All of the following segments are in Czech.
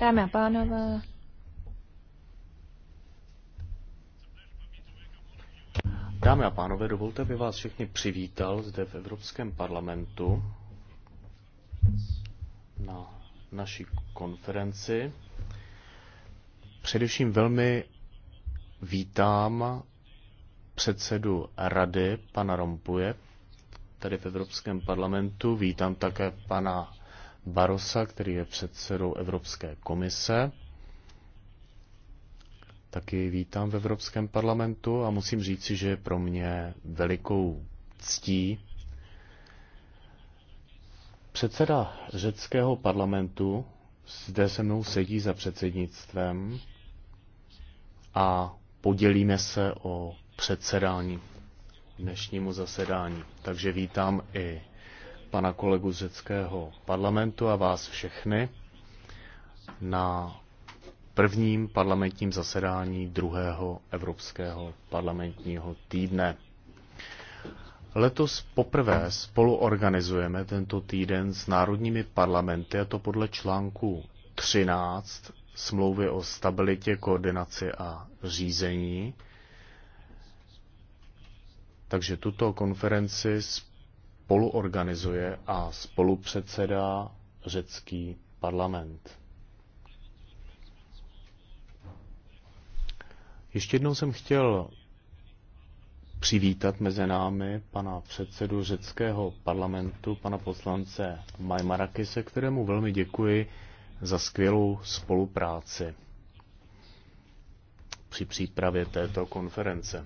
Dámy a pánové, Dámy a pánové, dovolte, aby vás všechny přivítal zde v Evropském parlamentu na naší konferenci. Především velmi vítám předsedu rady, pana Rompuye tady v Evropském parlamentu. Vítám také pana Barosa, který je předsedou Evropské komise. Taky vítám v Evropském parlamentu a musím říci, že je pro mě velikou ctí Předseda řeckého parlamentu zde se mnou sedí za předsednictvem a podělíme se o předsedání dnešnímu zasedání. Takže vítám i pana kolegu z řeckého parlamentu a vás všechny na prvním parlamentním zasedání druhého Evropského parlamentního týdne. Letos poprvé spoluorganizujeme tento týden s národními parlamenty, a to podle článku 13 smlouvy o stabilitě, koordinaci a řízení. Takže tuto konferenci s spoluorganizuje a spolupředsedá řecký parlament. Ještě jednou jsem chtěl přivítat mezi námi pana předsedu řeckého parlamentu, pana poslance Majmarakise, kterému velmi děkuji za skvělou spolupráci při přípravě této konference.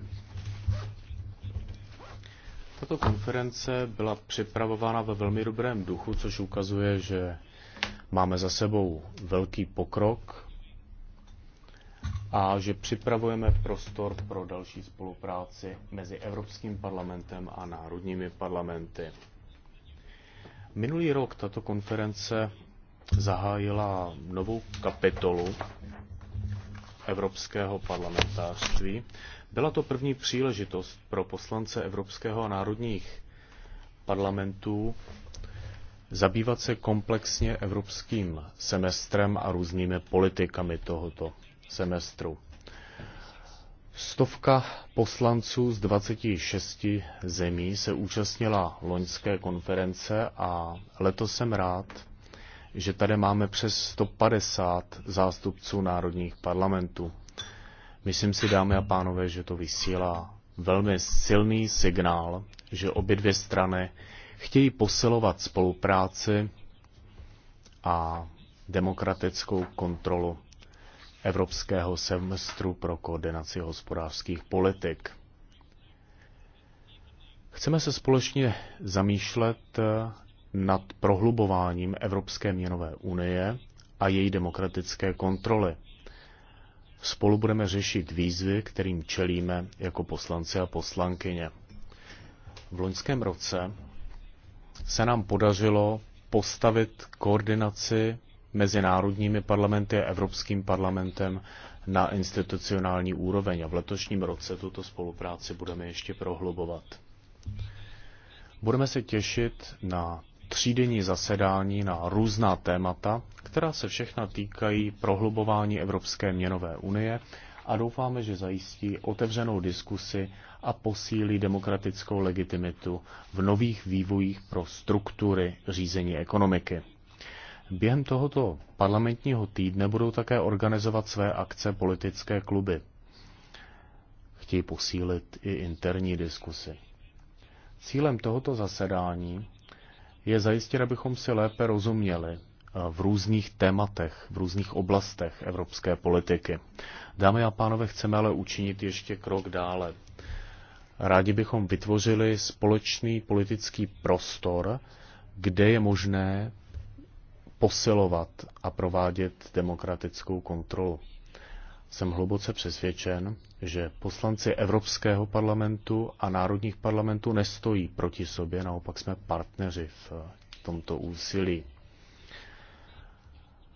Tato konference byla připravována ve velmi dobrém duchu, což ukazuje, že máme za sebou velký pokrok a že připravujeme prostor pro další spolupráci mezi Evropským parlamentem a národními parlamenty. Minulý rok tato konference zahájila novou kapitolu evropského parlamentářství byla to první příležitost pro poslance Evropského a národních parlamentů zabývat se komplexně evropským semestrem a různými politikami tohoto semestru. Stovka poslanců z 26 zemí se účastnila loňské konference a letos jsem rád, že tady máme přes 150 zástupců národních parlamentů. Myslím si, dámy a pánové, že to vysílá velmi silný signál, že obě dvě strany chtějí posilovat spolupráci a demokratickou kontrolu Evropského semestru pro koordinaci hospodářských politik. Chceme se společně zamýšlet eh, nad prohlubováním Evropské měnové unie a její demokratické kontroly. Spolu budeme řešit výzvy, kterým čelíme jako poslanci a poslankyně. V loňském roce se nám podařilo postavit koordinaci mezi národními parlamenty a Evropským parlamentem na institucionální úroveň a v letošním roce tuto spolupráci budeme ještě prohlubovat. Budeme se těšit na třídenní zasedání na různá témata, která se všechna týkají prohlubování Evropské měnové unie a doufáme, že zajistí otevřenou diskusi a posílí demokratickou legitimitu v nových vývojích pro struktury řízení ekonomiky. Během tohoto parlamentního týdne budou také organizovat své akce politické kluby. Chtějí posílit i interní diskusy. Cílem tohoto zasedání je zajistit, abychom si lépe rozuměli eh, v různých tématech, v různých oblastech evropské politiky. Dámy a pánové, chceme ale učinit ještě krok dále. Rádi bychom vytvořili společný politický prostor, kde je možné posilovat a provádět demokratickou kontrolu jsem hluboce přesvědčen, že poslanci Evropského parlamentu a národních parlamentů nestojí proti sobě, naopak jsme partneři v eh, tomto úsilí.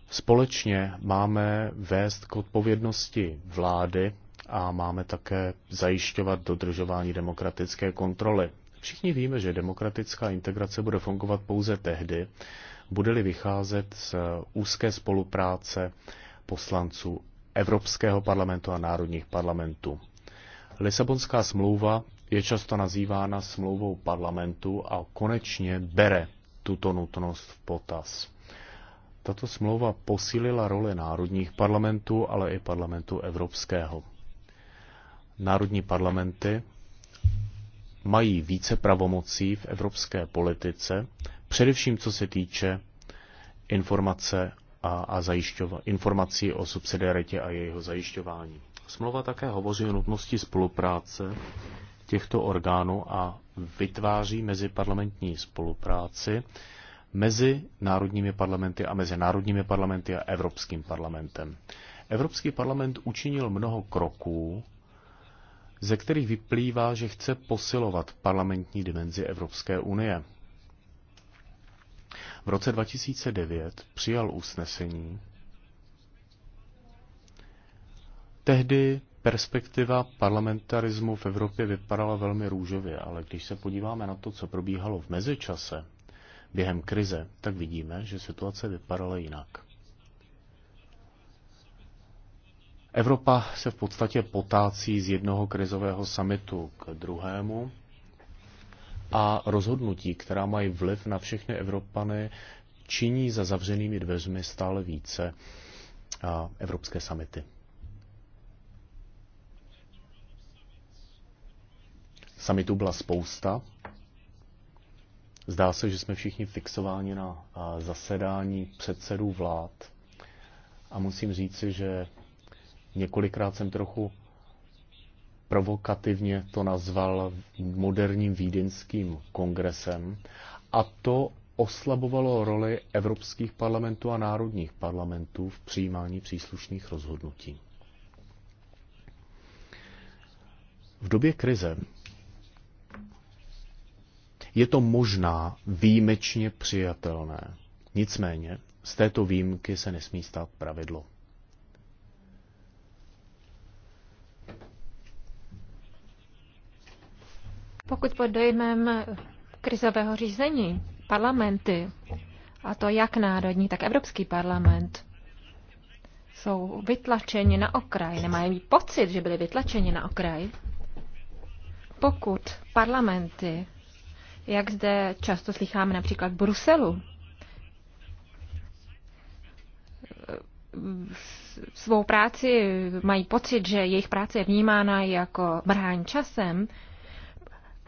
Společně máme vést k odpovědnosti vlády a máme také zajišťovat dodržování demokratické kontroly. Všichni víme, že demokratická integrace bude fungovat pouze tehdy, bude-li vycházet z úzké spolupráce poslanců Evropského parlamentu a národních parlamentů. Lisabonská smlouva je často nazývána smlouvou parlamentu a konečně bere tuto nutnost v potaz. Tato smlouva posílila roli národních parlamentů, ale i parlamentu evropského. Národní parlamenty mají více pravomocí v evropské politice, především co se týče informace a, a zajišťovat informací o subsidiaritě a jejího zajišťování. Smlouva také hovoří o nutnosti spolupráce těchto orgánů a vytváří meziparlamentní spolupráci mezi národními parlamenty a mezi národními parlamenty a Evropským parlamentem. Evropský parlament učinil mnoho kroků, ze kterých vyplývá, že chce posilovat parlamentní dimenzi Evropské unie. V roce 2009 přijal usnesení. Tehdy perspektiva parlamentarismu v Evropě vypadala velmi růžově, ale když se podíváme na to, co probíhalo v mezičase během krize, tak vidíme, že situace vypadala jinak. Evropa se v podstatě potácí z jednoho krizového samitu k druhému a rozhodnutí, která mají vliv na všechny Evropany, činí za zavřenými dveřmi stále více evropské samity. Samitu byla spousta. Zdá se, že jsme všichni fixováni na zasedání předsedů vlád. A musím říci, že několikrát jsem trochu provokativně to nazval moderním vídeňským kongresem a to oslabovalo roli evropských parlamentů a národních parlamentů v přijímání příslušných rozhodnutí. V době krize je to možná výjimečně přijatelné. Nicméně z této výjimky se nesmí stát pravidlo. Pokud pod dojmem krizového řízení parlamenty, a to jak národní, tak Evropský parlament, jsou vytlačeni na okraj, nemají pocit, že byli vytlačeni na okraj, pokud parlamenty, jak zde často slycháme například v Bruselu, svou práci mají pocit, že jejich práce je vnímána jako brhání časem,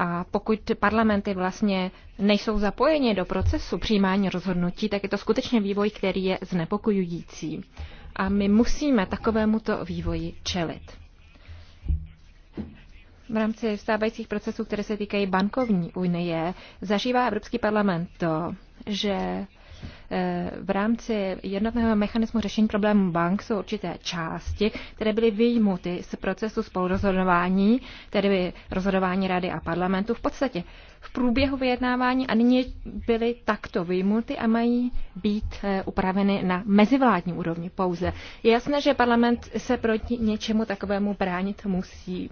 a pokud parlamenty vlastně nejsou zapojeni do procesu přijímání rozhodnutí, tak je to skutečně vývoj, který je znepokojující. A my musíme takovémuto vývoji čelit. V rámci stávajících procesů, které se týkají bankovní unie, zažívá Evropský parlament to, že Eh, v rámci jednotného mechanismu řešení problémů bank jsou určité části, které byly vyjmuty z procesu spolurozhodování, tedy rozhodování rady a parlamentu v podstatě v průběhu vyjednávání a nyní byly takto vyjmuty a mají být eh, upraveny na mezivládní úrovni pouze. Je jasné, že parlament se proti něčemu takovému bránit musí.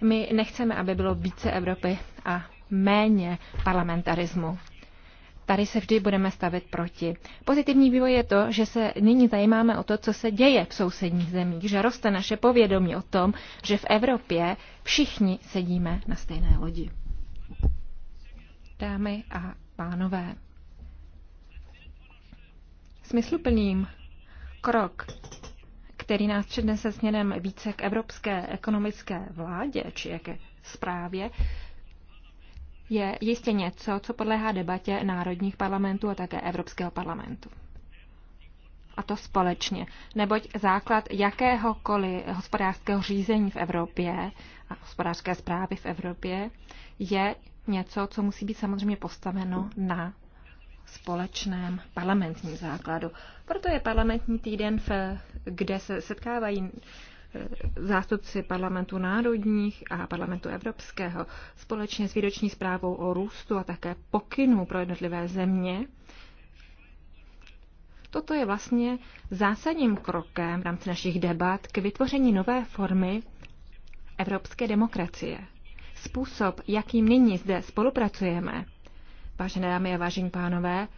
My nechceme, aby bylo více Evropy a méně parlamentarismu. Tady se vždy budeme stavit proti. Pozitivní vývoj je to, že se nyní zajímáme o to, co se děje v sousedních zemích, že roste naše povědomí o tom, že v Evropě všichni sedíme na stejné lodi. Dámy a pánové, smysluplným krok, který nás přednese směrem více k evropské ekonomické vládě či jaké zprávě je jistě něco, co podléhá debatě národních parlamentů a také Evropského parlamentu. A to společně, neboť základ jakéhokoliv hospodářského řízení v Evropě a hospodářské zprávy v Evropě je něco, co musí být samozřejmě postaveno na společném parlamentním základu. Proto je parlamentní týden, kde se setkávají zástupci parlamentu národních a parlamentu evropského společně s výroční zprávou o růstu a také pokynů pro jednotlivé země. Toto je vlastně zásadním krokem v rámci našich debat k vytvoření nové formy evropské demokracie. Způsob, jakým nyní zde spolupracujeme, vážené dámy a vážení pánové,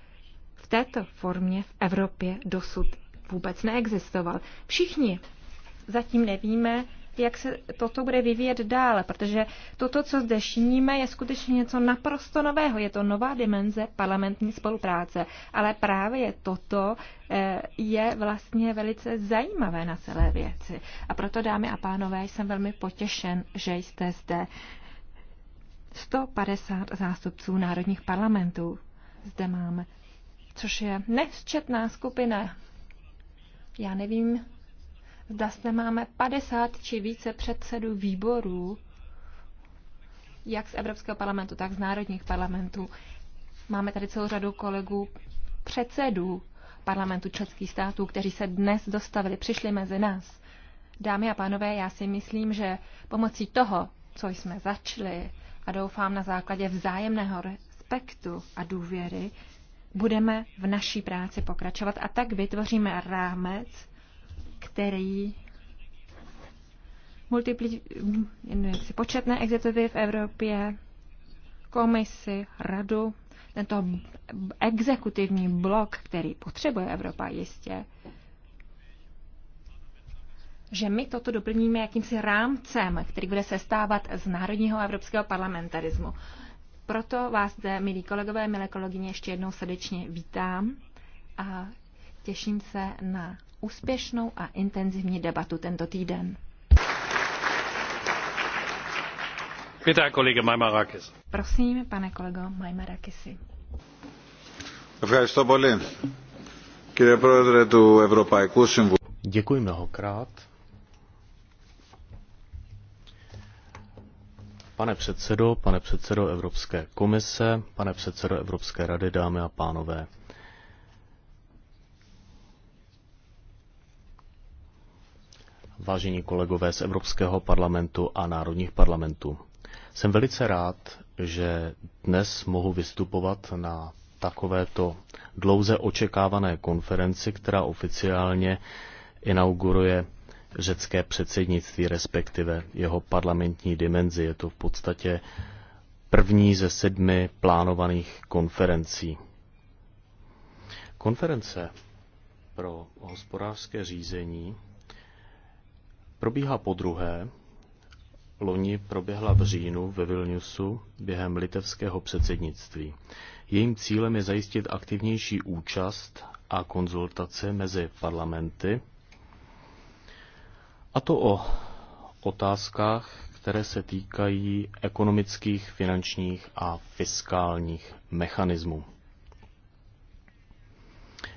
v této formě v Evropě dosud vůbec neexistoval. Všichni zatím nevíme, jak se toto bude vyvíjet dále, protože toto, co zde šiníme, je skutečně něco naprosto nového. Je to nová dimenze parlamentní spolupráce. Ale právě toto eh, je vlastně velice zajímavé na celé věci. A proto, dámy a pánové, jsem velmi potěšen, že jste zde. 150 zástupců národních parlamentů zde máme, což je nesčetná skupina. Já nevím, zda zde máme 50 či více předsedů výborů, jak z Evropského parlamentu, tak z národních parlamentů. Máme tady celou řadu kolegů předsedů parlamentu českých států, kteří se dnes dostavili, přišli mezi nás. Dámy a pánové, já si myslím, že pomocí toho, co jsme začali, a doufám na základě vzájemného respektu a důvěry, budeme v naší práci pokračovat a tak vytvoříme rámec, který multipli, hm, početné exekutivy v Evropě, komisi, radu, tento exekutivní blok, který potřebuje Evropa jistě, že my toto doplníme jakýmsi rámcem, který bude sestávat z národního evropského parlamentarismu. Proto vás zde, milí kolegové, milé kolegyně, ještě jednou srdečně vítám a těším se na úspěšnou a intenzivní debatu tento týden. Peter, kolega Maimarakis. Prosím, pane kolego Maimarakisi. Děkuji mnohokrát. Pane předsedo, pane předsedo Evropské komise, pane předsedo Evropské rady, dámy a pánové, vážení kolegové z Evropského parlamentu a národních parlamentů. Jsem velice rád, že dnes mohu vystupovat na takovéto dlouze očekávané konferenci, která oficiálně inauguruje řecké předsednictví, respektive jeho parlamentní dimenzi. Je to v podstatě první ze sedmi plánovaných konferencí. Konference pro hospodářské řízení probíhá po druhé. Loni proběhla v říjnu ve Vilniusu během litevského předsednictví. Jejím cílem je zajistit aktivnější účast a konzultace mezi parlamenty, a to o otázkách, které se týkají ekonomických, finančních a fiskálních mechanismů.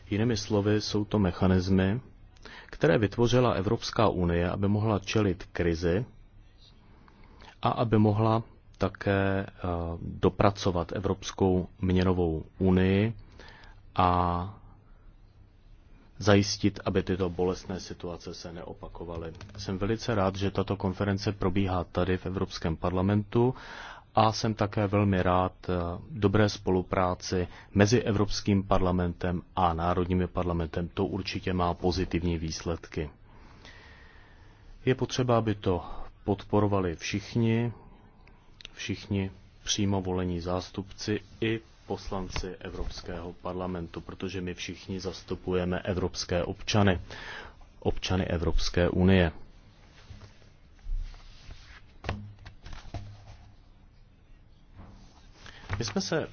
Jinými slovy, jsou to mechanismy, které vytvořila Evropská unie, aby mohla čelit krizi a aby mohla také eh, dopracovat Evropskou měnovou unii a zajistit, aby tyto bolestné situace se neopakovaly. Jsem velice rád, že tato konference probíhá tady v Evropském parlamentu a jsem také velmi rád eh, dobré spolupráci mezi Evropským parlamentem a Národními parlamentem. To určitě má pozitivní výsledky. Je potřeba, aby to podporovali všichni, všichni přímo volení zástupci i poslanci Evropského parlamentu, protože my všichni zastupujeme evropské občany, občany Evropské unie. My jsme se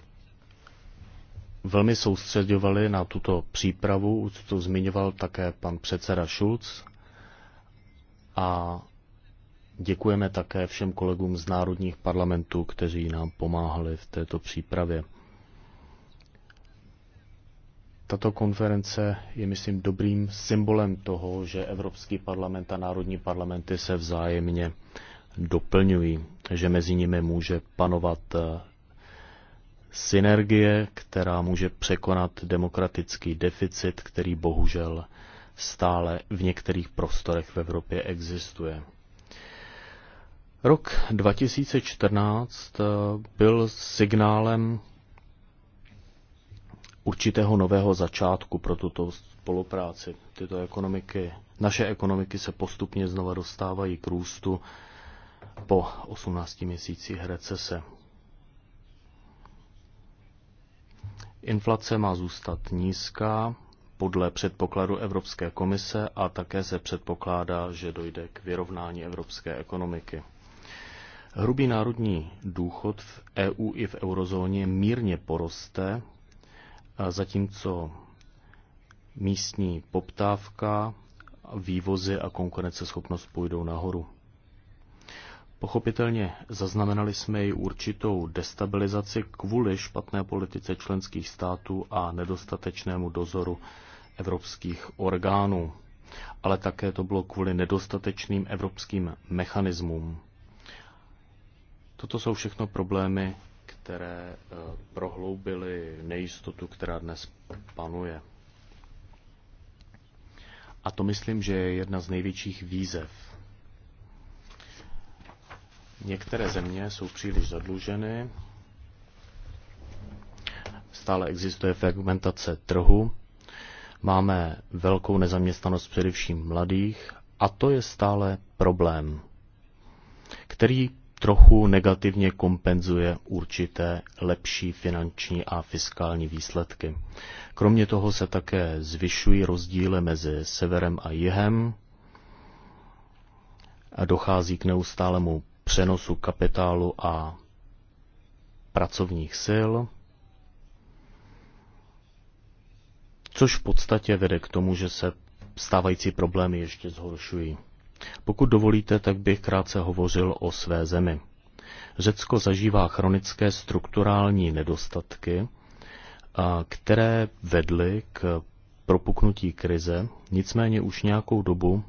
velmi soustředovali na tuto přípravu, to zmiňoval také pan předseda Schulz. A děkujeme také všem kolegům z národních parlamentů, kteří nám pomáhali v této přípravě. Tato konference je, myslím, dobrým symbolem toho, že Evropský parlament a národní parlamenty se vzájemně doplňují, že mezi nimi může panovat synergie, která může překonat demokratický deficit, který bohužel stále v některých prostorech v Evropě existuje. Rok 2014 eh, byl signálem určitého nového začátku pro tuto spolupráci. Tyto ekonomiky, naše ekonomiky se postupně znova dostávají k růstu po 18 měsících recese. Inflace má zůstat nízká podle předpokladu Evropské komise a také se předpokládá, že dojde k vyrovnání evropské ekonomiky. Hrubý národní důchod v EU i v eurozóně mírně poroste, zatímco místní poptávka, vývozy a konkurenceschopnost půjdou nahoru. Pochopitelně zaznamenali jsme i určitou destabilizaci kvůli špatné politice členských států a nedostatečnému dozoru evropských orgánů. Ale také to bylo kvůli nedostatečným evropským mechanismům. Toto jsou všechno problémy, které eh, prohloubily nejistotu, která dnes panuje. A to myslím, že je jedna z největších výzev Některé země jsou příliš zadluženy, stále existuje fragmentace trhu, máme velkou nezaměstnanost především mladých a to je stále problém, který trochu negativně kompenzuje určité lepší finanční a fiskální výsledky. Kromě toho se také zvyšují rozdíly mezi severem a jihem, a dochází k neustálemu přenosu kapitálu a pracovních sil, což v podstatě vede k tomu, že se stávající problémy ještě zhoršují. Pokud dovolíte, tak bych krátce hovořil o své zemi. Řecko zažívá chronické strukturální nedostatky, které vedly k propuknutí krize, nicméně už nějakou dobu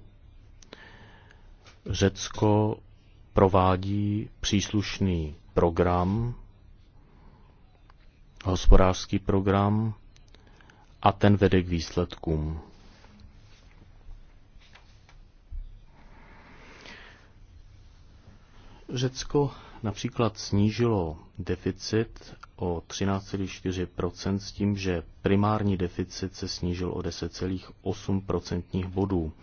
Řecko provádí příslušný program, hospodářský program a ten vede k výsledkům. Řecko například snížilo deficit o 13,4 s tím, že primární deficit se snížil o 10,8 bodů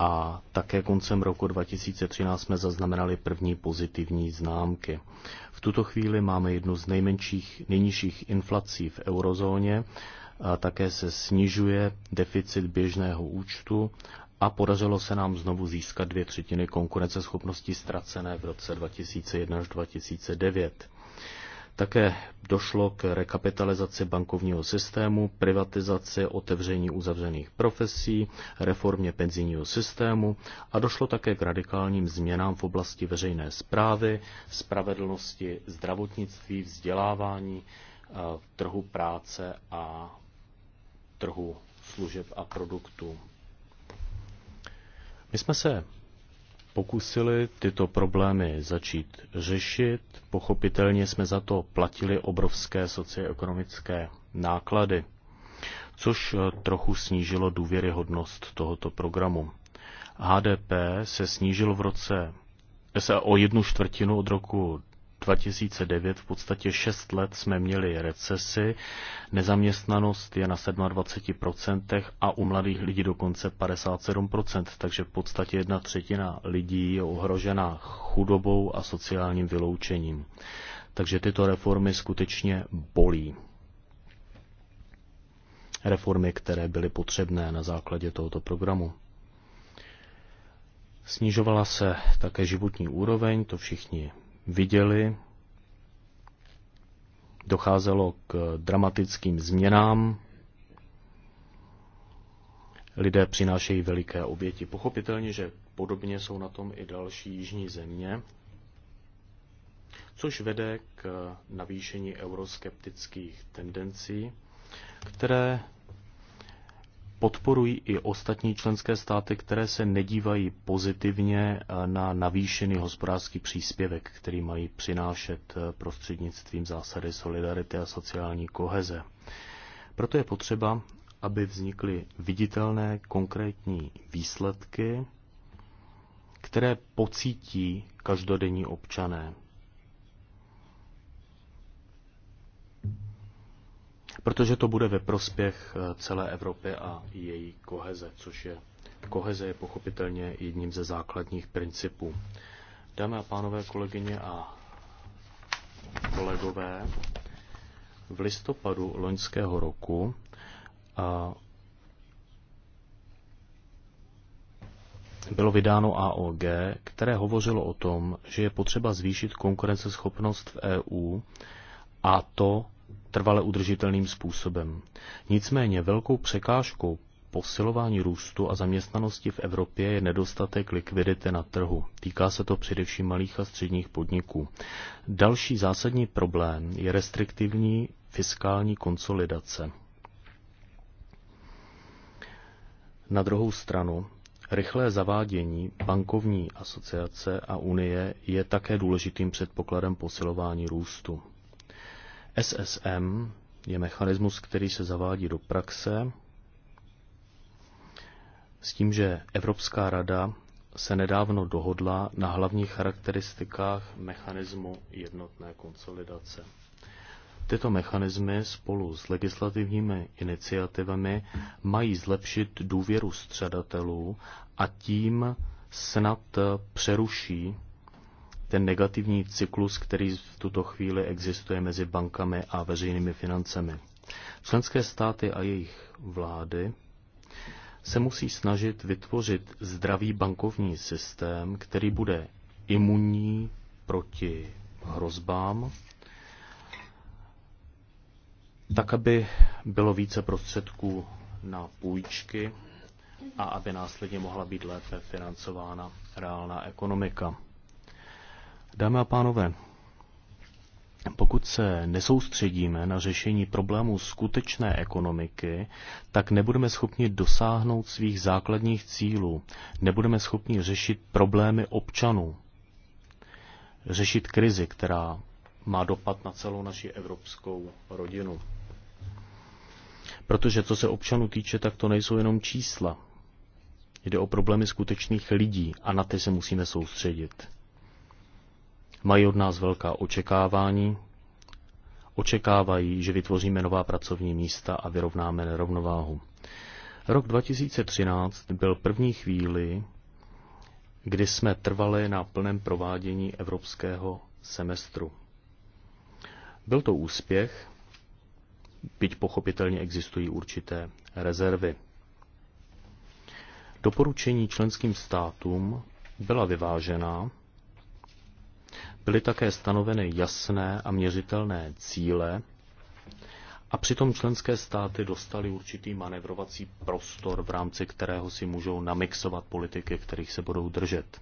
a také koncem roku 2013 jsme zaznamenali první pozitivní známky. V tuto chvíli máme jednu z nejmenších, nejnižších inflací v eurozóně, a také se snižuje deficit běžného účtu a podařilo se nám znovu získat dvě třetiny konkurenceschopnosti ztracené v roce 2001 až 2009. Také došlo k rekapitalizaci bankovního systému, privatizaci otevření uzavřených profesí, reformě penzijního systému a došlo také k radikálním změnám v oblasti veřejné zprávy, spravedlnosti, zdravotnictví, vzdělávání, eh, trhu práce a trhu služeb a produktů. My jsme se pokusili tyto problémy začít řešit. Pochopitelně jsme za to platili obrovské socioekonomické náklady, což eh, trochu snížilo důvěryhodnost tohoto programu. HDP se snížil v roce se o jednu čtvrtinu od roku 2009 v podstatě 6 let jsme měli recesi, nezaměstnanost je na 27% a u mladých lidí dokonce 57%, takže v podstatě jedna třetina lidí je ohrožena chudobou a sociálním vyloučením. Takže tyto reformy skutečně bolí. Reformy, které byly potřebné na základě tohoto programu. Snižovala se také životní úroveň, to všichni viděli, docházelo k dramatickým změnám. Lidé přinášejí veliké oběti. Pochopitelně, že podobně jsou na tom i další jižní země, což vede k navýšení euroskeptických tendencí, které podporují i ostatní členské státy, které se nedívají pozitivně eh, na navýšený hospodářský příspěvek, který mají přinášet eh, prostřednictvím zásady solidarity a sociální koheze. Proto je potřeba, aby vznikly viditelné konkrétní výsledky, které pocítí každodenní občané. protože to bude ve prospěch eh, celé Evropy a její koheze, což je koheze je pochopitelně jedním ze základních principů. Dámy a pánové, kolegyně a kolegové, v listopadu loňského roku a bylo vydáno AOG, které hovořilo o tom, že je potřeba zvýšit konkurenceschopnost v EU a to trvale udržitelným způsobem. Nicméně velkou překážkou posilování růstu a zaměstnanosti v Evropě je nedostatek likvidity na trhu. Týká se to především malých a středních podniků. Další zásadní problém je restriktivní fiskální konsolidace. Na druhou stranu, rychlé zavádění bankovní asociace a unie je také důležitým předpokladem posilování růstu. SSM je mechanismus, který se zavádí do praxe s tím, že Evropská rada se nedávno dohodla na hlavních charakteristikách mechanismu jednotné konsolidace. Tyto mechanismy spolu s legislativními iniciativami mají zlepšit důvěru středatelů a tím snad přeruší ten negativní cyklus, který v tuto chvíli existuje mezi bankami a veřejnými financemi. Členské státy a jejich vlády se musí snažit vytvořit zdravý bankovní systém, který bude imunní proti hrozbám, tak aby bylo více prostředků na půjčky a aby následně mohla být lépe financována reálná ekonomika. Dámy a pánové, pokud se nesoustředíme na řešení problémů skutečné ekonomiky, tak nebudeme schopni dosáhnout svých základních cílů, nebudeme schopni řešit problémy občanů, řešit krizi, která má dopad na celou naši evropskou rodinu. Protože co se občanů týče, tak to nejsou jenom čísla. Jde o problémy skutečných lidí a na ty se musíme soustředit. Mají od nás velká očekávání, očekávají, že vytvoříme nová pracovní místa a vyrovnáme nerovnováhu. Rok 2013 byl první chvíli, kdy jsme trvali na plném provádění evropského semestru. Byl to úspěch, byť pochopitelně existují určité rezervy. Doporučení členským státům byla vyvážená Byly také stanoveny jasné a měřitelné cíle a přitom členské státy dostaly určitý manevrovací prostor, v rámci kterého si můžou namixovat politiky, kterých se budou držet.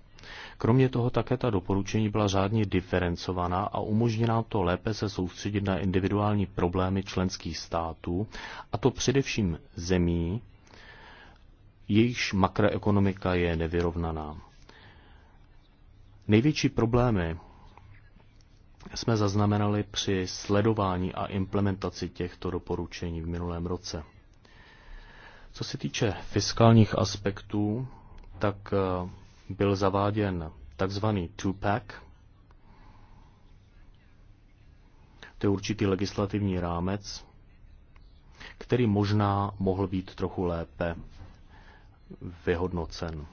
Kromě toho také ta doporučení byla řádně diferencovaná a umožněná to lépe se soustředit na individuální problémy členských států, a to především zemí, jejichž makroekonomika je nevyrovnaná. Největší problémy jsme zaznamenali při sledování a implementaci těchto doporučení v minulém roce. Co se týče fiskálních aspektů, tak eh, byl zaváděn takzvaný two-pack. To je určitý legislativní rámec, který možná mohl být trochu lépe vyhodnocen.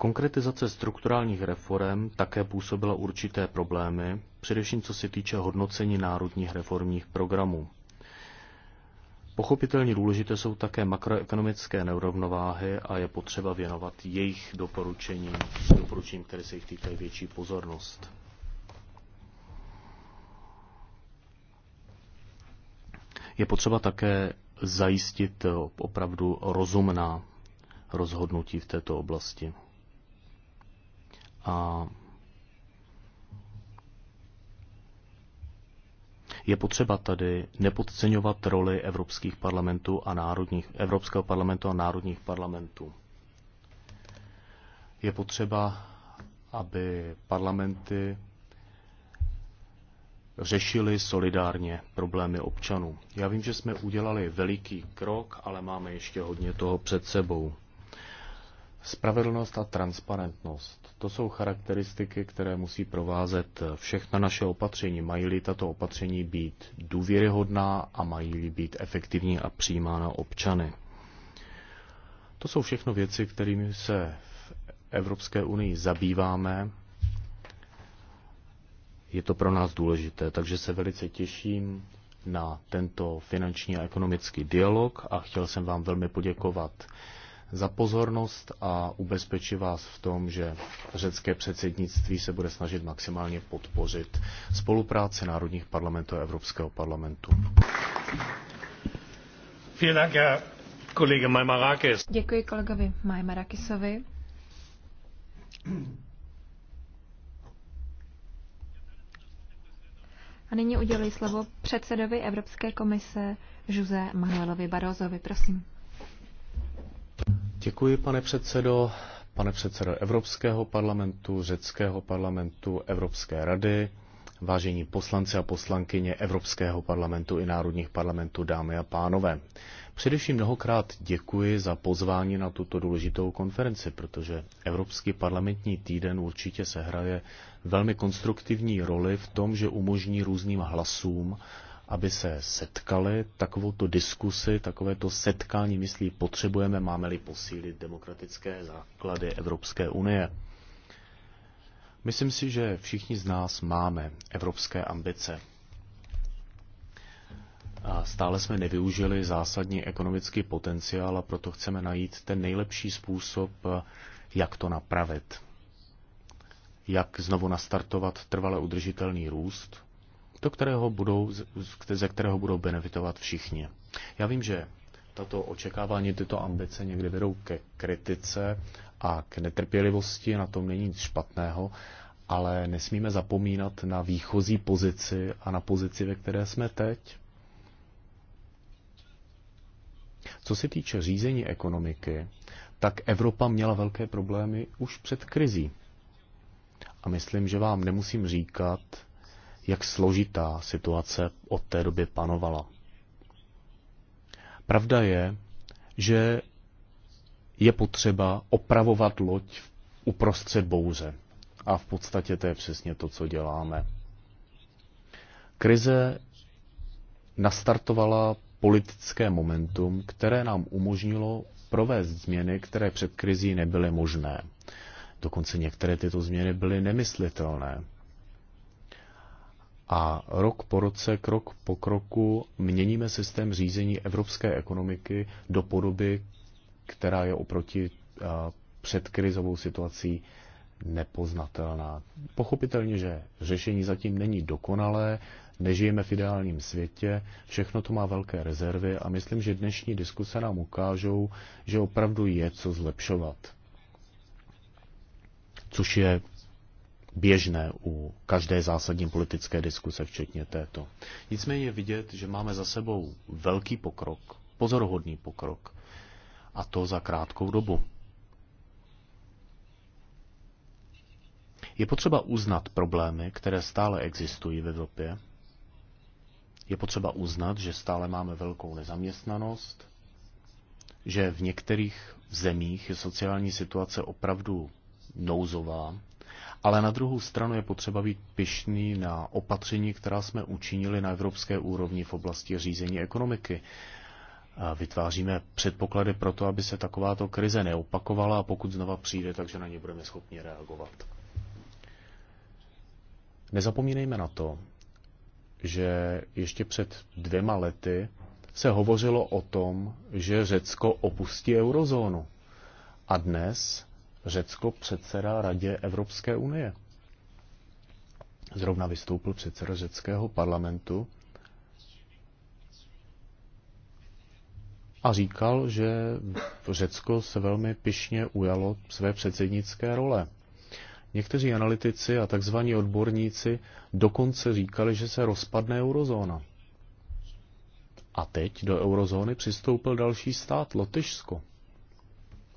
Konkretizace strukturálních reform také působila určité problémy, především co se týče hodnocení národních reformních programů. Pochopitelně důležité jsou také makroekonomické nerovnováhy a je potřeba věnovat jejich doporučením, doporučením, které se jich týkají větší pozornost. Je potřeba také zajistit opravdu rozumná rozhodnutí v této oblasti. A je potřeba tady nepodceňovat roli evropských parlamentů a národních, Evropského parlamentu a národních parlamentů. Je potřeba, aby parlamenty řešili solidárně problémy občanů. Já vím, že jsme udělali veliký krok, ale máme ještě hodně toho před sebou. Spravedlnost a transparentnost. To jsou charakteristiky, které musí provázet eh, všechna naše opatření. Mají-li tato opatření být důvěryhodná a mají-li být efektivní a přijímána občany. To jsou všechno věci, kterými se v Evropské unii zabýváme. Je to pro nás důležité, takže se velice těším na tento finanční a ekonomický dialog a chtěl jsem vám velmi poděkovat za pozornost a ubezpečí vás v tom, že řecké předsednictví se bude snažit maximálně podpořit spolupráci národních parlamentů a Evropského parlamentu. Děkuji kolegovi Majmarakisovi. A nyní uděluji slovo předsedovi Evropské komise Jose Manuelovi Barozovi. Prosím. Děkuji, pane předsedo. Pane předsedo Evropského parlamentu, Řeckého parlamentu, Evropské rady, vážení poslanci a poslankyně Evropského parlamentu i národních parlamentů, dámy a pánové. Především mnohokrát děkuji za pozvání na tuto důležitou konferenci, protože Evropský parlamentní týden určitě sehraje velmi konstruktivní roli v tom, že umožní různým hlasům aby se setkali, takovou tu diskusi, takovéto setkání myslí potřebujeme, máme-li posílit demokratické základy Evropské unie. Myslím si, že všichni z nás máme evropské ambice. A stále jsme nevyužili zásadní ekonomický potenciál a proto chceme najít ten nejlepší způsob, jak to napravit. Jak znovu nastartovat trvale udržitelný růst, do kterého budou, ze kterého budou benefitovat všichni. Já vím, že tato očekávání, tyto ambice někdy vedou ke kritice a k netrpělivosti, na tom není nic špatného, ale nesmíme zapomínat na výchozí pozici a na pozici, ve které jsme teď. Co se týče řízení ekonomiky, tak Evropa měla velké problémy už před krizí. A myslím, že vám nemusím říkat, jak složitá situace od té doby panovala. Pravda je, že je potřeba opravovat loď uprostřed bouře. A v podstatě to je přesně to, co děláme. Krize nastartovala politické momentum, které nám umožnilo provést změny, které před krizí nebyly možné. Dokonce některé tyto změny byly nemyslitelné a rok po roce, krok po kroku měníme systém řízení evropské ekonomiky do podoby, která je oproti eh, předkrizovou situací nepoznatelná. Pochopitelně, že řešení zatím není dokonalé, nežijeme v ideálním světě, všechno to má velké rezervy a myslím, že dnešní diskuse nám ukážou, že opravdu je co zlepšovat. Což je běžné u každé zásadní politické diskuse, včetně této. Nicméně je vidět, že máme za sebou velký pokrok, pozoruhodný pokrok, a to za krátkou dobu. Je potřeba uznat problémy, které stále existují v Evropě. Je potřeba uznat, že stále máme velkou nezaměstnanost, že v některých zemích je sociální situace opravdu nouzová, ale na druhou stranu je potřeba být pišný na opatření, která jsme učinili na evropské úrovni v oblasti řízení ekonomiky. Vytváříme předpoklady pro to, aby se takováto krize neopakovala a pokud znova přijde, takže na ně budeme schopni reagovat. Nezapomínejme na to, že ještě před dvěma lety se hovořilo o tom, že Řecko opustí eurozónu. A dnes Řecko předseda Radě Evropské unie. Zrovna vystoupil předseda řeckého parlamentu a říkal, že Řecko se velmi pišně ujalo své předsednické role. Někteří analytici a tzv. odborníci dokonce říkali, že se rozpadne eurozóna. A teď do eurozóny přistoupil další stát, Lotyšsko.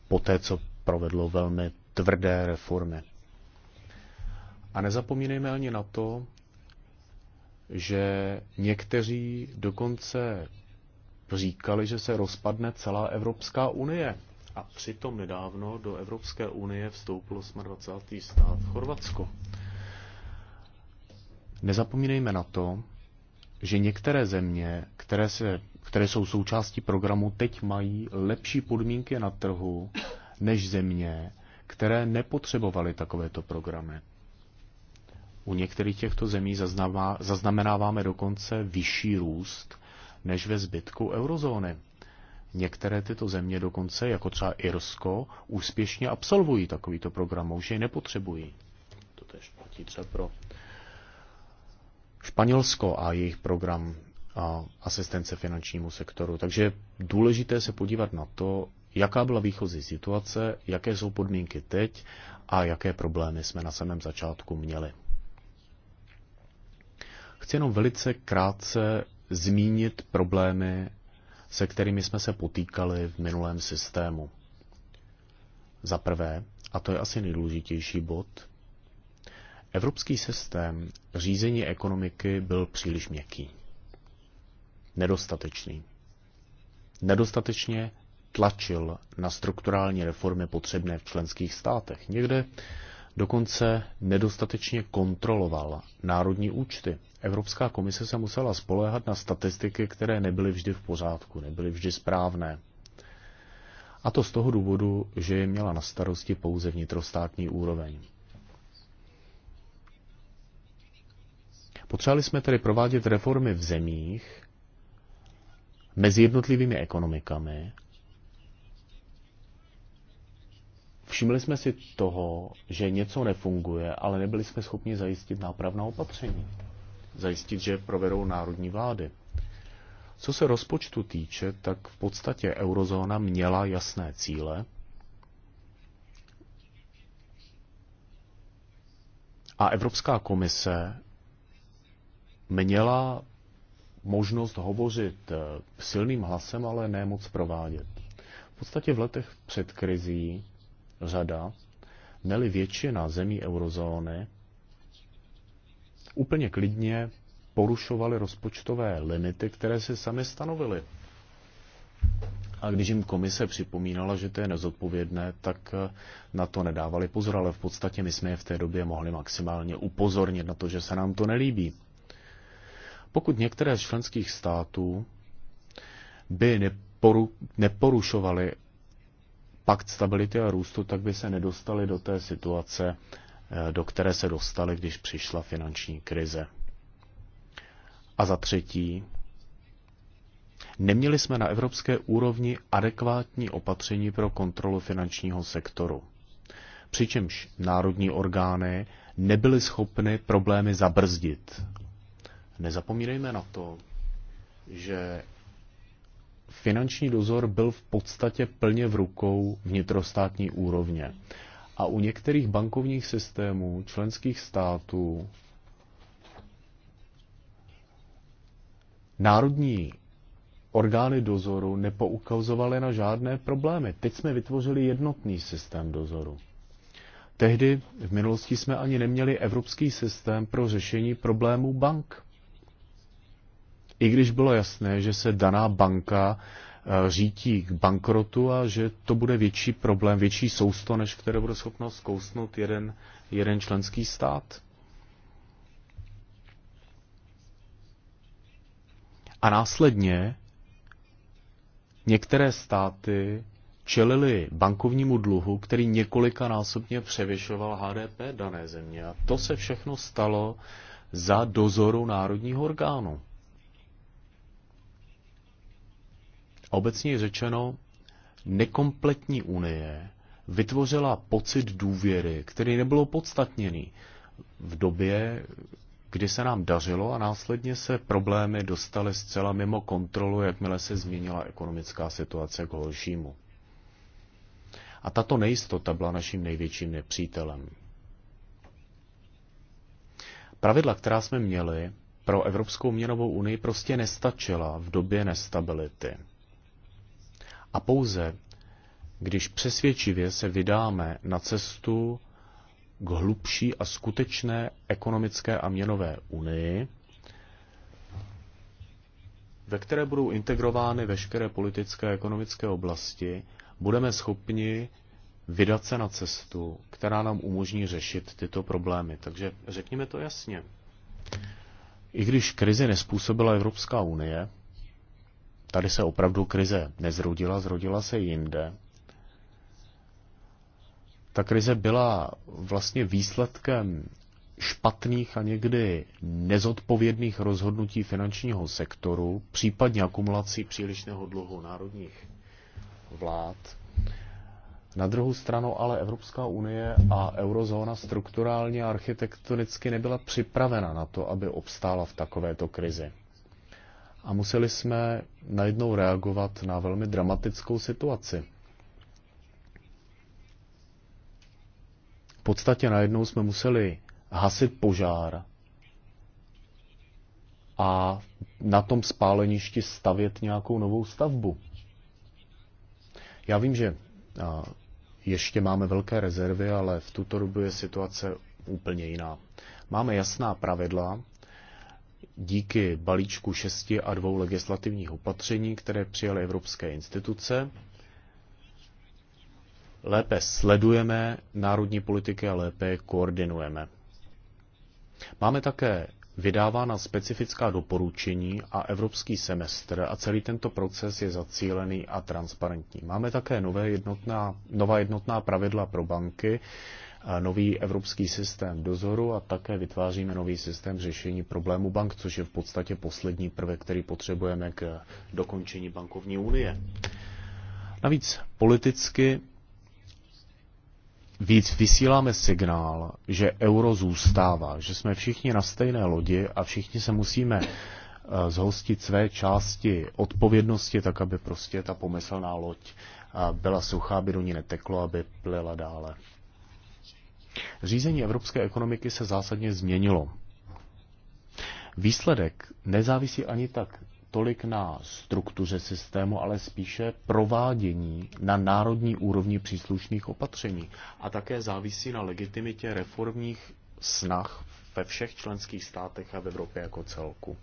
Poté, co provedlo velmi tvrdé reformy. A nezapomínejme ani na to, že někteří dokonce říkali, že se rozpadne celá Evropská unie. A přitom nedávno do Evropské unie vstoupil 28. stát Chorvatsko. Nezapomínejme na to, že některé země, které, se, které jsou součástí programu, teď mají lepší podmínky na trhu než země, které nepotřebovaly takovéto programy. U některých těchto zemí zaznamenáváme dokonce vyšší růst než ve zbytku eurozóny. Některé tyto země dokonce, jako třeba Irsko, úspěšně absolvují takovýto program, už jej nepotřebují. To tež platí třeba pro Španělsko a jejich program a asistence finančnímu sektoru. Takže je důležité se podívat na to, jaká byla výchozí situace, jaké jsou podmínky teď a jaké problémy jsme na samém začátku měli. Chci jenom velice krátce zmínit problémy, se kterými jsme se potýkali v minulém systému. Za prvé, a to je asi nejdůležitější bod, evropský systém řízení ekonomiky byl příliš měkký. Nedostatečný. Nedostatečně tlačil na strukturální reformy potřebné v členských státech. Někde dokonce nedostatečně kontroloval národní účty. Evropská komise se musela spoléhat na statistiky, které nebyly vždy v pořádku, nebyly vždy správné. A to z toho důvodu, že je měla na starosti pouze vnitrostátní úroveň. Potřebovali jsme tedy provádět reformy v zemích mezi jednotlivými ekonomikami Všimli jsme si toho, že něco nefunguje, ale nebyli jsme schopni zajistit nápravná opatření. Zajistit, že provedou národní vlády. Co se rozpočtu týče, tak v podstatě eurozóna měla jasné cíle a Evropská komise měla možnost hovořit eh, silným hlasem, ale ne moc provádět. V podstatě v letech před krizí řada, neli většina zemí eurozóny, úplně klidně porušovaly rozpočtové limity, které si sami stanovili. A když jim komise připomínala, že to je nezodpovědné, tak eh, na to nedávali pozor, ale v podstatě my jsme je v té době mohli maximálně upozornit na to, že se nám to nelíbí. Pokud některé z členských států by neporu, neporušovaly pakt stability a růstu, tak by se nedostali do té situace, eh, do které se dostali, když přišla finanční krize. A za třetí, neměli jsme na evropské úrovni adekvátní opatření pro kontrolu finančního sektoru. Přičemž národní orgány nebyly schopny problémy zabrzdit. Nezapomínejme na to, že finanční dozor byl v podstatě plně v rukou vnitrostátní úrovně. A u některých bankovních systémů členských států národní orgány dozoru nepoukazovaly na žádné problémy. Teď jsme vytvořili jednotný systém dozoru. Tehdy v minulosti jsme ani neměli evropský systém pro řešení problémů bank i když bylo jasné, že se daná banka eh, řítí k bankrotu a že to bude větší problém, větší sousto, než které bude schopno zkousnout jeden, jeden členský stát. A následně některé státy čelili bankovnímu dluhu, který několika násobně převyšoval HDP dané země. A to se všechno stalo za dozoru národního orgánu. Obecně řečeno, nekompletní unie vytvořila pocit důvěry, který nebyl podstatněný v době, kdy se nám dařilo a následně se problémy dostaly zcela mimo kontrolu, jakmile se změnila ekonomická situace k horšímu. A tato nejistota byla naším největším nepřítelem. Pravidla, která jsme měli pro Evropskou měnovou unii, prostě nestačila v době nestability. A pouze, když přesvědčivě se vydáme na cestu k hlubší a skutečné ekonomické a měnové unii, ve které budou integrovány veškeré politické a ekonomické oblasti, budeme schopni vydat se na cestu, která nám umožní řešit tyto problémy. Takže řekněme to jasně. I když krizi nespůsobila Evropská unie, Tady se opravdu krize nezrodila, zrodila se jinde. Ta krize byla vlastně výsledkem špatných a někdy nezodpovědných rozhodnutí finančního sektoru, případně akumulací přílišného dluhu národních vlád. Na druhou stranu ale Evropská unie a eurozóna strukturálně a architektonicky nebyla připravena na to, aby obstála v takovéto krizi a museli jsme najednou reagovat na velmi dramatickou situaci. V podstatě najednou jsme museli hasit požár a na tom spáleništi stavět nějakou novou stavbu. Já vím, že ještě máme velké rezervy, ale v tuto dobu je situace úplně jiná. Máme jasná pravidla, díky balíčku šesti a dvou legislativních opatření, které přijaly evropské instituce, lépe sledujeme národní politiky a lépe je koordinujeme. Máme také vydávána specifická doporučení a evropský semestr a celý tento proces je zacílený a transparentní. Máme také nové jednotná, nová jednotná pravidla pro banky, nový evropský systém dozoru a také vytváříme nový systém řešení problému bank, což je v podstatě poslední prvek, který potřebujeme k dokončení bankovní unie. Navíc politicky víc vysíláme signál, že euro zůstává, že jsme všichni na stejné lodi a všichni se musíme eh, zhostit své části odpovědnosti, tak aby prostě ta pomyslná loď eh, byla suchá, aby do ní neteklo, aby plila dále. Řízení evropské ekonomiky se zásadně změnilo. Výsledek nezávisí ani tak tolik na struktuře systému, ale spíše provádění na národní úrovni příslušných opatření a také závisí na legitimitě reformních snah ve všech členských státech a v Evropě jako celku.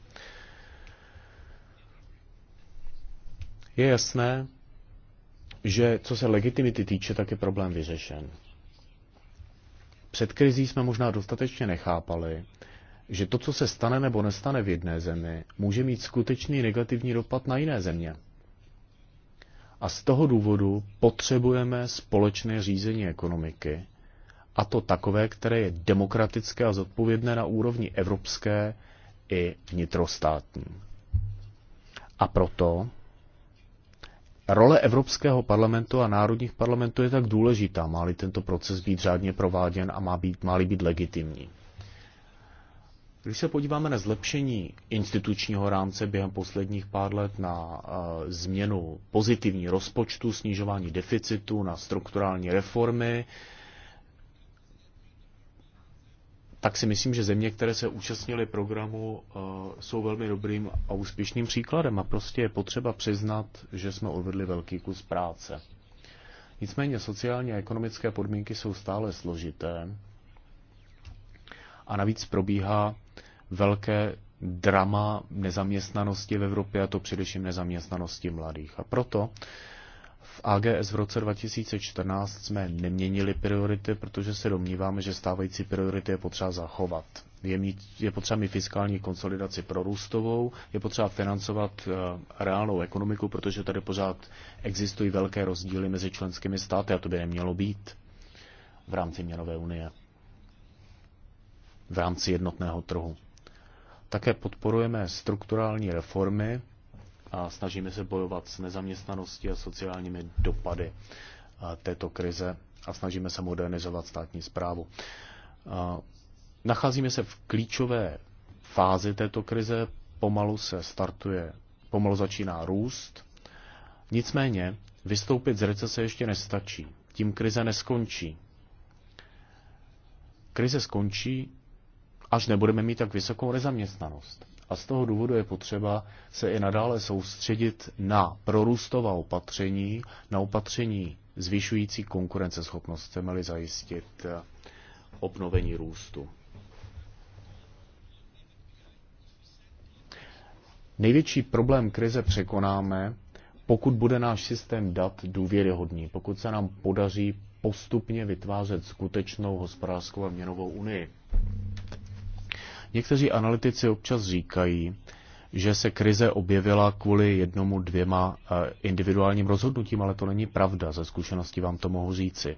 Je jasné, že co se legitimity týče, tak je problém vyřešen. Před krizí jsme možná dostatečně nechápali, že to, co se stane nebo nestane v jedné zemi, může mít skutečný negativní dopad na jiné země. A z toho důvodu potřebujeme společné řízení ekonomiky, a to takové, které je demokratické a zodpovědné na úrovni evropské i vnitrostátní. A proto Role Evropského parlamentu a národních parlamentů je tak důležitá, má-li tento proces být řádně prováděn a má být, má být legitimní. Když se podíváme na zlepšení institučního rámce během posledních pár let, na eh, změnu pozitivní rozpočtu, snižování deficitu, na strukturální reformy, tak si myslím, že země, které se účastnily programu, eh, jsou velmi dobrým a úspěšným příkladem a prostě je potřeba přiznat, že jsme odvedli velký kus práce. Nicméně sociální a ekonomické podmínky jsou stále složité a navíc probíhá velké drama nezaměstnanosti v Evropě, a to především nezaměstnanosti mladých. A proto v AGS v roce 2014 jsme neměnili priority, protože se domníváme, že stávající priority je potřeba zachovat. Je, mít, je potřeba mít fiskální konsolidaci prorůstovou, je potřeba financovat eh, reálnou ekonomiku, protože tady pořád existují velké rozdíly mezi členskými státy a to by nemělo být v rámci měnové unie, v rámci jednotného trhu. Také podporujeme strukturální reformy, a snažíme se bojovat s nezaměstnaností a sociálními dopady této krize a snažíme se modernizovat státní zprávu. Nacházíme se v klíčové fázi této krize, pomalu se startuje, pomalu začíná růst. Nicméně vystoupit z recese ještě nestačí. Tím krize neskončí. Krize skončí, až nebudeme mít tak vysokou nezaměstnanost a z toho důvodu je potřeba se i nadále soustředit na prorůstová opatření, na opatření zvyšující konkurenceschopnost, chceme-li zajistit eh, obnovení růstu. Největší problém krize překonáme, pokud bude náš systém dat důvěryhodný, pokud se nám podaří postupně vytvářet skutečnou hospodářskou a měnovou unii. Někteří analytici občas říkají, že se krize objevila kvůli jednomu, dvěma eh, individuálním rozhodnutím, ale to není pravda, ze zkušenosti vám to mohu říci.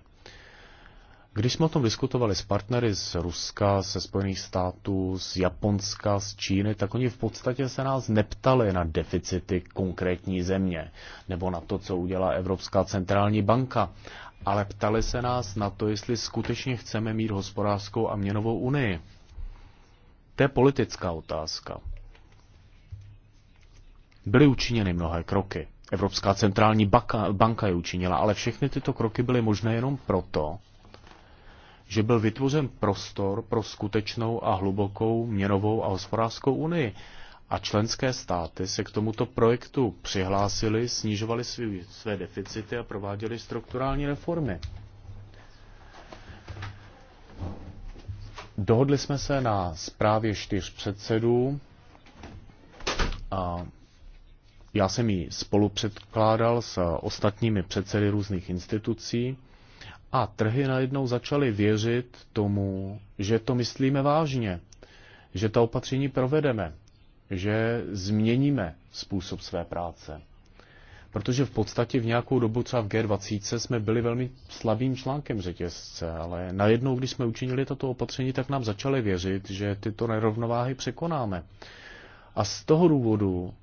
Když jsme o tom diskutovali s partnery z Ruska, se Spojených států, z Japonska, z Číny, tak oni v podstatě se nás neptali na deficity konkrétní země nebo na to, co udělá Evropská centrální banka, ale ptali se nás na to, jestli skutečně chceme mít hospodářskou a měnovou unii. To je politická otázka. Byly učiněny mnohé kroky. Evropská centrální banka, banka je učinila, ale všechny tyto kroky byly možné jenom proto, že byl vytvořen prostor pro skutečnou a hlubokou měnovou a hospodářskou unii. A členské státy se k tomuto projektu přihlásily, snižovaly své deficity a prováděly strukturální reformy. Dohodli jsme se na zprávě čtyř předsedů. A já jsem ji spolu předkládal s ostatními předsedy různých institucí a trhy najednou začaly věřit tomu, že to myslíme vážně, že ta opatření provedeme, že změníme způsob své práce protože v podstatě v nějakou dobu třeba v G20 jsme byli velmi slabým článkem řetězce, ale najednou, když jsme učinili toto opatření, tak nám začali věřit, že tyto nerovnováhy překonáme. A z toho důvodu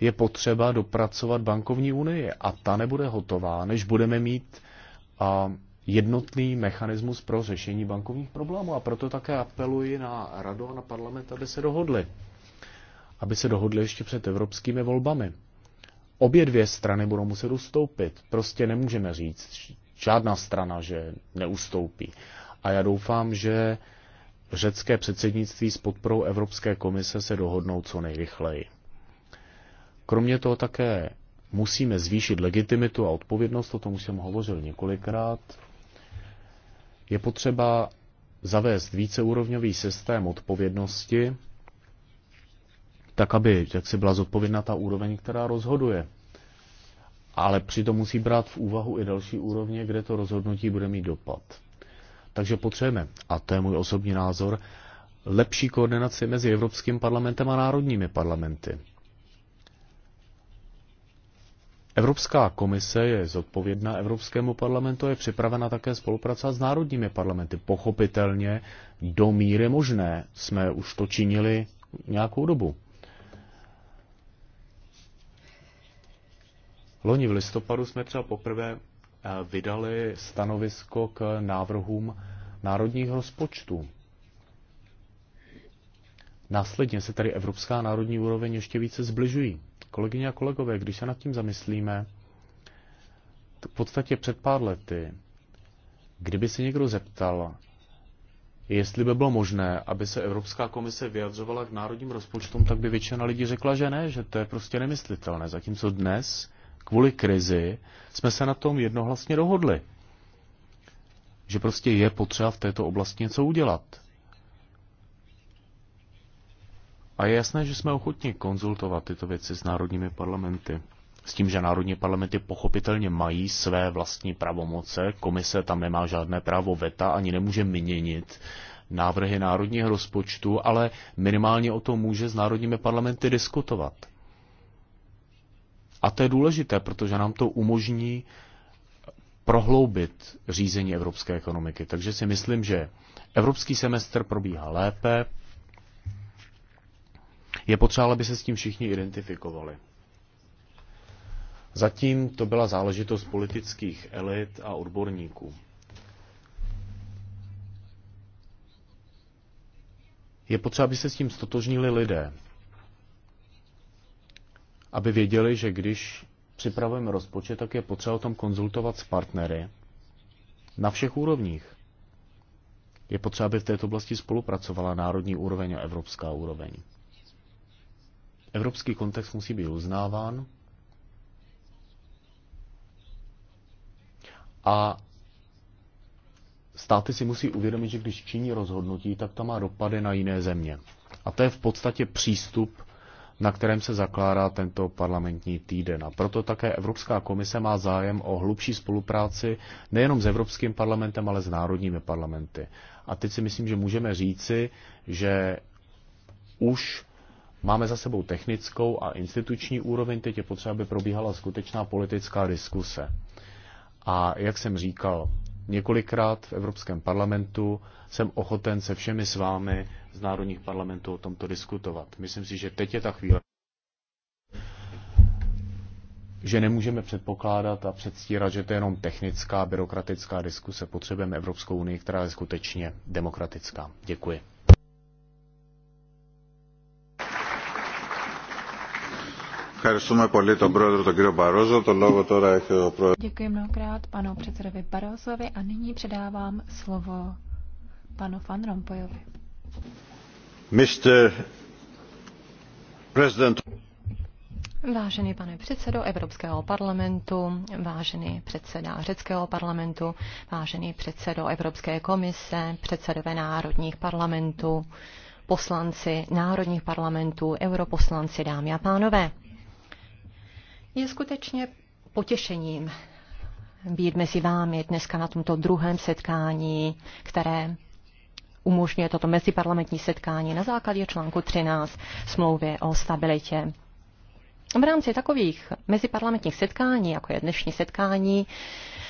je potřeba dopracovat bankovní unii a ta nebude hotová, než budeme mít a, jednotný mechanismus pro řešení bankovních problémů. A proto také apeluji na radu a na parlament, aby se dohodli. Aby se dohodli ještě před evropskými volbami obě dvě strany budou muset ustoupit. Prostě nemůžeme říct žádná strana, že neustoupí. A já doufám, že řecké předsednictví s podporou Evropské komise se dohodnou co nejrychleji. Kromě toho také musíme zvýšit legitimitu a odpovědnost, o tom už jsem hovořil několikrát. Je potřeba zavést víceúrovňový systém odpovědnosti, tak aby jak si byla zodpovědná ta úroveň, která rozhoduje. Ale přitom musí brát v úvahu i další úrovně, kde to rozhodnutí bude mít dopad. Takže potřebujeme, a to je můj osobní názor, lepší koordinaci mezi Evropským parlamentem a národními parlamenty. Evropská komise je zodpovědná Evropskému parlamentu, je připravena také spolupracovat s národními parlamenty. Pochopitelně do míry možné jsme už to činili nějakou dobu. Loni v listopadu jsme třeba poprvé eh, vydali stanovisko k návrhům národních rozpočtů. Následně se tady evropská národní úroveň ještě více zbližují. Kolegyně a kolegové, když se nad tím zamyslíme, v podstatě před pár lety, kdyby se někdo zeptal, jestli by bylo možné, aby se Evropská komise vyjadřovala k národním rozpočtům, tak by většina lidí řekla, že ne, že to je prostě nemyslitelné. Zatímco dnes kvůli krizi, jsme se na tom jednohlasně dohodli. Že prostě je potřeba v této oblasti něco udělat. A je jasné, že jsme ochotni konzultovat tyto věci s národními parlamenty. S tím, že národní parlamenty pochopitelně mají své vlastní pravomoce, komise tam nemá žádné právo veta, ani nemůže měnit návrhy národního rozpočtu, ale minimálně o tom může s národními parlamenty diskutovat. A to je důležité, protože nám to umožní prohloubit řízení evropské ekonomiky. Takže si myslím, že evropský semestr probíhá lépe. Je potřeba, aby se s tím všichni identifikovali. Zatím to byla záležitost politických elit a odborníků. Je potřeba, aby se s tím stotožnili lidé aby věděli, že když připravujeme rozpočet, tak je potřeba o tom konzultovat s partnery na všech úrovních. Je potřeba, aby v této oblasti spolupracovala národní úroveň a evropská úroveň. Evropský kontext musí být uznáván a státy si musí uvědomit, že když činí rozhodnutí, tak to má dopady na jiné země. A to je v podstatě přístup na kterém se zakládá tento parlamentní týden. A proto také Evropská komise má zájem o hlubší spolupráci nejenom s Evropským parlamentem, ale s národními parlamenty. A teď si myslím, že můžeme říci, že už Máme za sebou technickou a instituční úroveň, teď je potřeba, aby probíhala skutečná politická diskuse. A jak jsem říkal, několikrát v Evropském parlamentu. Jsem ochoten se všemi s vámi z národních parlamentů o tomto diskutovat. Myslím si, že teď je ta chvíle, že nemůžeme předpokládat a předstírat, že to je jenom technická, byrokratická diskuse. Potřebujeme Evropskou unii, která je skutečně demokratická. Děkuji. Děkuji mnohokrát panu předsedovi Barrosovi a nyní předávám slovo panu Van Rompuyovi. Mr. President. Vážený pane předsedo Evropského parlamentu, vážený předseda Řeckého parlamentu, vážený předsedo Evropské komise, předsedové národních parlamentů, poslanci národních parlamentů, europoslanci, dámy a pánové. Je skutečně potěšením být mezi vámi dneska na tomto druhém setkání, které umožňuje toto meziparlamentní setkání na základě článku 13 smlouvy o stabilitě. V rámci takových meziparlamentních setkání, jako je dnešní setkání,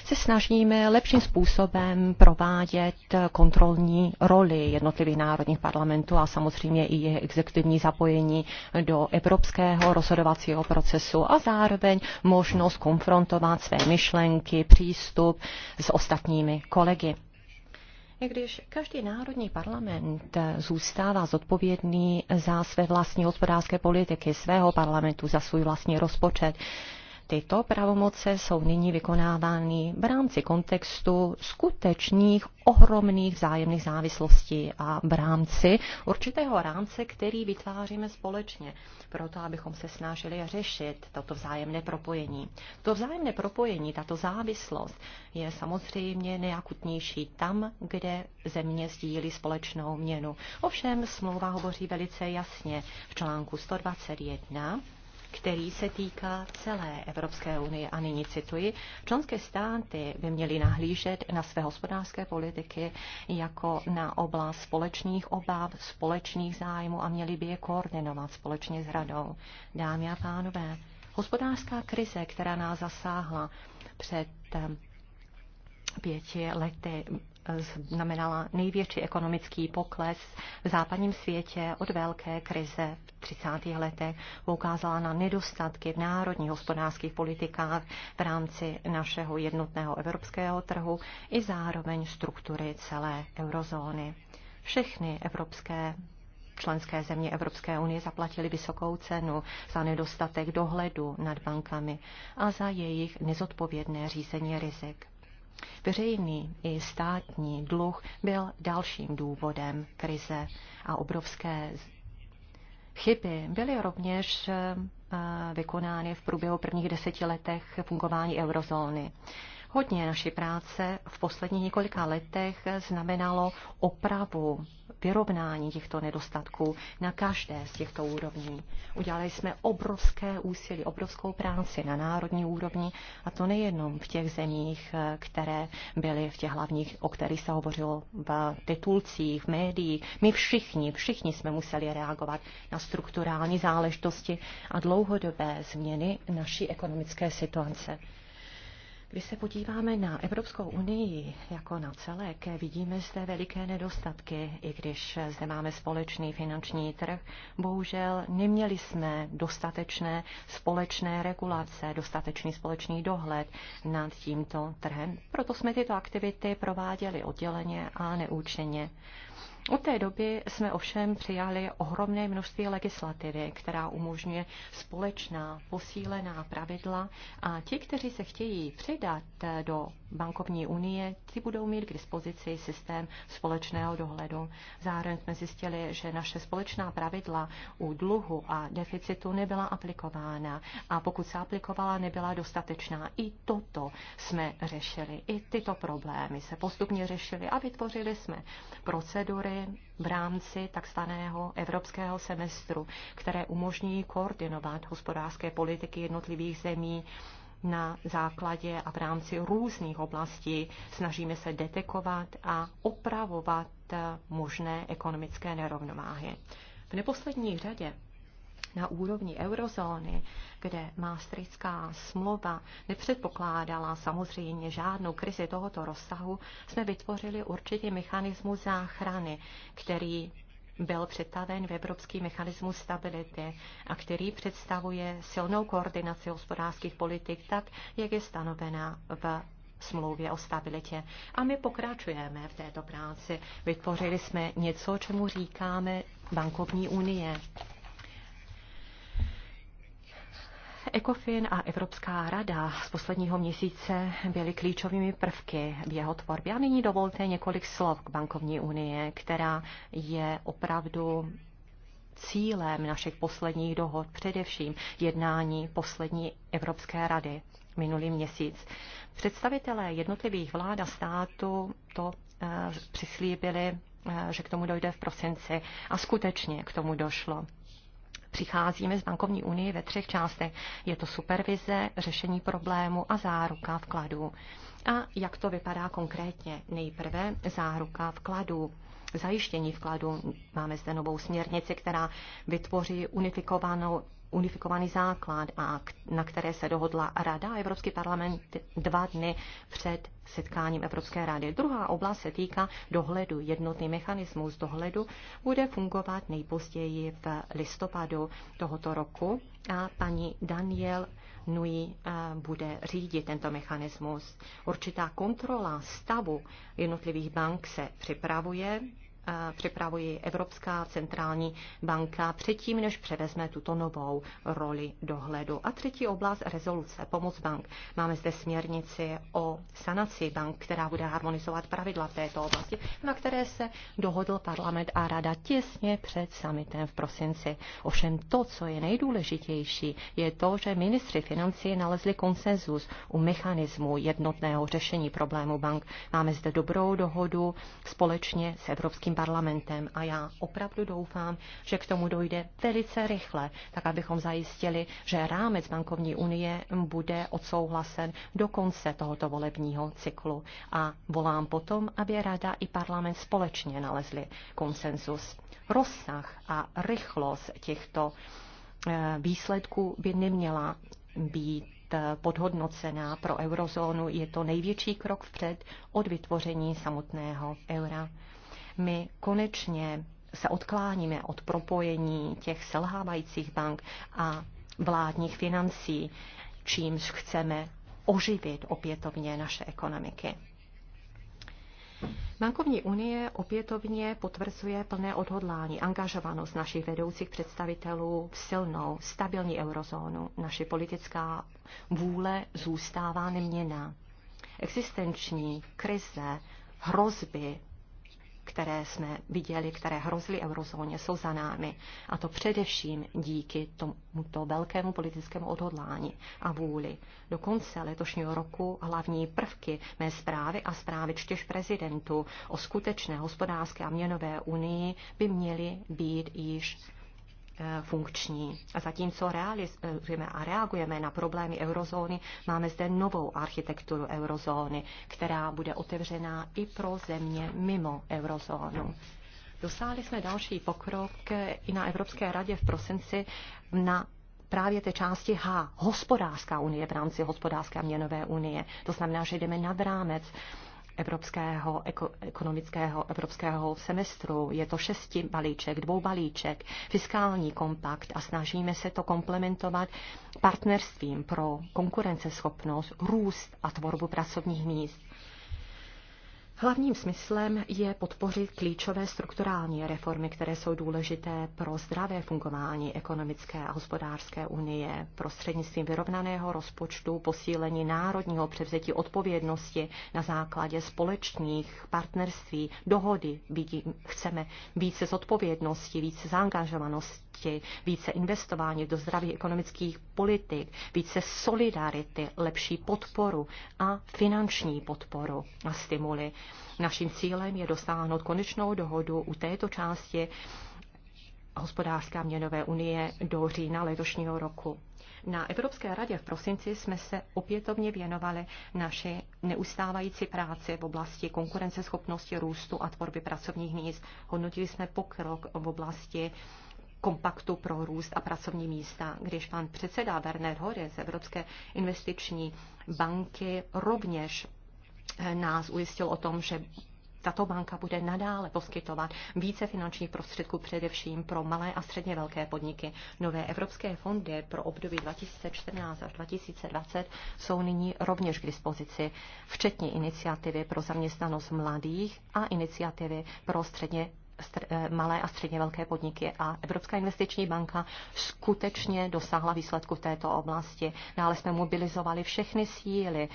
se snažíme lepším způsobem provádět kontrolní roli jednotlivých národních parlamentů a samozřejmě i jejich exekutivní zapojení do evropského rozhodovacího procesu a zároveň možnost konfrontovat své myšlenky, přístup s ostatními kolegy. I když každý národní parlament zůstává zodpovědný za své vlastní hospodářské politiky, svého parlamentu, za svůj vlastní rozpočet, tyto pravomoce jsou nyní vykonávány v rámci kontextu skutečných ohromných vzájemných závislostí a v rámci určitého rámce, který vytváříme společně, proto abychom se snažili řešit toto vzájemné propojení. To vzájemné propojení, tato závislost je samozřejmě nejakutnější tam, kde země sdílí společnou měnu. Ovšem smlouva hovoří velice jasně v článku 121 který se týká celé Evropské unie. A nyní cituji, členské státy by měly nahlížet na své hospodářské politiky jako na oblast společných obav, společných zájmů a měly by je koordinovat společně s radou. Dámy a pánové, hospodářská krize, která nás zasáhla před eh, pěti lety znamenala největší ekonomický pokles v západním světě od velké krize v 30. letech. Poukázala na nedostatky v národních hospodářských politikách v rámci našeho jednotného evropského trhu i zároveň struktury celé eurozóny. Všechny evropské členské země Evropské unie zaplatili vysokou cenu za nedostatek dohledu nad bankami a za jejich nezodpovědné řízení rizik. Veřejný i státní dluh byl dalším důvodem krize a obrovské chyby byly rovněž eh, vykonány v průběhu prvních deseti letech fungování eurozóny. Hodně naší práce v posledních několika letech znamenalo opravu vyrovnání těchto nedostatků na každé z těchto úrovní. Udělali jsme obrovské úsilí, obrovskou práci na národní úrovni a to nejenom v těch zemích, které byly v těch hlavních, o kterých se hovořilo v titulcích, v médiích. My všichni, všichni jsme museli reagovat na strukturální záležitosti a dlouhodobé změny naší ekonomické situace. Když se podíváme na Evropskou unii jako na celek, vidíme zde veliké nedostatky, i když zde máme společný finanční trh. Bohužel neměli jsme dostatečné společné regulace, dostatečný společný dohled nad tímto trhem. Proto jsme tyto aktivity prováděli odděleně a neúčeně. Od té doby jsme ovšem přijali ohromné množství legislativy, která umožňuje společná posílená pravidla a ti, kteří se chtějí přidat do bankovní unie, ti budou mít k dispozici systém společného dohledu. Zároveň jsme zjistili, že naše společná pravidla u dluhu a deficitu nebyla aplikována a pokud se aplikovala, nebyla dostatečná. I toto jsme řešili, i tyto problémy se postupně řešili a vytvořili jsme procedury, postupy v rámci takzvaného evropského semestru, které umožní koordinovat hospodářské politiky jednotlivých zemí na základě a v rámci různých oblastí. Snažíme se detekovat a opravovat možné ekonomické nerovnováhy. V neposlední řadě na úrovni eurozóny, kde Maastrichtská smlouva nepředpokládala samozřejmě žádnou krizi tohoto rozsahu, jsme vytvořili určitý mechanismus záchrany, který byl přetaven v Evropský mechanismus stability a který představuje silnou koordinaci hospodářských politik tak, jak je stanovena v smlouvě o stabilitě. A my pokračujeme v této práci. Vytvořili jsme něco, čemu říkáme bankovní unie. ECOFIN a Evropská rada z posledního měsíce byly klíčovými prvky v jeho tvorbě. A nyní dovolte několik slov k bankovní unie, která je opravdu cílem našich posledních dohod, především jednání poslední Evropské rady minulý měsíc. Představitelé jednotlivých vlád a států to eh, přislíbili, eh, že k tomu dojde v prosinci a skutečně k tomu došlo přicházíme z bankovní unie ve třech částech. Je to supervize, řešení problému a záruka vkladů. A jak to vypadá konkrétně? Nejprve záruka vkladů zajištění vkladu. Máme zde novou směrnici, která vytvoří unifikovanou unifikovaný základ, a na které se dohodla Rada a Evropský parlament dva dny před setkáním Evropské rady. Druhá oblast se týká dohledu. Jednotný mechanismus dohledu bude fungovat nejpozději v listopadu tohoto roku a paní Daniel NUI eh, bude řídit tento mechanismus. Určitá kontrola stavu jednotlivých bank se připravuje připravuje Evropská centrální banka předtím, než převezme tuto novou roli dohledu. A třetí oblast rezoluce, pomoc bank. Máme zde směrnici o sanaci bank, která bude harmonizovat pravidla v této oblasti, na které se dohodl parlament a rada těsně před summitem v prosinci. Ovšem to, co je nejdůležitější, je to, že ministři financí nalezli konsenzus u mechanismu jednotného řešení problému bank. Máme zde dobrou dohodu společně s Evropským Evropským parlamentem a já opravdu doufám, že k tomu dojde velice rychle, tak abychom zajistili, že rámec bankovní unie bude odsouhlasen do konce tohoto volebního cyklu. A volám potom, aby Rada i parlament společně nalezli konsenzus. Rozsah a rychlost těchto eh, výsledků by neměla být eh, podhodnocená pro eurozónu. Je to největší krok vpřed od vytvoření samotného eura my konečně se odkláníme od propojení těch selhávajících bank a vládních financí, čímž chceme oživit opětovně naše ekonomiky. Bankovní unie opětovně potvrzuje plné odhodlání, angažovanost našich vedoucích představitelů v silnou, stabilní eurozónu. Naše politická vůle zůstává neměná. Existenční krize, hrozby které jsme viděli, které hrozily eurozóně, jsou za námi. A to především díky tomuto velkému politickému odhodlání a vůli. Do konce letošního roku hlavní prvky mé zprávy a zprávy čtěž prezidentů o skutečné hospodářské a měnové unii by měly být již Eh, funkční. A zatímco realizujeme a reagujeme na problémy eurozóny, máme zde novou architekturu eurozóny, která bude otevřená i pro země mimo eurozónu. Dosáhli jsme další pokrok eh, i na Evropské radě v prosinci na právě té části H, hospodářská unie v rámci hospodářské a měnové unie. To znamená, že jdeme nad rámec evropského ekonomického evropského semestru. Je to šesti balíček, dvou balíček, fiskální kompakt a snažíme se to komplementovat partnerstvím pro konkurenceschopnost, růst a tvorbu pracovních míst. Hlavním smyslem je podpořit klíčové strukturální reformy, které jsou důležité pro zdravé fungování ekonomické a hospodářské unie, prostřednictvím vyrovnaného rozpočtu, posílení národního převzetí odpovědnosti na základě společných partnerství, dohody. Vidím, chceme více zodpovědnosti, více zaangažovanosti oblasti, více investování do zdravých ekonomických politik, více solidarity, lepší podporu a finanční podporu a stimuly. Naším cílem je dosáhnout konečnou dohodu u této části hospodářská měnové unie do října letošního roku. Na Evropské radě v prosinci jsme se opětovně věnovali naši neustávající práci v oblasti konkurenceschopnosti, růstu a tvorby pracovních míst. Hodnotili jsme pokrok v oblasti kompaktu pro růst a pracovní místa, když pan předseda Werner Hore z Evropské investiční banky rovněž eh, nás ujistil o tom, že tato banka bude nadále poskytovat více finančních prostředků především pro malé a středně velké podniky. Nové evropské fondy pro období 2014 až 2020 jsou nyní rovněž k dispozici, včetně iniciativy pro zaměstnanost mladých a iniciativy pro středně Eh, malé a středně velké podniky. A Evropská investiční banka skutečně dosáhla výsledku v této oblasti. Dále jsme mobilizovali všechny síly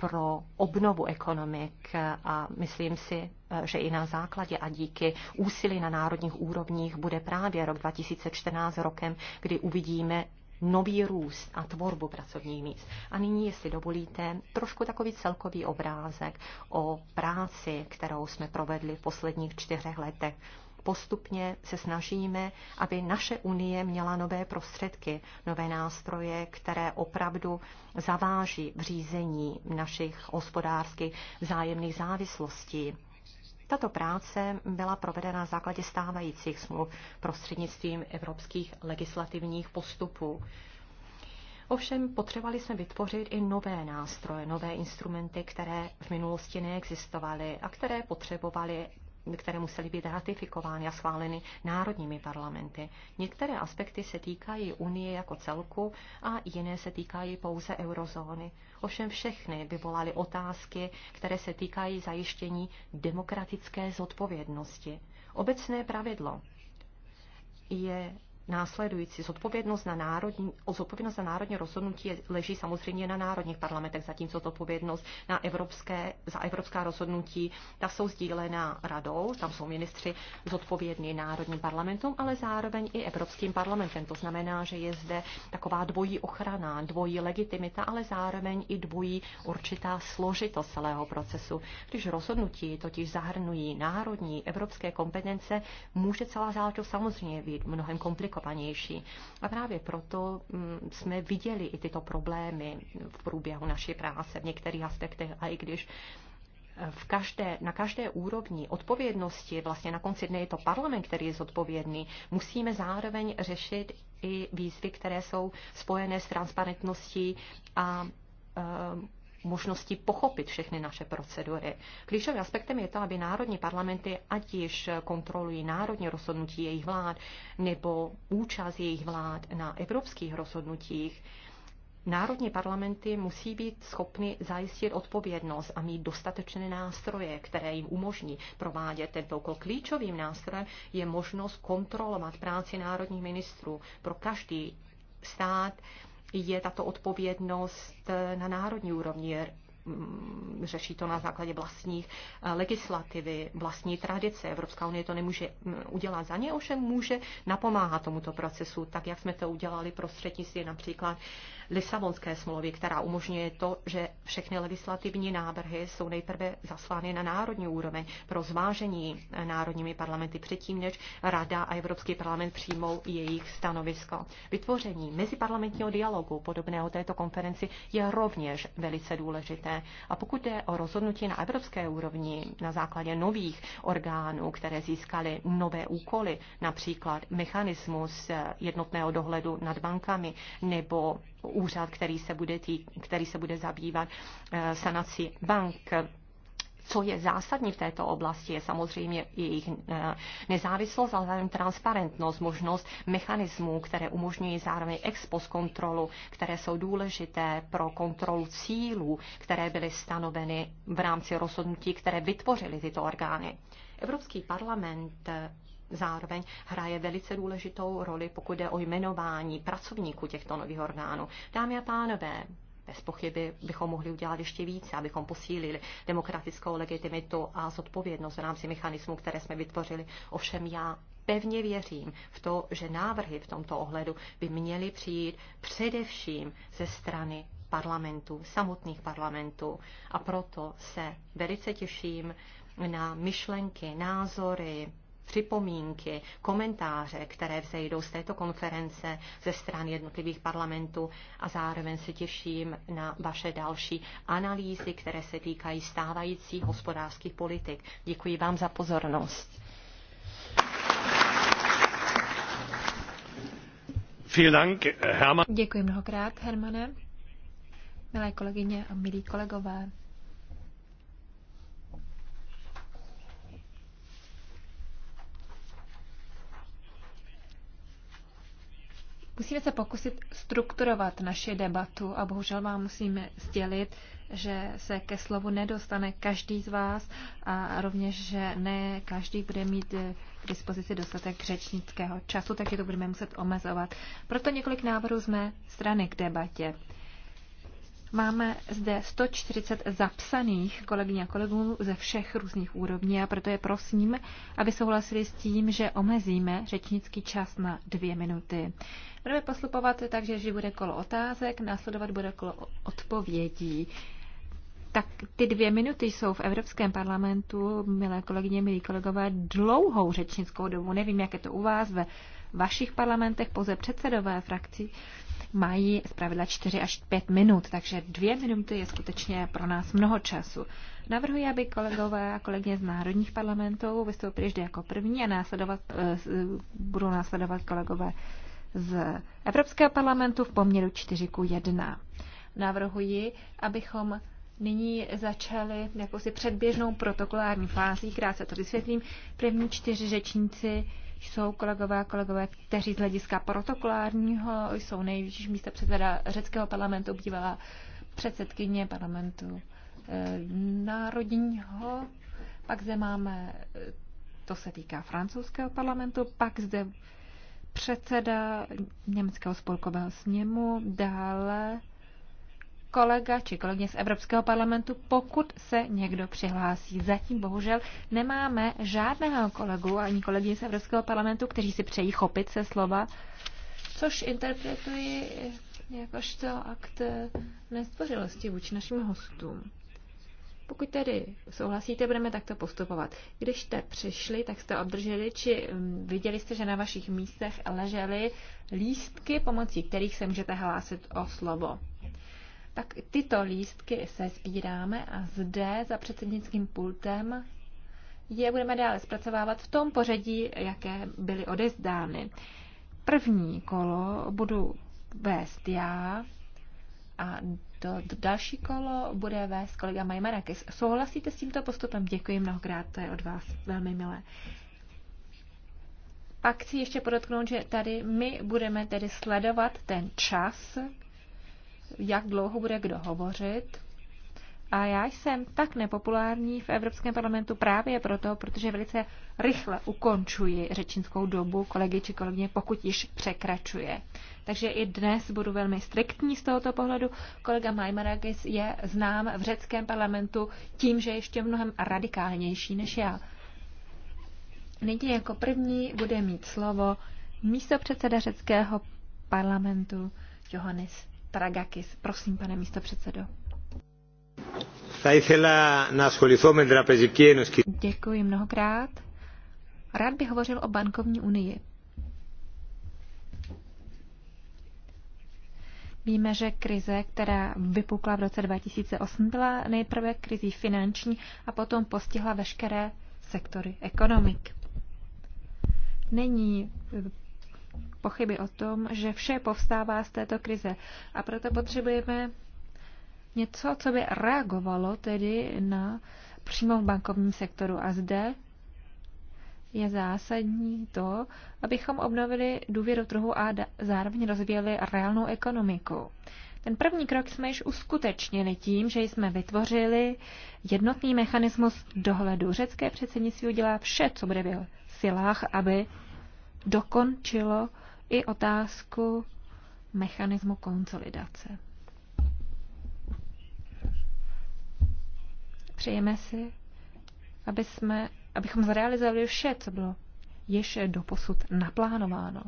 pro obnovu ekonomik a myslím si, eh, že i na základě a díky úsilí na národních úrovních bude právě rok 2014 rokem, kdy uvidíme nový růst a tvorbu pracovních míst. A nyní, jestli dovolíte, trošku takový celkový obrázek o práci, kterou jsme provedli v posledních čtyřech letech. Postupně se snažíme, aby naše Unie měla nové prostředky, nové nástroje, které opravdu zaváží v řízení našich hospodářských vzájemných závislostí tato práce byla provedena na základě stávajících smluv prostřednictvím evropských legislativních postupů. Ovšem potřebovali jsme vytvořit i nové nástroje, nové instrumenty, které v minulosti neexistovaly a které potřebovaly které musely být ratifikovány a schváleny národními parlamenty. Některé aspekty se týkají Unie jako celku a jiné se týkají pouze eurozóny. Ovšem všechny vyvolaly otázky, které se týkají zajištění demokratické zodpovědnosti. Obecné pravidlo je následující. Zodpovědnost, na národní, zodpovědnost za národní rozhodnutí leží samozřejmě na národních parlamentech, zatímco zodpovědnost na evropské, za evropská rozhodnutí, ta jsou sdílená radou, tam jsou ministři zodpovědní národním parlamentům, ale zároveň i Evropským parlamentem. To znamená, že je zde taková dvojí ochrana, dvojí legitimita, ale zároveň i dvojí určitá složitost celého procesu. Když rozhodnutí totiž zahrnují národní, evropské kompetence, může celá záležitost samozřejmě být mnohem komplikovanější komplikovanější. A právě proto mm, jsme viděli i tyto problémy v průběhu naší práce v některých aspektech. A i když v každé, na každé úrovni odpovědnosti, vlastně na konci dne je to parlament, který je zodpovědný, musíme zároveň řešit i výzvy, které jsou spojené s transparentností a eh, možnosti pochopit všechny naše procedury. Klíčovým aspektem je to, aby národní parlamenty, ať již kontrolují národní rozhodnutí jejich vlád nebo účast jejich vlád na evropských rozhodnutích, Národní parlamenty musí být schopny zajistit odpovědnost a mít dostatečné nástroje, které jim umožní provádět tento úkol. Klíčovým nástrojem je možnost kontrolovat práci národních ministrů pro každý stát je tato odpovědnost na národní úrovni mm, řeší to na základě vlastních eh, legislativy, vlastní tradice. Evropská unie to nemůže mm, udělat za ně, ovšem může napomáhat tomuto procesu, tak jak jsme to udělali prostřednictvím například Lisabonské smlouvy, která umožňuje to, že všechny legislativní návrhy jsou nejprve zaslány na národní úroveň pro zvážení národními parlamenty předtím, než Rada a Evropský parlament přijmou jejich stanovisko. Vytvoření meziparlamentního dialogu podobného této konferenci je rovněž velice důležité. A pokud jde o rozhodnutí na evropské úrovni na základě nových orgánů, které získaly nové úkoly, například mechanismus jednotného dohledu nad bankami nebo úřad, který se bude, tý, který se bude zabývat eh, sanací bank. Co je zásadní v této oblasti, je samozřejmě jejich eh, nezávislost, ale zároveň transparentnost, možnost mechanismů, které umožňují zároveň ex post kontrolu, které jsou důležité pro kontrolu cílů, které byly stanoveny v rámci rozhodnutí, které vytvořily tyto orgány. Evropský parlament zároveň hraje velice důležitou roli, pokud jde o jmenování pracovníků těchto nových orgánů. Dámy a pánové, bez pochyby bychom mohli udělat ještě více, abychom posílili demokratickou legitimitu a zodpovědnost v rámci mechanismů, které jsme vytvořili. Ovšem já pevně věřím v to, že návrhy v tomto ohledu by měly přijít především ze strany parlamentů, samotných parlamentů. A proto se velice těším na myšlenky, názory, připomínky, komentáře, které vzejdou z této konference ze stran jednotlivých parlamentů a zároveň se těším na vaše další analýzy, které se týkají stávajících hospodářských politik. Děkuji vám za pozornost. Děkuji mnohokrát, Hermane. Milé kolegyně a milí kolegové. Musíme se pokusit strukturovat naši debatu a bohužel vám musíme sdělit, že se ke slovu nedostane každý z vás a rovněž, že ne každý bude mít eh, k dispozici dostatek řečnického času, takže to budeme muset omezovat. Proto několik návrhů jsme strany k debatě. Máme zde 140 zapsaných kolegyň a kolegů ze všech různých úrovní a proto je prosím, aby souhlasili s tím, že omezíme řečnický čas na dvě minuty. Budeme postupovat tak, že bude kolo otázek, následovat bude kolo odpovědí. Tak ty dvě minuty jsou v Evropském parlamentu, milé kolegyně, milí kolegové, dlouhou řečnickou dobu. Nevím, jak je to u vás ve vašich parlamentech, pouze předsedové frakcí mají zpravidla 4 až 5 minut, takže dvě minuty je skutečně pro nás mnoho času. Navrhuji, aby kolegové a kolegyně z národních parlamentů vystoupili vždy jako první a následovat, eh, budou následovat kolegové z Evropského parlamentu v poměru 4 k 1. Navrhuji, abychom nyní začali jakousi předběžnou protokolární fází, krátce to vysvětlím. První čtyři řečníci jsou kolegové a kolegové, kteří z hlediska protokolárního jsou nejvyšší místa předseda řeckého parlamentu, bývalá předsedkyně parlamentu e, národního. Pak zde máme, eh, to se týká francouzského parlamentu, pak zde předseda německého spolkového sněmu, dále kolega či kolegyně z Evropského parlamentu, pokud se někdo přihlásí. Zatím bohužel nemáme žádného kolegu ani kolegyně z Evropského parlamentu, kteří si přejí chopit se slova, což interpretuji jakožto akt nestvořilosti vůči našim hostům. Pokud tedy souhlasíte, budeme takto postupovat. Když jste přišli, tak jste obdrželi, či mm, viděli jste, že na vašich místech ležely lístky, pomocí kterých se můžete hlásit o slovo tak tyto lístky se sbíráme a zde za předsednickým pultem je budeme dále zpracovávat v tom pořadí, jaké byly odezdány. První kolo budu vést já a to další kolo bude vést kolega Majmarakis. Souhlasíte s tímto postupem? Děkuji mnohokrát, to je od vás velmi milé. Pak chci ještě podotknout, že tady my budeme tedy sledovat ten čas, jak dlouho bude kdo hovořit. A já jsem tak nepopulární v Evropském parlamentu právě proto, protože velice rychle ukončuji řečnickou dobu kolegy či kolegyně, pokud již překračuje. Takže i dnes budu velmi striktní z tohoto pohledu. Kolega Majmarakis je znám v řeckém parlamentu tím, že je ještě mnohem radikálnější než já. Nyní jako první bude mít slovo místo předseda řeckého parlamentu Johannes Paragakis. Prosím, pane místo předsedo. Děkuji mnohokrát. Rád bych hovořil o bankovní unii. Víme, že krize, která vypukla v roce 2008, byla nejprve krizí finanční a potom postihla veškeré sektory ekonomik. Není pochyby o tom, že vše povstává z této krize. A proto potřebujeme něco, co by reagovalo tedy na přímo v bankovním sektoru. A zde je zásadní to, abychom obnovili důvěru trhu a zároveň rozvíjeli reálnou ekonomiku. Ten první krok jsme již uskutečnili tím, že jsme vytvořili jednotný mechanismus dohledu. Řecké předsednictví udělá vše, co bude v silách, aby dokončilo i otázku mechanismu konsolidace. Přejeme si, aby jsme, abychom zrealizovali vše, co bylo do doposud naplánováno.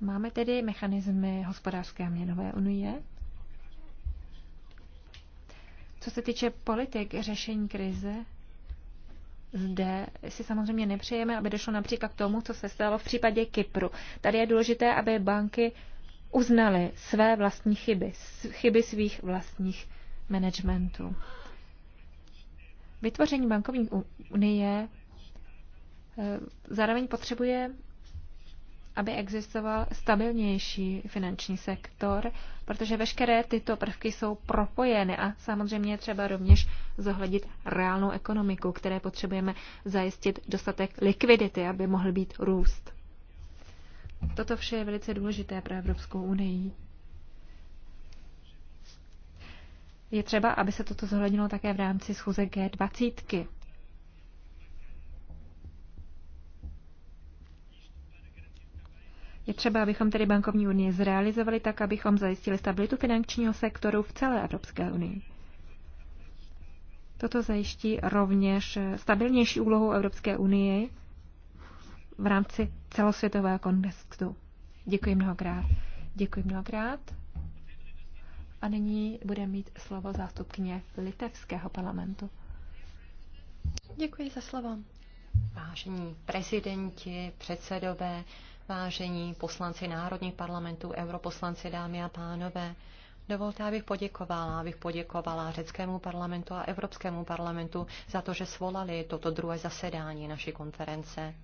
Máme tedy mechanismy hospodářské a měnové unie. Co se týče politik řešení krize, zde si samozřejmě nepřejeme, aby došlo například k tomu, co se stalo v případě Kypru. Tady je důležité, aby banky uznaly své vlastní chyby, chyby svých vlastních managementů. Vytvoření bankovní unie eh, zároveň potřebuje aby existoval stabilnější finanční sektor, protože veškeré tyto prvky jsou propojeny a samozřejmě je třeba rovněž zohlednit reálnou ekonomiku, které potřebujeme zajistit dostatek likvidity, aby mohl být růst. Toto vše je velice důležité pro Evropskou unii. Je třeba, aby se toto zohlednilo také v rámci schůze G20. Je třeba, abychom tedy bankovní unii zrealizovali tak, abychom zajistili stabilitu finančního sektoru v celé Evropské unii. Toto zajiští rovněž stabilnější úlohu Evropské unie v rámci celosvětového kontextu. Děkuji mnohokrát. Děkuji mnohokrát. A nyní bude mít slovo zástupkyně Litevského parlamentu. Děkuji za slovo. Vážení prezidenti, předsedové, vážení poslanci národních parlamentů, europoslanci, dámy a pánové. Dovolte, abych poděkovala, abych poděkovala řeckému parlamentu a Evropskému parlamentu za to, že svolali toto druhé zasedání naší konference.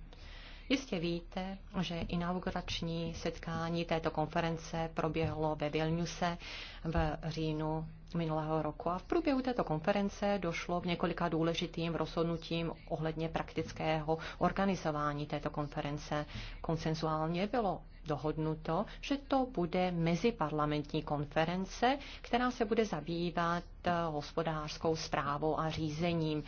Jistě víte, že inaugurační setkání této konference proběhlo ve Vilniuse v říjnu minulého roku a v průběhu této konference došlo k několika důležitým rozhodnutím ohledně praktického organizování této konference. Konsenzuálně bylo dohodnuto, že to bude meziparlamentní konference, která se bude zabývat hospodářskou zprávou a řízením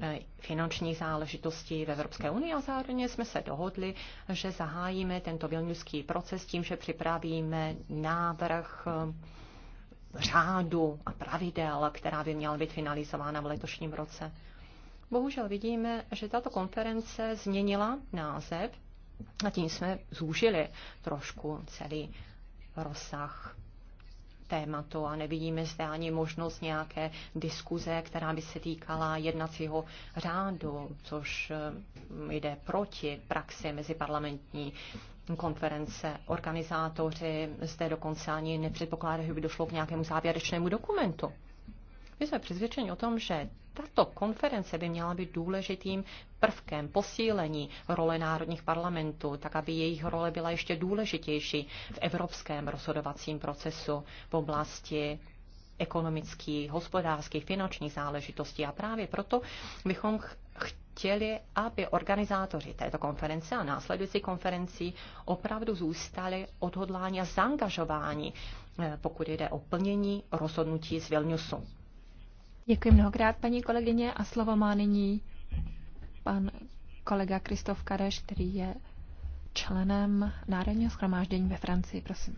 Eh, finanční záležitosti v Evropské unii a zároveň jsme se dohodli, že zahájíme tento vilniuský proces tím, že připravíme návrh eh, řádu a pravidel, která by měla být finalizována v letošním roce. Bohužel vidíme, že tato konference změnila název a tím jsme zúžili trošku celý rozsah tématu a nevidíme zde ani možnost nějaké diskuze, která by se týkala jednacího řádu, což eh, jde proti praxi meziparlamentní konference. Organizátoři zde dokonce ani nepředpokládají, že by došlo k nějakému závěrečnému dokumentu. My jsme přizvědčeni o tom, že tato konference by měla být důležitým prvkem posílení role národních parlamentů, tak aby jejich role byla ještě důležitější v evropském rozhodovacím procesu v oblasti ekonomických, hospodářských, finančních záležitostí. A právě proto bychom chtěli, aby organizátoři této konference a následující konferenci opravdu zůstali odhodláni a zaangažováni, eh, pokud jde o plnění rozhodnutí z Vilniusu. Děkuji mnohokrát, paní kolegyně, a slovo má nyní pan kolega Kristof Kareš, který je členem Národního schromáždění ve Francii. Prosím.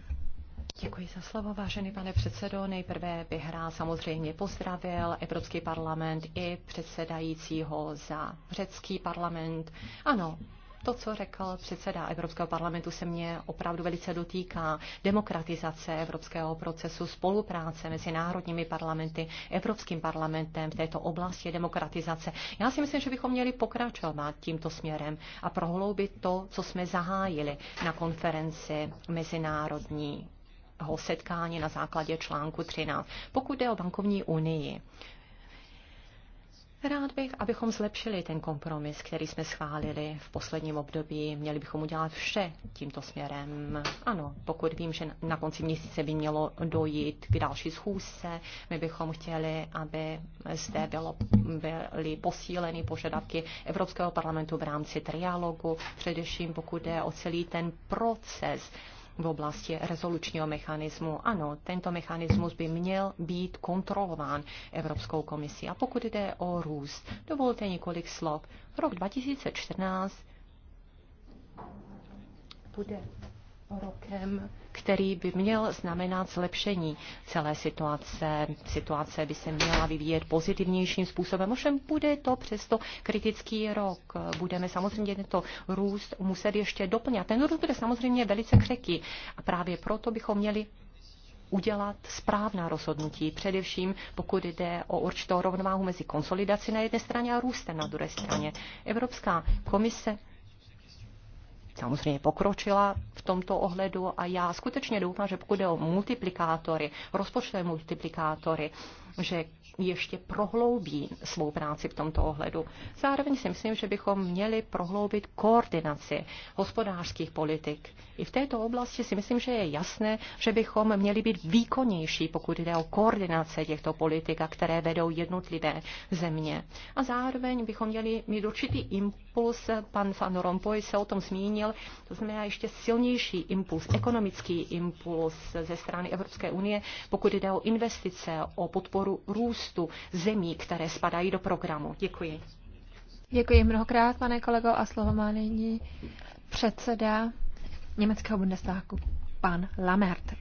Děkuji za slovo, vážený pane předsedo. Nejprve bych rád samozřejmě pozdravil Evropský parlament i předsedajícího za řecký parlament. Ano, to, co řekl předseda Evropského parlamentu, se mě opravdu velice dotýká. Demokratizace evropského procesu, spolupráce mezi národními parlamenty, Evropským parlamentem v této oblasti demokratizace. Já si myslím, že bychom měli pokračovat tímto směrem a prohloubit to, co jsme zahájili na konferenci mezinárodní setkání na základě článku 13. Pokud jde o bankovní unii, Rád bych, abychom zlepšili ten kompromis, který jsme schválili v posledním období. Měli bychom udělat vše tímto směrem. Ano, pokud vím, že na konci měsíce by mělo dojít k další schůzce, my bychom chtěli, aby zde bylo, byly posíleny požadavky Evropského parlamentu v rámci trialogu, především pokud jde o celý ten proces v oblasti rezolučního mechanismu. Ano, tento mechanismus by měl být kontrolován Evropskou komisí. A pokud jde o růst, dovolte několik slov. Rok 2014 bude rokem, který by měl znamenat zlepšení celé situace. Situace by se měla vyvíjet pozitivnějším způsobem, ovšem bude to přesto kritický rok. Budeme samozřejmě tento růst muset ještě doplňat. Ten růst bude samozřejmě velice křeký a právě proto bychom měli udělat správná rozhodnutí, především pokud jde o určitou rovnováhu mezi konsolidací na jedné straně a růstem na druhé straně. Evropská komise samozřejmě pokročila v tomto ohledu a já skutečně doufám, že pokud jde o multiplikátory, rozpočtové multiplikátory, že ještě prohloubí svou práci v tomto ohledu. Zároveň si myslím, že bychom měli prohloubit koordinaci hospodářských politik. I v této oblasti si myslím, že je jasné, že bychom měli být výkonnější, pokud jde o koordinace těchto politik, které vedou jednotlivé země. A zároveň bychom měli mít určitý impuls, pan Van Rompuy se o tom zmínil, dále. To znamená ještě silnější impuls, ekonomický impuls ze strany Evropské unie, pokud jde o investice, o podporu růstu zemí, které spadají do programu. Děkuji. Děkuji mnohokrát, pane kolego, a slovo má nyní předseda německého Bundestagu, pan Lamert.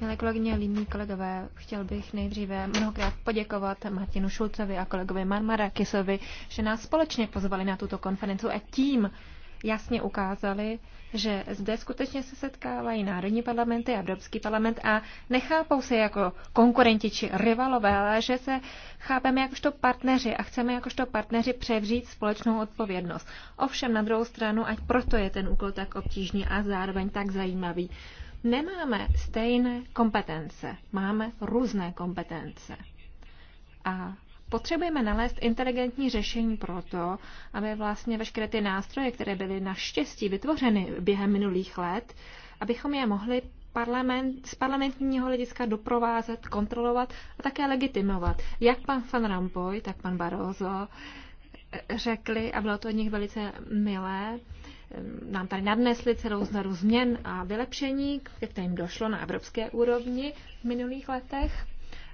Milé kolegyně, líbí kolegové, chtěl bych nejdříve mnohokrát poděkovat Martinu Šulcovi a kolegovi Marmara Kisovi, že nás společně pozvali na tuto konferenci a tím jasně ukázali, že zde skutečně se setkávají národní parlamenty a Evropský parlament a nechápou se jako konkurenti či rivalové, ale že se chápeme jakožto partneři a chceme jakožto partneři převřít společnou odpovědnost. Ovšem na druhou stranu, ať proto je ten úkol tak obtížný a zároveň tak zajímavý. Nemáme stejné kompetence, máme různé kompetence. A potřebujeme nalézt inteligentní řešení pro to, aby vlastně veškeré ty nástroje, které byly naštěstí vytvořeny během minulých let, abychom je mohli parlament, z parlamentního hlediska doprovázet, kontrolovat a také legitimovat. Jak pan Van Rampoy, tak pan Barroso eh, řekli, a bylo to od nich velice milé, eh, nám tady nadnesli celou znaru změn a vylepšení, které jim došlo na evropské úrovni v minulých letech.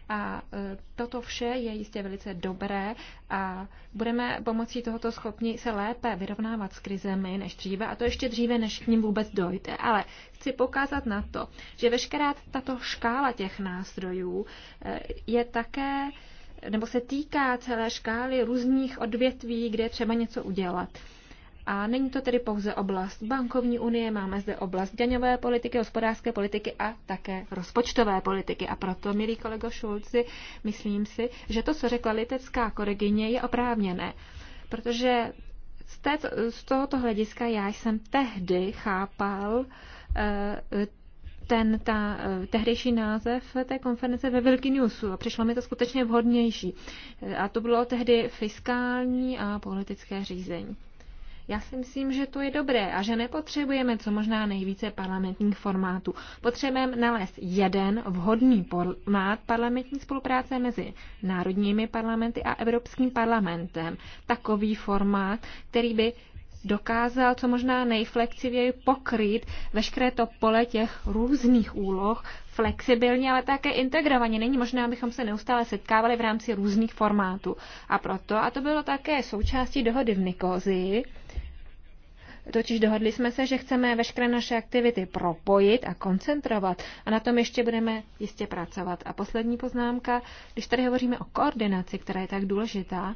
A e, toto vše je jistě velice dobré a budeme pomocí tohoto schopni se lépe vyrovnávat s krizemi než dříve a to ještě dříve, než k ním vůbec dojde. Ale chci pokázat na to, že veškerá tato škála těch nástrojů e, je také nebo se týká celé škály různých odvětví, kde je třeba něco udělat. A není to tedy pouze oblast bankovní unie, máme zde oblast daňové politiky, hospodářské politiky a také rozpočtové politiky. A proto, milí kolego Šulci, myslím si, že to, co řekla litecká koregyně je oprávněné. Protože z, té, z tohoto hlediska já jsem tehdy chápal eh, ten ta, eh, tehdejší název té konference ve Vilniusu a přišlo mi to skutečně vhodnější. A to bylo tehdy fiskální a politické řízení. Já si myslím, že to je dobré a že nepotřebujeme co možná nejvíce parlamentních formátů. Potřebujeme nalézt jeden vhodný formát parlamentní spolupráce mezi národními parlamenty a Evropským parlamentem. Takový formát, který by dokázal co možná nejflexivěji pokrýt veškeré to pole těch různých úloh flexibilně, ale také integrovaně. Není možné, abychom se neustále setkávali v rámci různých formátů. A proto, a to bylo také součástí dohody v Nikozi, Totiž dohodli jsme se, že chceme veškeré naše aktivity propojit a koncentrovat a na tom ještě budeme jistě pracovat. A poslední poznámka, když tady hovoříme o koordinaci, která je tak důležitá,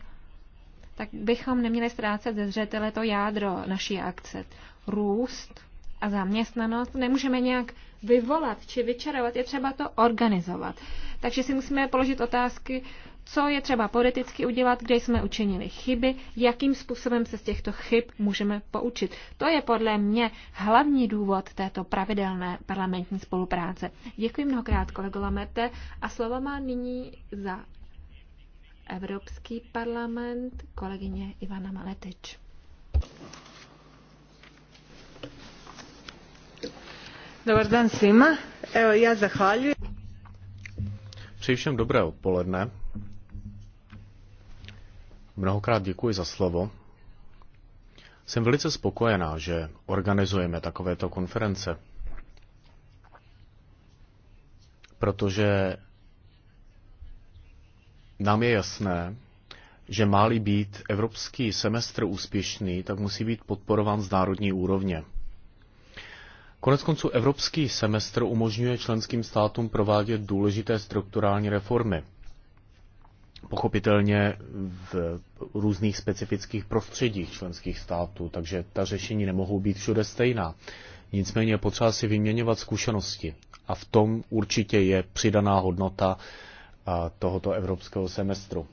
tak bychom neměli ztrácet ze zřetele to jádro naší akce. Růst a zaměstnanost nemůžeme nějak vyvolat či vyčarovat, je třeba to organizovat. Takže si musíme položit otázky, co je třeba politicky udělat, kde jsme učinili chyby, jakým způsobem se z těchto chyb můžeme poučit. To je podle mě hlavní důvod této pravidelné parlamentní spolupráce. Děkuji mnohokrát, kolego Lamerte, a slovo má nyní za Evropský parlament, kolegyně Ivana Maletič. Dobrý den svým. Evo, já zahvaljuji. Přeji všem dobré odpoledne. Mnohokrát děkuji za slovo. Jsem velice spokojená, že organizujeme takovéto konference, protože nám je jasné, že má-li být evropský semestr úspěšný, tak musí být podporován z národní úrovně. Konec konců evropský semestr umožňuje členským státům provádět důležité strukturální reformy. Pochopitelně v různých specifických prostředích členských států, takže ta řešení nemohou být všude stejná. Nicméně potřeba si vyměňovat zkušenosti a v tom určitě je přidaná hodnota tohoto evropského semestru.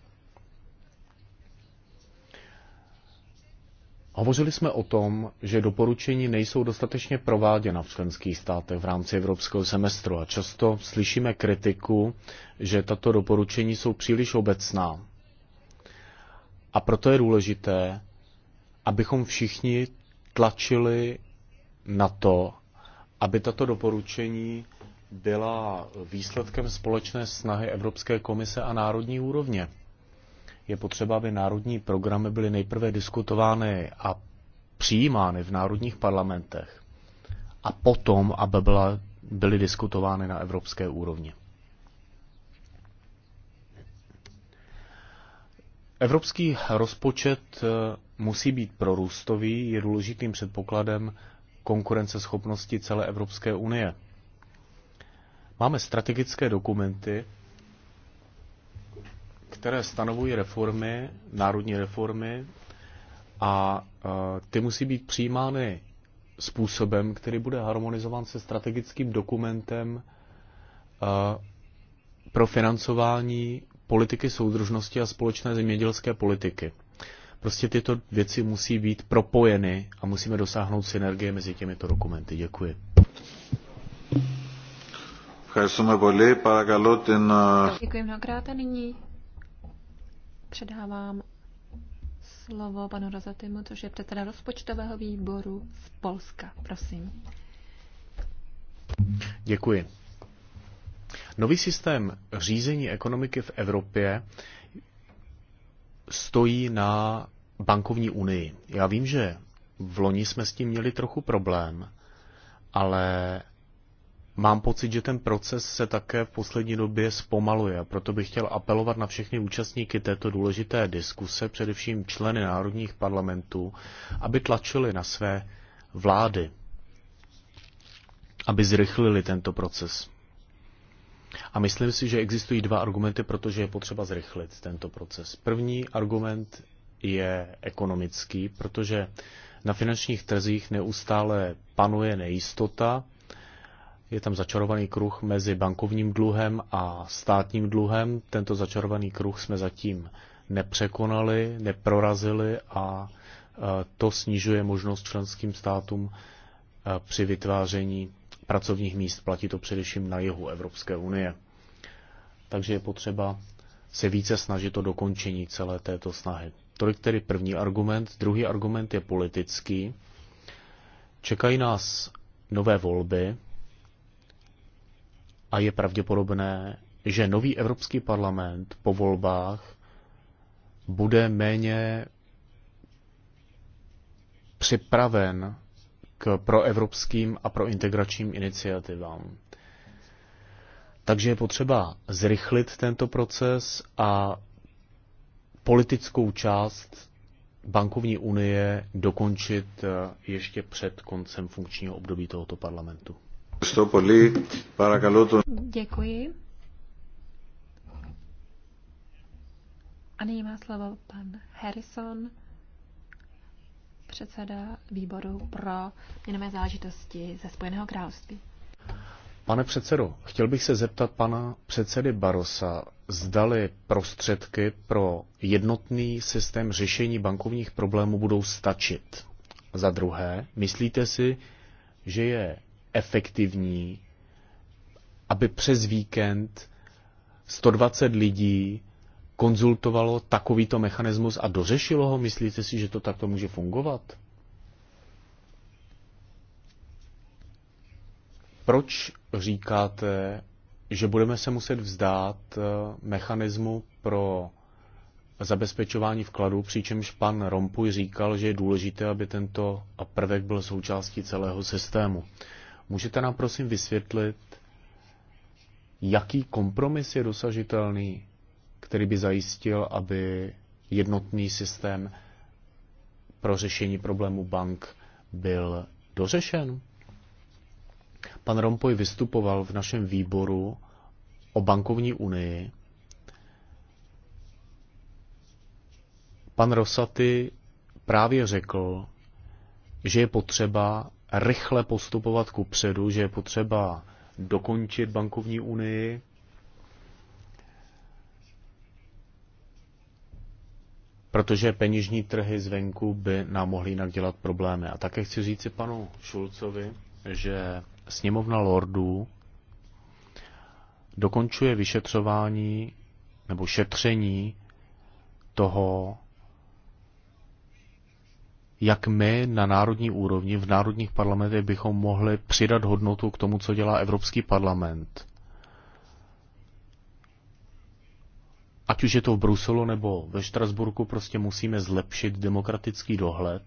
Hovořili jsme o tom, že doporučení nejsou dostatečně prováděna v členských státech v rámci evropského semestru a často slyšíme kritiku, že tato doporučení jsou příliš obecná. A proto je důležité, abychom všichni tlačili na to, aby tato doporučení byla výsledkem společné snahy Evropské komise a národní úrovně. Je potřeba, aby národní programy byly nejprve diskutovány a přijímány v národních parlamentech a potom, aby byla, byly diskutovány na evropské úrovni. Evropský rozpočet eh, musí být prorůstový, je důležitým předpokladem konkurenceschopnosti celé Evropské unie. Máme strategické dokumenty, které stanovují reformy, národní reformy, a ty musí být přijímány způsobem, který bude harmonizován se strategickým dokumentem pro financování politiky soudržnosti a společné zemědělské politiky. Prostě tyto věci musí být propojeny a musíme dosáhnout synergie mezi těmito dokumenty. Děkuji. Ευχαριστούμε πολύ. Παρακαλώ την... Děkuji mnohokrát a nyní předávám slovo panu Rozatimu, což je předseda rozpočtového výboru z Polska. Prosím. Děkuji. Nový systém řízení ekonomiky v Evropě stojí na bankovní unii. Já vím, že v loni jsme s tím měli trochu problém, ale Mám pocit, že ten proces se také v poslední době zpomaluje proto bych chtěl apelovat na všechny účastníky této důležité diskuse, především členy národních parlamentů, aby tlačili na své vlády, aby zrychlili tento proces. A myslím si, že existují dva argumenty, protože je potřeba zrychlit tento proces. První argument je ekonomický, protože na finančních trzích neustále panuje nejistota, je tam začarovaný kruh mezi bankovním dluhem a státním dluhem. Tento začarovaný kruh jsme zatím nepřekonali, neprorazili a e, to snižuje možnost členským státům e, při vytváření pracovních míst. Platí to především na jihu Evropské unie. Takže je potřeba se více snažit o dokončení celé této snahy. Tolik tedy první argument. Druhý argument je politický. Čekají nás nové volby, a je pravděpodobné, že nový Evropský parlament po volbách bude méně připraven k proevropským a prointegračním iniciativám. Takže je potřeba zrychlit tento proces a politickou část bankovní unie dokončit eh, ještě před koncem funkčního období tohoto parlamentu. Děkuji. A nyní má slovo pan Harrison, předseda výboru pro měnové záležitosti ze Spojeného království. Pane předsedo, chtěl bych se zeptat pana předsedy Barosa, zdali prostředky pro jednotný systém řešení bankovních problémů budou stačit. Za druhé, myslíte si, že je efektivní, aby přes víkend 120 lidí konzultovalo takovýto mechanismus a dořešilo ho? Myslíte si, že to takto může fungovat? Proč říkáte, že budeme se muset vzdát eh, mechanismu pro zabezpečování vkladů, přičemž pan Rompuj říkal, že je důležité, aby tento prvek byl součástí celého systému. Můžete nám prosím vysvětlit, jaký kompromis je dosažitelný, který by zajistil, aby jednotný systém pro řešení problému bank byl dořešen? Pan Rompoj vystupoval v našem výboru o bankovní unii. Pan Rosaty právě řekl, že je potřeba rychle postupovat ku předu, že je potřeba dokončit bankovní unii, protože peněžní trhy zvenku by nám mohly jinak dělat problémy. A také chci si panu Šulcovi, že sněmovna lordů dokončuje vyšetřování nebo šetření toho jak my na národní úrovni, v národních parlamentech bychom mohli přidat hodnotu k tomu, co dělá Evropský parlament. Ať už je to v Bruselu nebo ve Štrasburku, prostě musíme zlepšit demokratický dohled.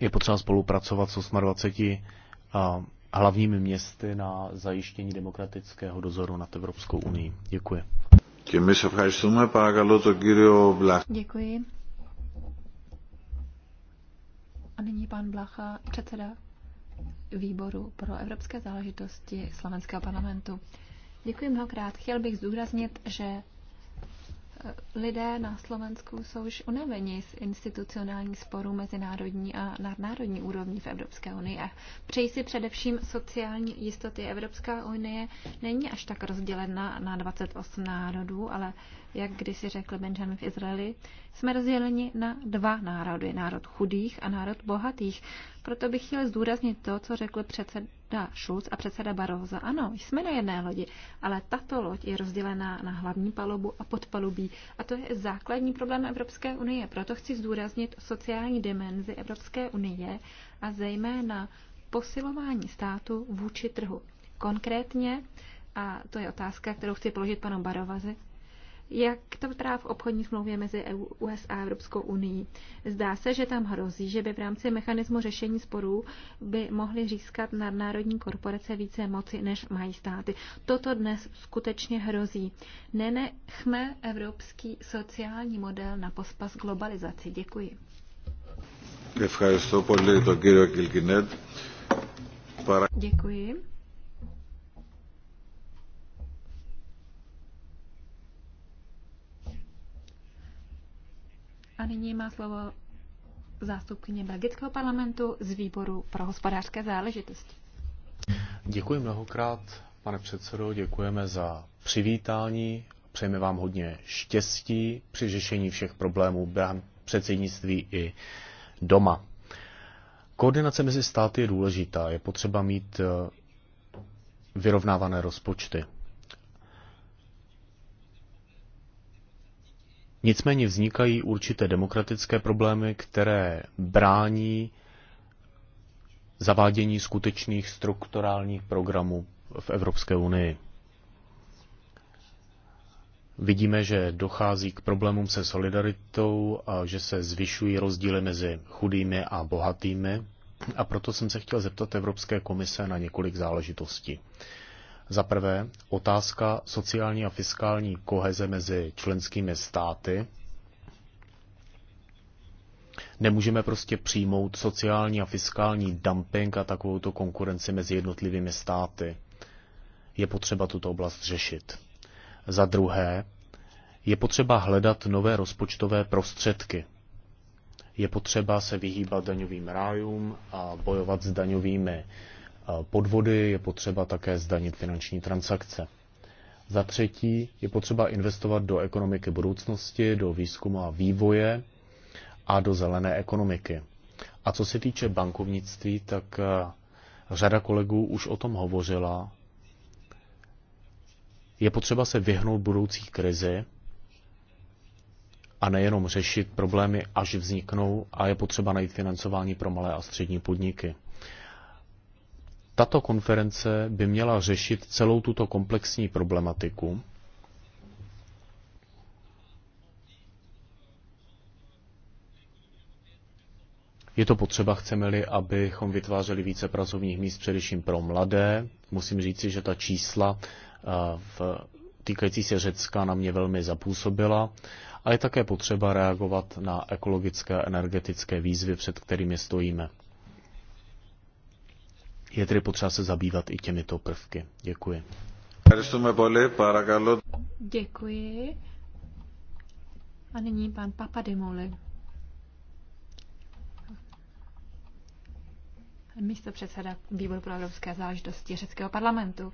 Je potřeba spolupracovat s 28 hlavními městy na zajištění demokratického dozoru nad Evropskou unii. Děkuji. Děkuji. A nyní pan Blacha, předseda výboru pro evropské záležitosti slovenského parlamentu. Děkuji mnohokrát. Chtěl bych zdůraznit, že lidé na Slovensku jsou už unaveni z institucionální sporů mezinárodní a nadnárodní úrovní v Evropské unii Přeji si především sociální jistoty. Evropská unie není až tak rozdělena na 28 národů, ale jak kdysi řekl Benjamin v Izraeli, jsme rozděleni na dva národy, národ chudých a národ bohatých. Proto bych chtěl zdůraznit to, co řekl předsed, předseda Schulz a předseda Barroso. Ano, jsme na jedné lodi, ale tato loď je rozdělená na hlavní palubu a podpalubí. A to je základní problém Evropské unie. Proto chci zdůraznit sociální dimenzi Evropské unie a zejména posilování státu vůči trhu. Konkrétně, a to je otázka, kterou chci položit panu Barovazi, jak to vypadá v obchodní smlouvě mezi EU, USA a Evropskou unii. Zdá se, že tam hrozí, že by v rámci mechanismu řešení sporů by mohly získat nadnárodní korporace více moci, než mají státy. Toto dnes skutečně hrozí. Nenechme evropský sociální model na pospas globalizaci. Děkuji. Děkuji. A nyní má slovo zástupkyně Belgického parlamentu z výboru pro hospodářské záležitosti. Děkuji mnohokrát, pane předsedo, děkujeme za přivítání. Přejeme vám hodně štěstí při řešení všech problémů během předsednictví i doma. Koordinace mezi státy je důležitá. Je potřeba mít eh, vyrovnávané rozpočty. Nicméně vznikají určité demokratické problémy, které brání zavádění skutečných strukturálních programů v Evropské unii. Vidíme, že dochází k problémům se solidaritou a že se zvyšují rozdíly mezi chudými a bohatými. A proto jsem se chtěl zeptat Evropské komise na několik záležitostí. Za prvé, otázka sociální a fiskální koheze mezi členskými státy. Nemůžeme prostě přijmout sociální a fiskální dumping a takovou konkurenci mezi jednotlivými státy. Je potřeba tuto oblast řešit. Za druhé, je potřeba hledat nové rozpočtové prostředky. Je potřeba se vyhýbat daňovým rájům a bojovat s daňovými podvody, je potřeba také zdanit finanční transakce. Za třetí je potřeba investovat do ekonomiky budoucnosti, do výzkumu a vývoje a do zelené ekonomiky. A co se týče bankovnictví, tak eh, řada kolegů už o tom hovořila. Je potřeba se vyhnout budoucí krizi a nejenom řešit problémy, až vzniknou, a je potřeba najít financování pro malé a střední podniky. Tato konference by měla řešit celou tuto komplexní problematiku. Je to potřeba, chceme-li, abychom vytvářeli více pracovních míst, především pro mladé. Musím říci, že ta čísla eh, v týkající se Řecka na mě velmi zapůsobila a je také potřeba reagovat na ekologické a energetické výzvy, před kterými stojíme. Je tedy potřeba se zabývat i těmito prvky. Děkuji. Děkuji. A nyní pan Papadimoli. Místo předseda výboru pro evropské záležitosti řeckého parlamentu.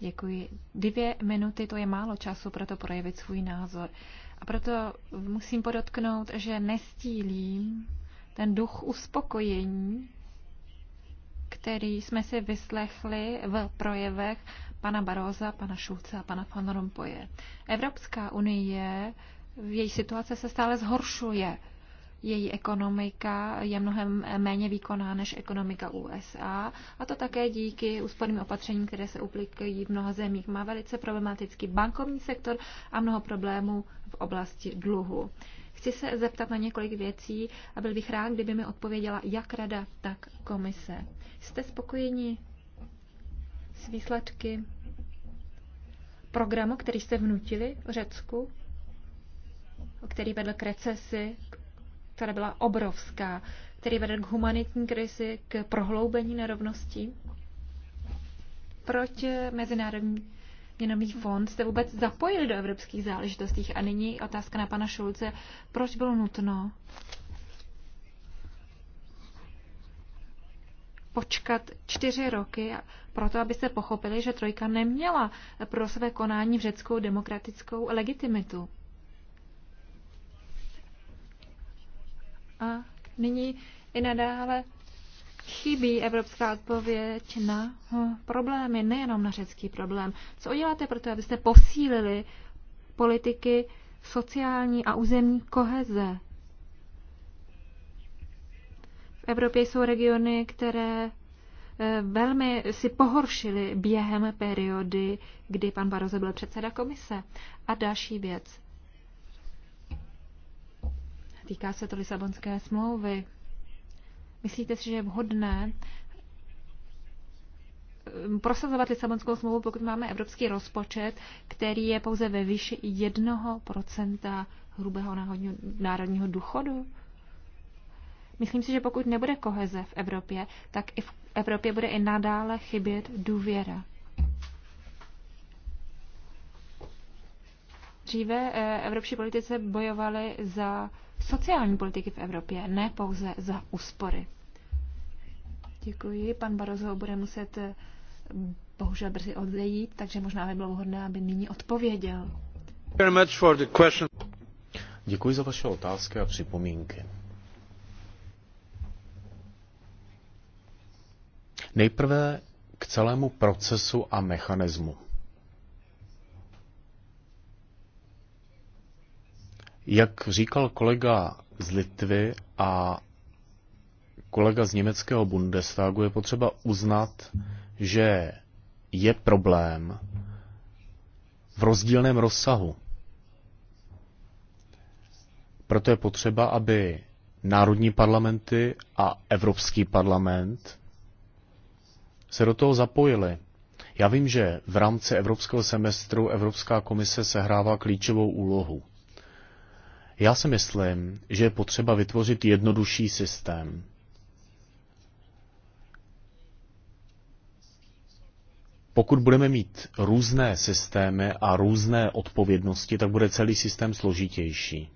Děkuji. Dvě minuty, to je málo času pro to projevit svůj názor. A proto musím podotknout, že nestílím ten duch uspokojení, který jsme si vyslechli v projevech pana Baroza, pana Šulce a pana Van Rompuye. Evropská unie, její situace se stále zhoršuje. Její ekonomika je mnohem méně výkonná než ekonomika USA a to také díky úsporným opatřením, které se uplikují v mnoha zemích. Má velice problematický bankovní sektor a mnoho problémů v oblasti dluhu. Chci se zeptat na několik věcí a byl bych rád, kdyby mi odpověděla jak rada, tak komise. Jste spokojeni s výsledky programu, který jste vnutili Řecku, který vedl k recesi, která byla obrovská, který vedl k humanitní krizi, k prohloubení nerovností? Proč mezinárodní měnový fond jste vůbec zapojili do evropských záležitostí. A nyní otázka na pana Šulce. Proč bylo nutno počkat čtyři roky proto, se pochopili, že Trojka neměla pro své konání v řeckou demokratickou legitimitu. A nyní i nadále chybí evropská odpověď na hm, problémy, nejenom na řecký problém. Co uděláte pro to, abyste posílili politiky sociální a územní koheze? V Evropě jsou regiony, které eh, velmi si pohoršily během periody, kdy pan Barozo byl předseda komise. A další věc. Týká se to Lisabonské smlouvy. Myslíte si, že je vhodné um, prosazovat Lisabonskou smlouvu, pokud máme evropský rozpočet, který je pouze ve výši 1% hrubého národního důchodu? Myslím si, že pokud nebude koheze v Evropě, tak i v Evropě bude i nadále chybět důvěra. Dříve eh, evropští politice bojovali za sociální politiky v Evropě, ne pouze za úspory. Děkuji. Pan Barozo bude muset eh, bohužel brzy odejít, takže možná by bylo vhodné, aby nyní odpověděl. Děkuji za vaše otázky a připomínky. Nejprve k celému procesu a mechanismu. Jak říkal kolega z Litvy a kolega z německého Bundestagu, je potřeba uznat, že je problém v rozdílném rozsahu. Proto je potřeba, aby národní parlamenty a Evropský parlament se do toho zapojili. Já vím, že v rámci evropského semestru Evropská komise sehrává klíčovou úlohu. Já si myslím, že je potřeba vytvořit jednodušší systém. Pokud budeme mít různé systémy a různé odpovědnosti, tak bude celý systém složitější.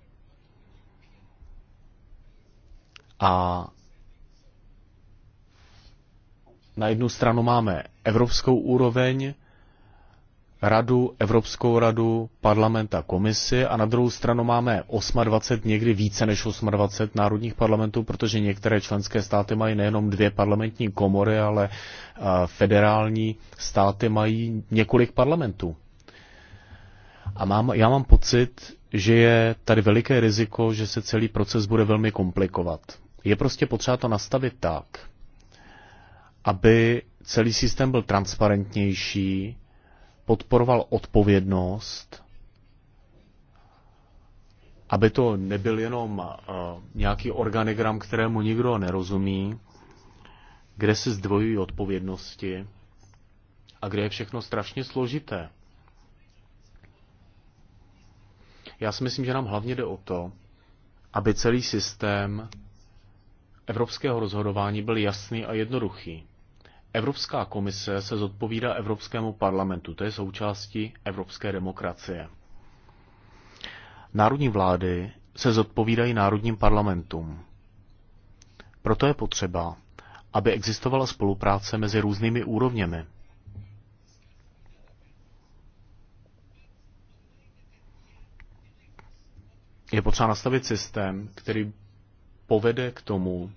A na jednu stranu máme evropskou úroveň, radu, Evropskou radu, parlament a komisi a na druhou stranu máme 28, někdy více než 28 národních parlamentů, protože některé členské státy mají nejenom dvě parlamentní komory, ale federální státy mají několik parlamentů. A mám, já mám pocit, že je tady veliké riziko, že se celý proces bude velmi komplikovat. Je prostě potřeba to nastavit tak, aby celý systém byl transparentnější, podporoval odpovědnost, aby to nebyl jenom uh, nějaký organigram, kterému nikdo nerozumí, kde se zdvojují odpovědnosti a kde je všechno strašně složité. Já si myslím, že nám hlavně jde o to, aby celý systém evropského rozhodování byl jasný a jednoduchý. Evropská komise se zodpovídá Evropskému parlamentu, to je součástí evropské demokracie. Národní vlády se zodpovídají národním parlamentům. Proto je potřeba, aby existovala spolupráce mezi různými úrovněmi. Je potřeba nastavit systém, který povede k tomu,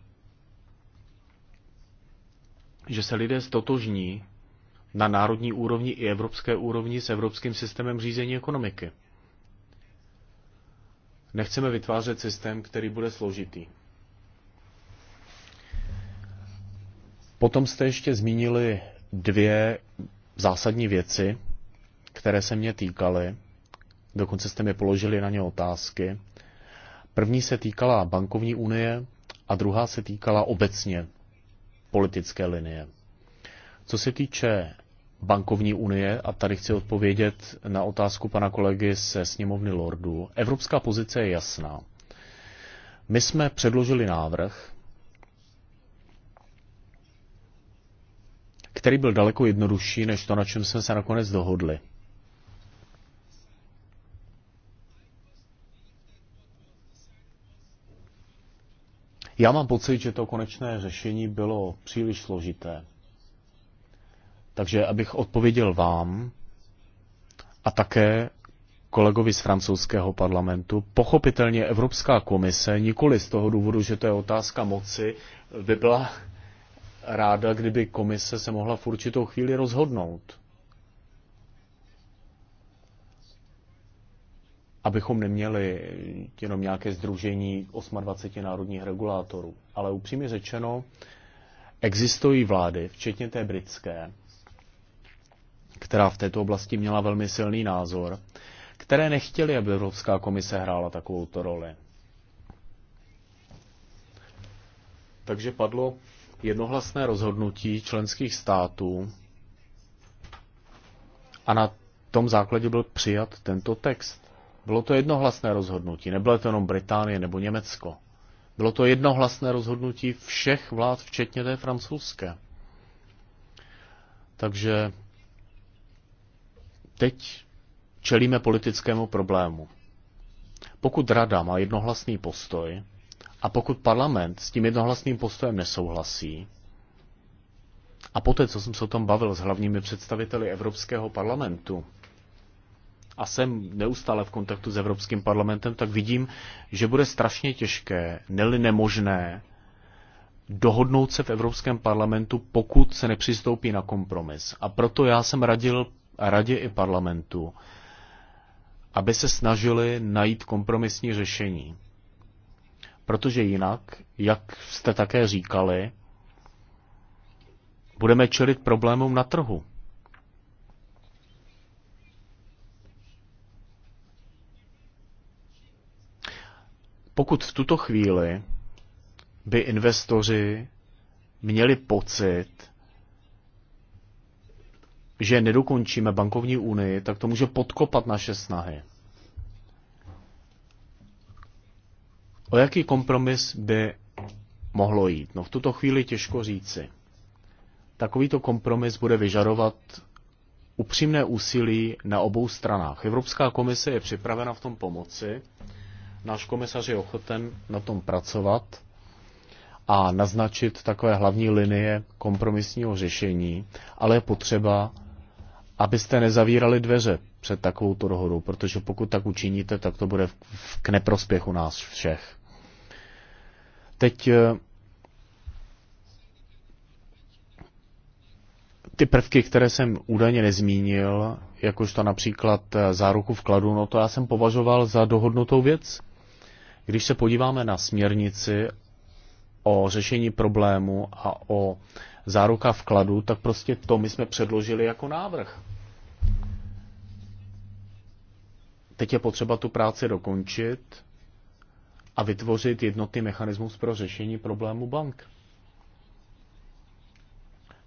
že se lidé stotožní na národní úrovni i evropské úrovni s evropským systémem řízení ekonomiky. Nechceme vytvářet systém, který bude složitý. Potom jste ještě zmínili dvě zásadní věci, které se mě týkaly. Dokonce jste mi položili na ně otázky. První se týkala bankovní unie a druhá se týkala obecně politické linie. Co se týče bankovní unie, a tady chci odpovědět na otázku pana kolegy se sněmovny Lordů, evropská pozice je jasná. My jsme předložili návrh, který byl daleko jednodušší než to, na čem jsme se nakonec dohodli. Já mám pocit, že to konečné řešení bylo příliš složité. Takže abych odpověděl vám a také kolegovi z francouzského parlamentu, pochopitelně Evropská komise, nikoli z toho důvodu, že to je otázka moci, by byla ráda, kdyby komise se mohla v určitou chvíli rozhodnout. abychom neměli jenom nějaké združení 28 národních regulátorů. Ale upřímně řečeno, existují vlády, včetně té britské, která v této oblasti měla velmi silný názor, které nechtěly, aby Evropská komise hrála takovou roli. Takže padlo jednohlasné rozhodnutí členských států a na tom základě byl přijat tento text. Bylo to jednohlasné rozhodnutí, nebylo to jenom Británie nebo Německo. Bylo to jednohlasné rozhodnutí všech vlád, včetně té francouzské. Takže teď čelíme politickému problému. Pokud rada má jednohlasný postoj a pokud parlament s tím jednohlasným postojem nesouhlasí, a poté, co jsem se o tom bavil s hlavními představiteli Evropského parlamentu, a jsem neustále v kontaktu s Evropským parlamentem, tak vidím, že bude strašně těžké, neli nemožné, dohodnout se v Evropském parlamentu, pokud se nepřistoupí na kompromis. A proto já jsem radil radě i parlamentu, aby se snažili najít kompromisní řešení. Protože jinak, jak jste také říkali, budeme čelit problémům na trhu. Pokud v tuto chvíli by investoři měli pocit, že nedokončíme bankovní unii, tak to může podkopat naše snahy. O jaký kompromis by mohlo jít? No v tuto chvíli těžko říci. Takovýto kompromis bude vyžadovat upřímné úsilí na obou stranách. Evropská komise je připravena v tom pomoci, Náš komisař je ochoten na tom pracovat a naznačit takové hlavní linie kompromisního řešení, ale je potřeba, abyste nezavírali dveře před takovou dohodou, protože pokud tak učiníte, tak to bude k neprospěchu nás všech. Teď eh, ty prvky, které jsem údajně nezmínil, jakožto například eh, záruku vkladu, no to já jsem považoval za dohodnutou věc. Když se podíváme na směrnici o řešení problému a o záruka vkladu, tak prostě to my jsme předložili jako návrh. Teď je potřeba tu práci dokončit a vytvořit jednotný mechanismus pro řešení problému bank.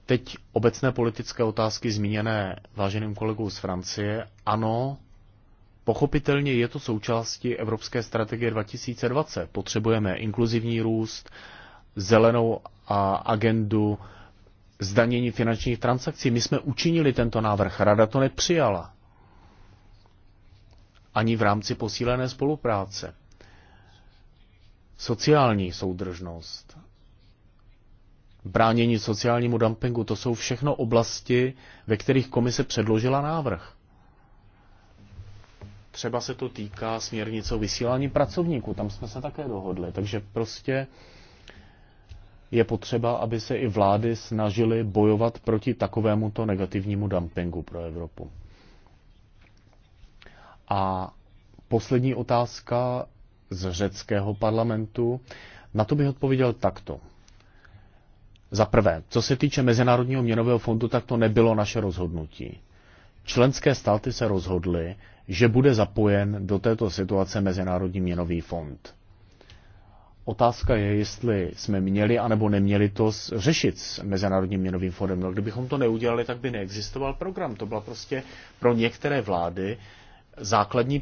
Teď obecné politické otázky zmíněné váženým kolegou z Francie. Ano, Pochopitelně je to součástí Evropské strategie 2020. Potřebujeme inkluzivní růst, zelenou agendu, zdanění finančních transakcí. My jsme učinili tento návrh, rada to nepřijala. Ani v rámci posílené spolupráce. Sociální soudržnost, bránění sociálnímu dumpingu, to jsou všechno oblasti, ve kterých komise předložila návrh třeba se to týká směrnice o vysílání pracovníků, tam jsme se také dohodli, takže prostě je potřeba, aby se i vlády snažily bojovat proti takovému to negativnímu dumpingu pro Evropu. A poslední otázka z řeckého parlamentu. Na to bych odpověděl takto. Za prvé, co se týče Mezinárodního měnového fondu, tak to nebylo naše rozhodnutí. Členské státy se rozhodly, že bude zapojen do této situace Mezinárodní měnový fond. Otázka je, jestli jsme měli anebo neměli to řešit s Mezinárodním měnovým fondem. No, kdybychom to neudělali, tak by neexistoval program. To byla prostě pro některé vlády základní,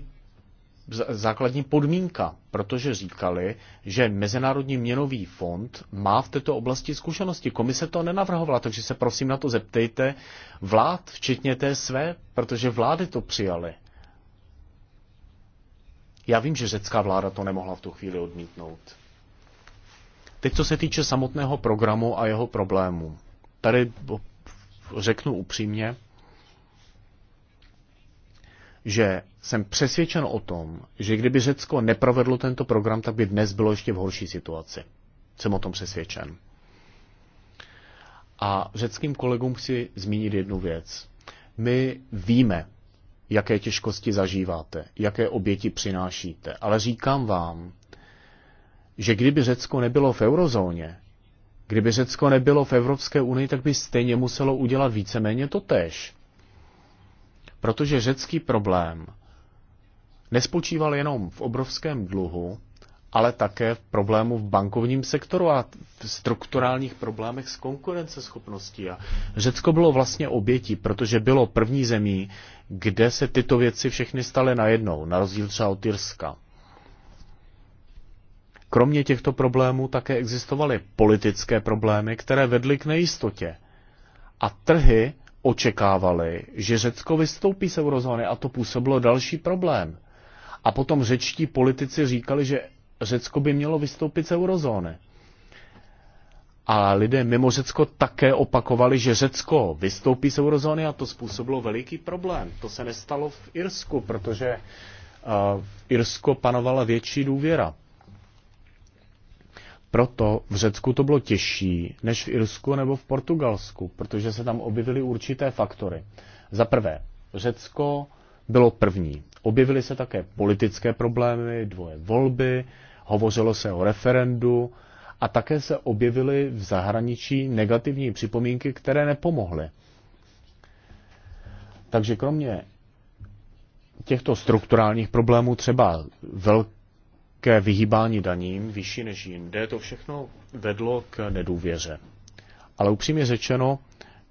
základní podmínka, protože říkali, že Mezinárodní měnový fond má v této oblasti zkušenosti. Komise to nenavrhovala, takže se prosím na to zeptejte vlád, včetně té své, protože vlády to přijaly. Já vím, že řecká vláda to nemohla v tu chvíli odmítnout. Teď, co se týče samotného programu a jeho problémů. Tady řeknu upřímně, že jsem přesvědčen o tom, že kdyby Řecko neprovedlo tento program, tak by dnes bylo ještě v horší situaci. Jsem o tom přesvědčen. A řeckým kolegům chci zmínit jednu věc. My víme, jaké těžkosti zažíváte, jaké oběti přinášíte. Ale říkám vám, že kdyby Řecko nebylo v eurozóně, kdyby Řecko nebylo v Evropské unii, tak by stejně muselo udělat víceméně to tež. Protože řecký problém nespočíval jenom v obrovském dluhu, ale také v problému v bankovním sektoru a v strukturálních problémech s konkurenceschopností. A Řecko bylo vlastně obětí, protože bylo první zemí, kde se tyto věci všechny staly najednou, na rozdíl třeba od Jirska. Kromě těchto problémů také existovaly politické problémy, které vedly k nejistotě. A trhy očekávali, že Řecko vystoupí z eurozóny a to působilo další problém. A potom řečtí politici říkali, že Řecko by mělo vystoupit z eurozóny. A lidé mimo Řecko také opakovali, že Řecko vystoupí z eurozóny a to způsobilo veliký problém. To se nestalo v Irsku, protože eh, v Irsko panovala větší důvěra. Proto v Řecku to bylo těžší než v Irsku nebo v Portugalsku, protože se tam objevily určité faktory. Za prvé, Řecko bylo první. Objevily se také politické problémy, dvoje volby, hovořilo se o referendu, a také se objevily v zahraničí negativní připomínky, které nepomohly. Takže kromě těchto strukturálních problémů, třeba velké vyhýbání daním, vyšší než jinde, to všechno vedlo k nedůvěře. Ale upřímně řečeno,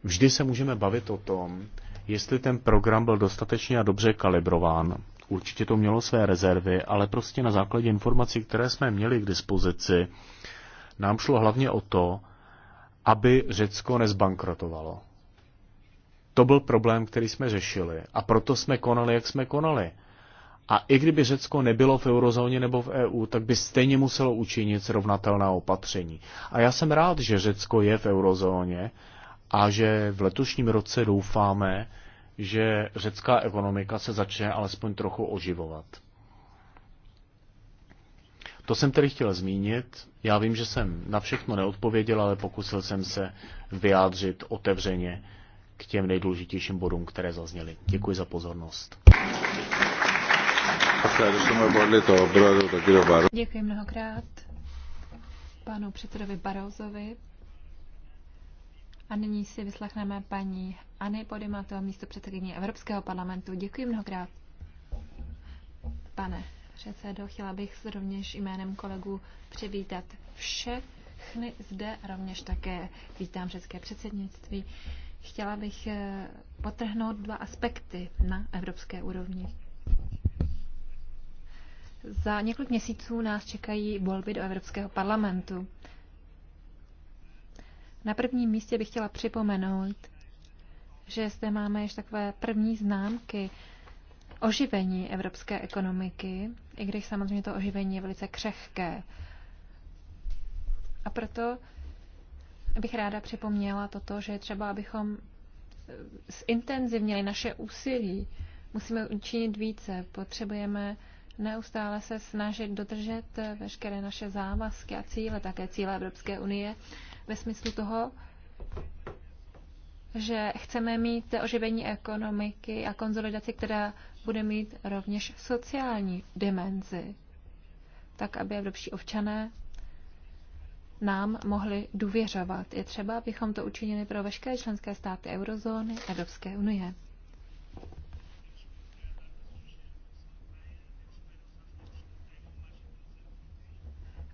vždy se můžeme bavit o tom, jestli ten program byl dostatečně a dobře kalibrován. Určitě to mělo své rezervy, ale prostě na základě informací, které jsme měli k dispozici, nám šlo hlavně o to, aby Řecko nezbankrotovalo. To byl problém, který jsme řešili a proto jsme konali, jak jsme konali. A i kdyby Řecko nebylo v eurozóně nebo v EU, tak by stejně muselo učinit srovnatelná opatření. A já jsem rád, že Řecko je v eurozóně a že v letošním roce doufáme, že řecká ekonomika se začne alespoň trochu oživovat. To jsem tedy chtěl zmínit. Já vím, že jsem na všechno neodpověděl, ale pokusil jsem se vyjádřit otevřeně k těm nejdůležitějším bodům, které zazněly. Děkuji za pozornost. Děkuji mnohokrát panu předsedovi Barouzovi. A nyní si vyslechneme paní Anny Podimato, místo předsedkyně Evropského parlamentu. Děkuji mnohokrát, pane předsedo. Chtěla bych rovněž jménem kolegů přivítat všechny zde, rovněž také vítám řecké předsednictví. Chtěla bych eh, potrhnout dva aspekty na evropské úrovni. Za několik měsíců nás čekají volby do Evropského parlamentu. Na prvním místě bych chtěla připomenout, že zde máme ještě takové první známky oživení evropské ekonomiky, i když samozřejmě to oživení je velice křehké. A proto bych ráda připomněla toto, že třeba, abychom eh, zintenzivnili naše úsilí. Musíme učinit více, potřebujeme neustále se snažit dodržet eh, veškeré naše závazky a cíle, také cíle Evropské unie, ve smyslu toho, že chceme mít oživení ekonomiky a konzolidaci, která bude mít rovněž sociální dimenzi, tak aby evropští občané nám mohli důvěřovat. Je třeba, abychom to učinili pro veškeré členské státy eurozóny a Evropské unie.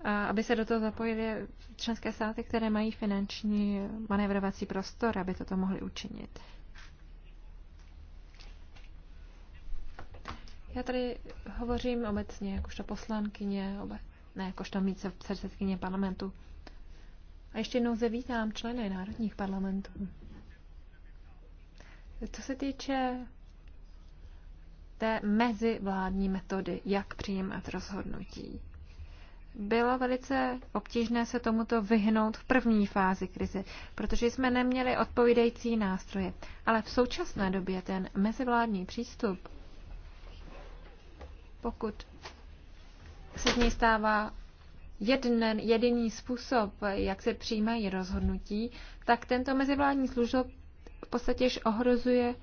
A aby se do toho zapojily členské státy, které mají finanční manévrovací prostor, aby toto mohli učinit. Já tady hovořím obecně jakožto poslankyně, obe, ne jakožto v předsedkyně parlamentu. A ještě jednou zde vítám členy národních parlamentů. Co se týče té mezivládní metody, jak přijímat rozhodnutí. Bylo velice obtížné se tomuto vyhnout v první fázi krize, protože jsme neměli odpovídající nástroje. Ale v současné době ten mezivládní přístup pokud se z něj stává jeden, jediný způsob, jak se přijímají rozhodnutí, tak tento mezivládní služob v podstatě ohrozuje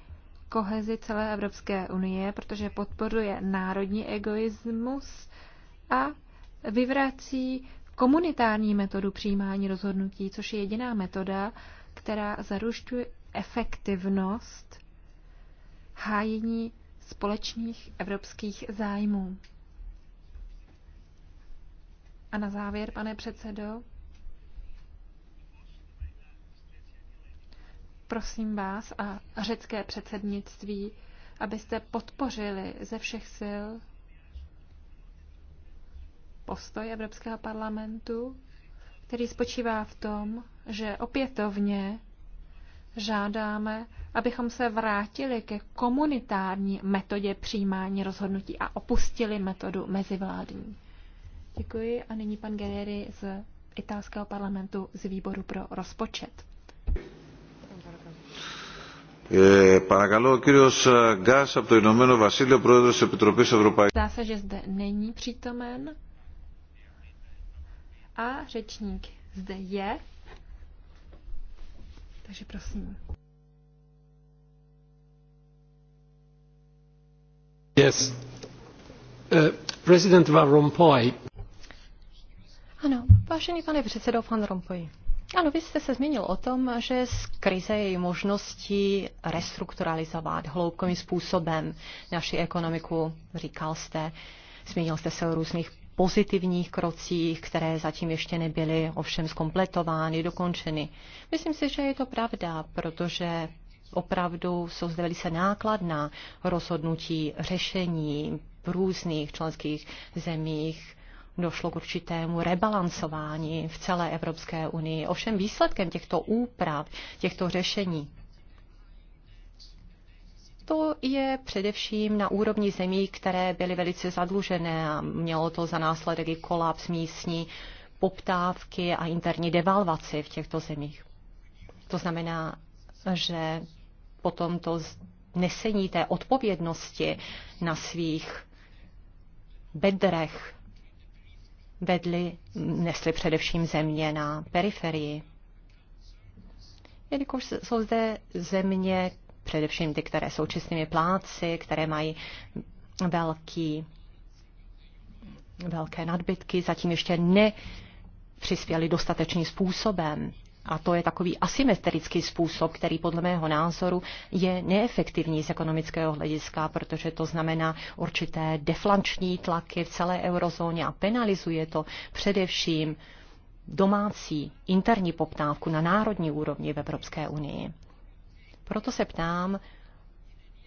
kohezi celé Evropské unie, protože podporuje národní egoismus a vyvrací komunitární metodu přijímání rozhodnutí, což je jediná metoda, která zarušťuje efektivnost hájení společných evropských zájmů. A na závěr, pane předsedo, prosím vás a řecké předsednictví, abyste podpořili ze všech sil postoj Evropského parlamentu, který spočívá v tom, že opětovně žádáme, abychom se vrátili ke komunitární metodě přijímání rozhodnutí a opustili metodu mezivládní. Děkuji a nyní pan Guerrieri z italského parlamentu z výboru pro rozpočet. Zdá se, že zde není přítomen. A řečník zde je. Takže prosím. Yes. Uh, President Van Rompuy. Ano, vážený pane předsedo Van Rompuy. Ano, vy jste se zmínil o tom, že z krize je možností restrukturalizovat hloubkovým způsobem naši ekonomiku, říkal jste. Zmínil jste se o různých pozitivních krocích, které zatím ještě nebyly ovšem zkompletovány, dokončeny. Myslím si, že je to pravda, protože opravdu jsou zde velice nákladná rozhodnutí, řešení v různých členských zemích. Došlo k určitému rebalancování v celé Evropské unii. Ovšem výsledkem těchto úprav, těchto řešení to je především na úrovni zemí, které byly velice zadlužené a mělo to za následek i kolaps místní poptávky a interní devalvaci v těchto zemích. To znamená, že potom to nesení té odpovědnosti na svých bedrech vedli, nesli především země na periferii. Jelikož jsou zde země, především ty, které jsou čistými pláci, které mají velký, velké nadbytky, zatím ještě nepřispěly dostatečným způsobem. A to je takový asymetrický způsob, který podle mého názoru je neefektivní z ekonomického hlediska, protože to znamená určité deflanční tlaky v celé eurozóně a penalizuje to především domácí interní poptávku na národní úrovni v Evropské unii. Proto se ptám,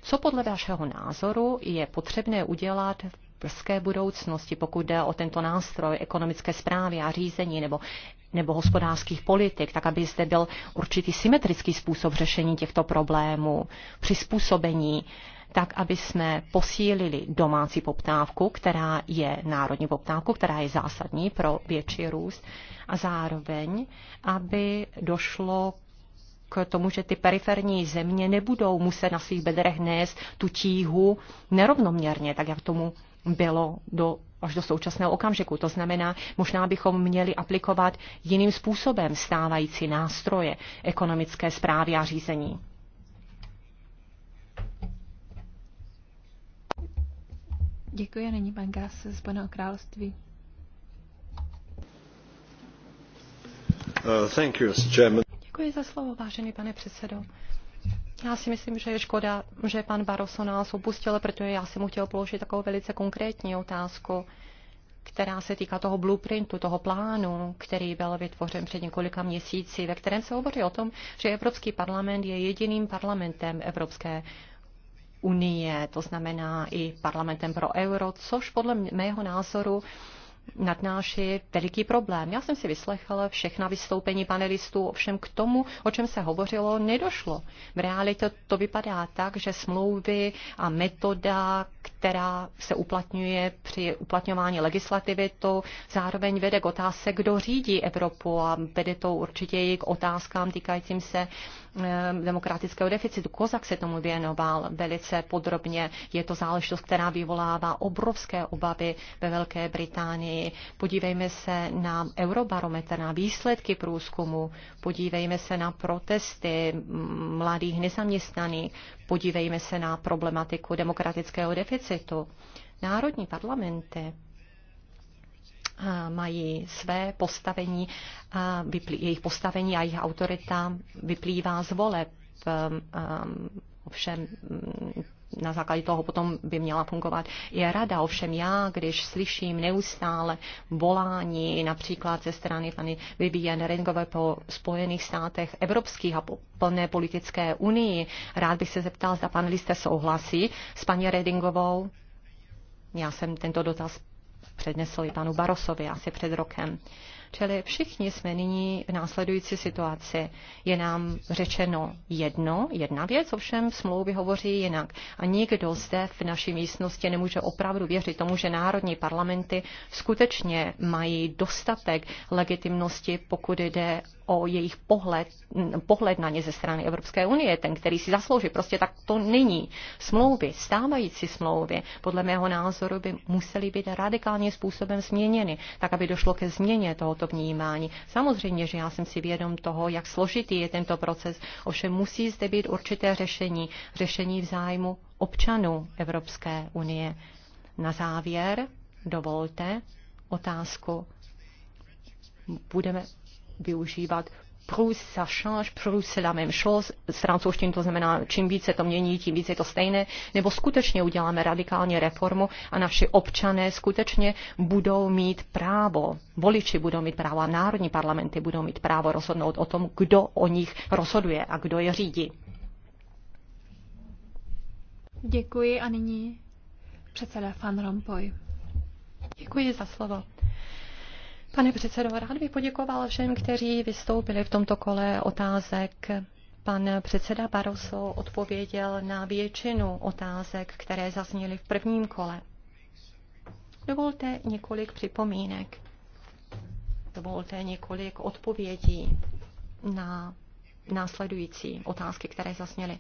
co podle vašeho názoru je potřebné udělat v brzké budoucnosti, pokud jde o tento nástroj ekonomické zprávy a řízení nebo, nebo hospodářských politik, tak aby zde byl určitý symetrický způsob řešení těchto problémů, přizpůsobení, tak aby jsme posílili domácí poptávku, která je národní poptávku, která je zásadní pro větší růst a zároveň, aby došlo tomu, že ty periferní země nebudou muset na svých bedrech nést tu tíhu nerovnoměrně, tak jak tomu bylo do, až do současného okamžiku. To znamená, možná bychom měli aplikovat jiným způsobem stávající nástroje ekonomické zprávy a řízení. Děkuji, není pan Gás z Boného království. Uh, thank you, Mr. Chairman. Děkuji za slovo, vážený pane předsedo. Já si myslím, že je škoda, že pan Barroso nás opustil, protože já jsem mu chtěl položit takovou velice konkrétní otázku, která se týká toho blueprintu, toho plánu, který byl vytvořen před několika měsíci, ve kterém se hovoří o tom, že Evropský parlament je jediným parlamentem Evropské unie, to znamená i parlamentem pro euro, což podle mého názoru nadnáší veliký problém. Já jsem si vyslechala všechna vystoupení panelistů, ovšem k tomu, o čem se hovořilo, nedošlo. V realitě to vypadá tak, že smlouvy a metoda, která se uplatňuje při uplatňování legislativy, to zároveň vede k otázce, kdo řídí Evropu a vede to určitě i k otázkám týkajícím se eh, demokratického deficitu. Kozak se tomu věnoval velice podrobně. Je to záležitost, která vyvolává obrovské obavy ve Velké Británii unii. Podívejme se na eurobarometr, na výsledky průzkumu. Podívejme se na protesty mladých nezaměstnaných. Podívejme se na problematiku demokratického deficitu. Národní parlamenty mají své postavení, jejich postavení a jejich autorita vyplývá z voleb. Ovšem na základě toho potom by měla fungovat je rada. Ovšem já, když slyším neustále volání například ze strany paní Vivian Ringové po Spojených státech evropských a po plné politické unii, rád bych se zeptal, zda pan Liste souhlasí s paní Redingovou. Já jsem tento dotaz přednesl i panu Barosovi asi před rokem. Uh, Čili všichni jsme nyní v následující situaci. Je nám řečeno jedno, jedna věc, ovšem smlouvy hovoří jinak. A nikdo zde v naší místnosti nemůže opravdu věřit tomu, že národní parlamenty skutečně mají dostatek legitimnosti, pokud jde o jejich pohled, pohled na ně ze strany Evropské unie, ten, který si zaslouží. Prostě tak to není. Smlouvy, stávající smlouvy, podle mého názoru by musely být radikálním způsobem změněny, tak aby došlo ke změně tohoto to vnímání. Samozřejmě, že já jsem si vědom toho, jak složitý je tento proces, ovšem musí zde být určité řešení, řešení v zájmu občanů Evropské unie. Na závěr dovolte otázku. Budeme využívat Prus ça change, Prus c'est la même chose, s francouzštím to znamená, čím více to mění, tím více je to stejné, nebo skutečně uděláme radikální reformu a naši občané skutečně budou mít právo, voliči budou mít právo a národní parlamenty budou mít právo rozhodnout o tom, kdo o nich rozhoduje a kdo je řídí. Děkuji a nyní předseda Fan Rompoy. Děkuji za slovo. Pane předsedo, rád bych poděkoval všem, kteří vystoupili v tomto kole otázek. Pan předseda Barroso odpověděl na většinu otázek, které zazněly v prvním kole. Dovolte několik připomínek. Dovolte několik odpovědí na následující otázky, které zasněly.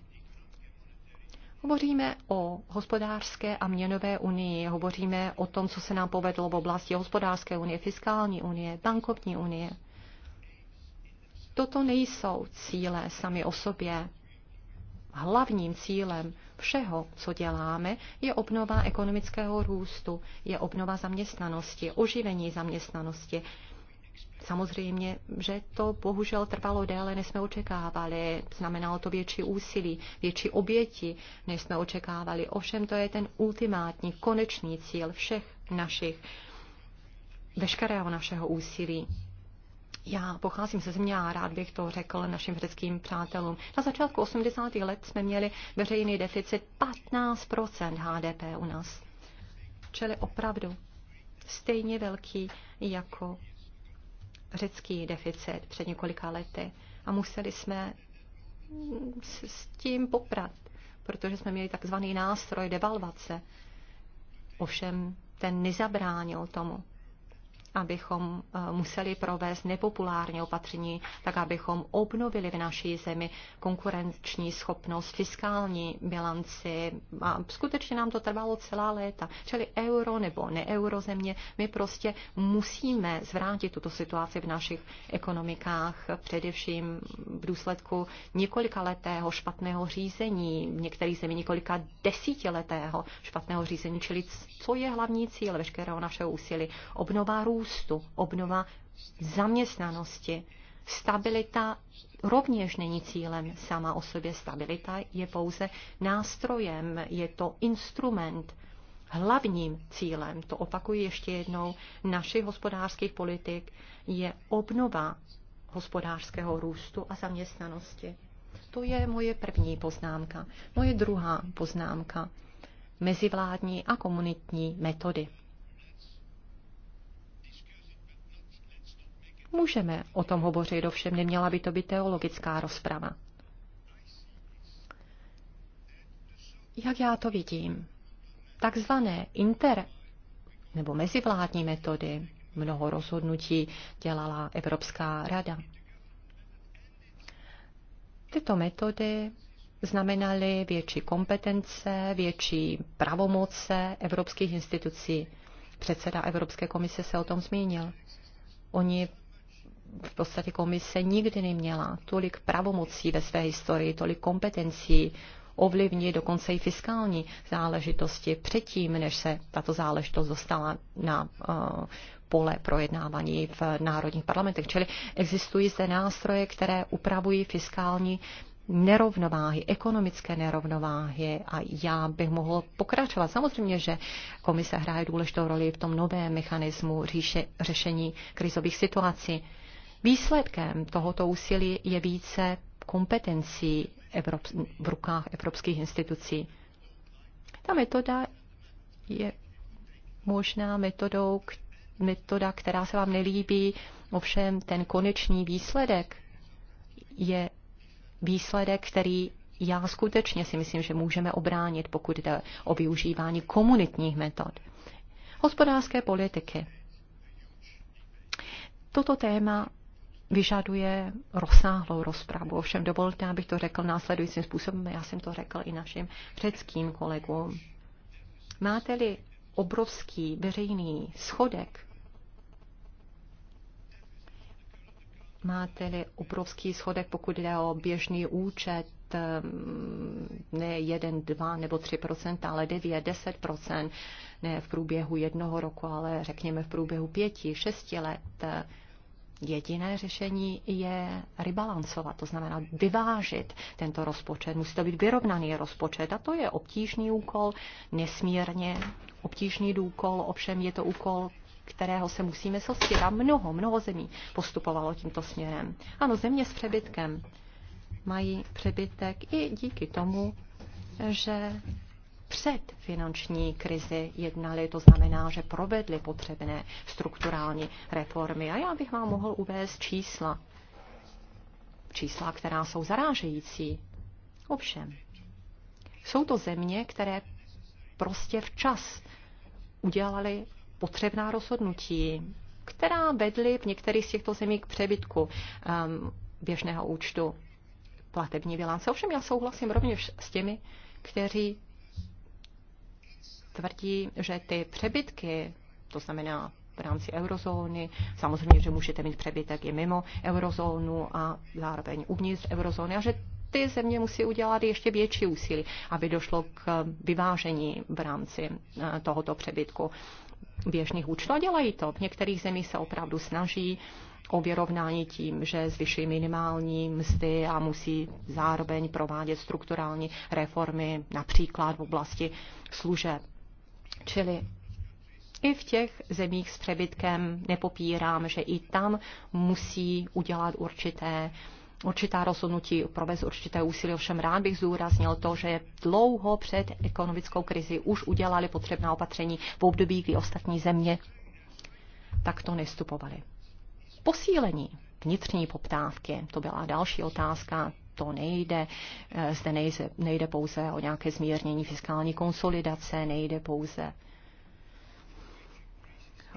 Hovoříme o hospodářské a měnové unii, hovoříme o tom, co se nám povedlo v oblasti hospodářské unie, fiskální unie, bankovní unie. Toto nejsou cíle sami o sobě. Hlavním cílem všeho, co děláme, je obnova ekonomického růstu, je obnova zaměstnanosti, oživení zaměstnanosti. Samozřejmě, že to bohužel trvalo déle, než jsme očekávali. Znamenalo to větší úsilí, větší oběti, než jsme očekávali. Ovšem to je ten ultimátní, konečný cíl všech našich, veškerého našeho úsilí. Já pocházím ze země a rád bych to řekl našim řeckým přátelům. Na začátku 80. let jsme měli veřejný deficit 15 HDP u nás. Čili opravdu stejně velký jako řecký deficit před několika lety a museli jsme s tím poprat, protože jsme měli takzvaný nástroj devalvace. Ovšem ten nezabránil tomu, abychom eh, museli provést nepopulární opatření, tak abychom obnovili v naší zemi konkurenční schopnost, fiskální bilanci. A skutečně nám to trvalo celá léta. Čili euro nebo neeurozemě, my prostě musíme zvrátit tuto situaci v našich ekonomikách, především v důsledku několika letého špatného řízení, v některých zemí několika desítiletého špatného řízení, čili co je hlavní cíl veškerého našeho úsilí? Obnova růst růstu, obnova zaměstnanosti. Stabilita rovněž není cílem sama o sobě. Stabilita je pouze nástrojem, je to instrument. Hlavním cílem, to opakuji ještě jednou, našich hospodářských politik je obnova hospodářského růstu a zaměstnanosti. To je moje první poznámka. Moje druhá poznámka. Mezivládní a komunitní metody. Můžeme o tom hovořit, ovšem neměla by to být teologická rozprava. Jak já to vidím? Takzvané inter nebo mezivládní metody mnoho rozhodnutí dělala Evropská rada. Tyto metody znamenaly větší kompetence, větší pravomoce evropských institucí. Předseda Evropské komise se o tom zmínil. Oni v podstatě komise nikdy neměla tolik pravomocí ve své historii, tolik kompetencí ovlivnit dokonce i fiskální záležitosti předtím, než se tato záležitost dostala na uh, pole projednávání v národních parlamentech. Čili existují zde nástroje, které upravují fiskální nerovnováhy, ekonomické nerovnováhy a já bych mohl pokračovat. Samozřejmě, že komise hraje důležitou roli v tom novém mechanismu říše, řešení krizových situací. Výsledkem tohoto úsilí je více kompetencí Evrop- v rukách evropských institucí. Ta metoda je možná metodou, metoda, která se vám nelíbí, ovšem ten konečný výsledek je výsledek, který já skutečně si myslím, že můžeme obránit, pokud jde o využívání komunitních metod. Hospodářské politiky. Toto téma vyžaduje rozsáhlou rozpravu. Ovšem dovolte, abych to řekl následujícím způsobem. Já jsem to řekl i našim řeckým kolegům. Máte-li obrovský veřejný schodek, máte-li obrovský schodek, pokud jde o běžný účet, ehm, ne 1, 2 nebo 3 ale 9, 10 ne v průběhu jednoho roku, ale řekněme v průběhu pěti, šesti let, Jediné řešení je rybalancovat, to znamená vyvážit tento rozpočet. Musí to být vyrovnaný rozpočet a to je obtížný úkol, nesmírně obtížný úkol, ovšem je to úkol, kterého se musíme sostit a mnoho, mnoho zemí postupovalo tímto směrem. Ano, země s přebytkem mají přebytek i díky tomu, že před finanční krizi jednali, to znamená, že provedli potřebné strukturální reformy. A já bych vám mohl uvést čísla. Čísla, která jsou zarážející. Ovšem, jsou to země, které prostě včas udělali potřebná rozhodnutí, která vedly v některých z těchto zemí k přebytku um, běžného účtu platební bilance. Ovšem já souhlasím rovněž s těmi, kteří tvrdí, že ty přebytky, to znamená v rámci eurozóny. Samozřejmě, že můžete mít přebytek i mimo eurozónu a zároveň uvnitř eurozóny a že ty země musí udělat ještě větší úsilí, aby došlo k vyvážení v rámci eh, tohoto přebytku běžných účtů. A dělají to. V některých zemích se opravdu snaží o vyrovnání tím, že zvyšují minimální mzdy a musí zároveň provádět strukturální reformy, například v oblasti služeb Čili i v těch zemích s přebytkem nepopírám, že i tam musí udělat určité určitá rozhodnutí, provést určité úsilí. Ovšem rád bych zdůraznil to, že dlouho před ekonomickou krizi už udělali potřebná opatření v období, kdy ostatní země takto nestupovaly. Posílení vnitřní poptávky, to byla další otázka, to nejde. Eh, zde nejde, nejde pouze o nějaké zmírnění fiskální konsolidace, nejde pouze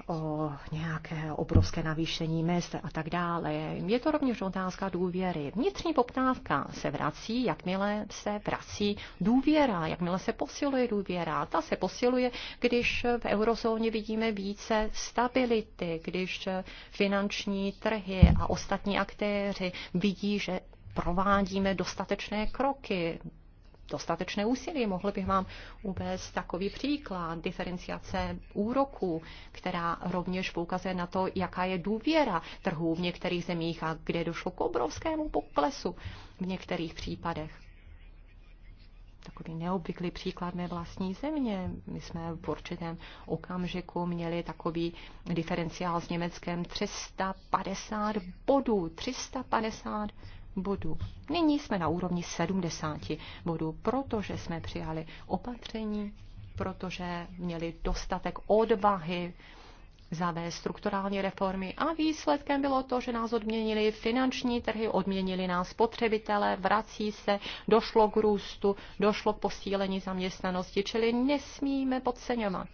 o nějaké obrovské navýšení mest a tak dále. Je to rovněž otázka důvěry. Vnitřní poptávka se vrací, jakmile se vrací důvěra, jakmile se posiluje důvěra. Ta se posiluje, když v eurozóně vidíme více stability, když finanční trhy a ostatní aktéři vidí, že provádíme dostatečné kroky, dostatečné úsilí. Mohl bych vám uvést takový příklad diferenciace úroků, která rovněž poukazuje na to, jaká je důvěra trhů v některých zemích a kde došlo k obrovskému poklesu v některých případech. Takový neobvyklý příklad mé vlastní země. My jsme v určitém okamžiku měli takový diferenciál s Německem 350 bodů. 350 bodů. Nyní jsme na úrovni 70 bodů, protože jsme přijali opatření, protože měli dostatek odvahy zavést strukturální reformy a výsledkem bylo to, že nás odměnili finanční trhy, odměnili nás spotřebitelé, vrací se, došlo k růstu, došlo k posílení zaměstnanosti, čili nesmíme podceňovat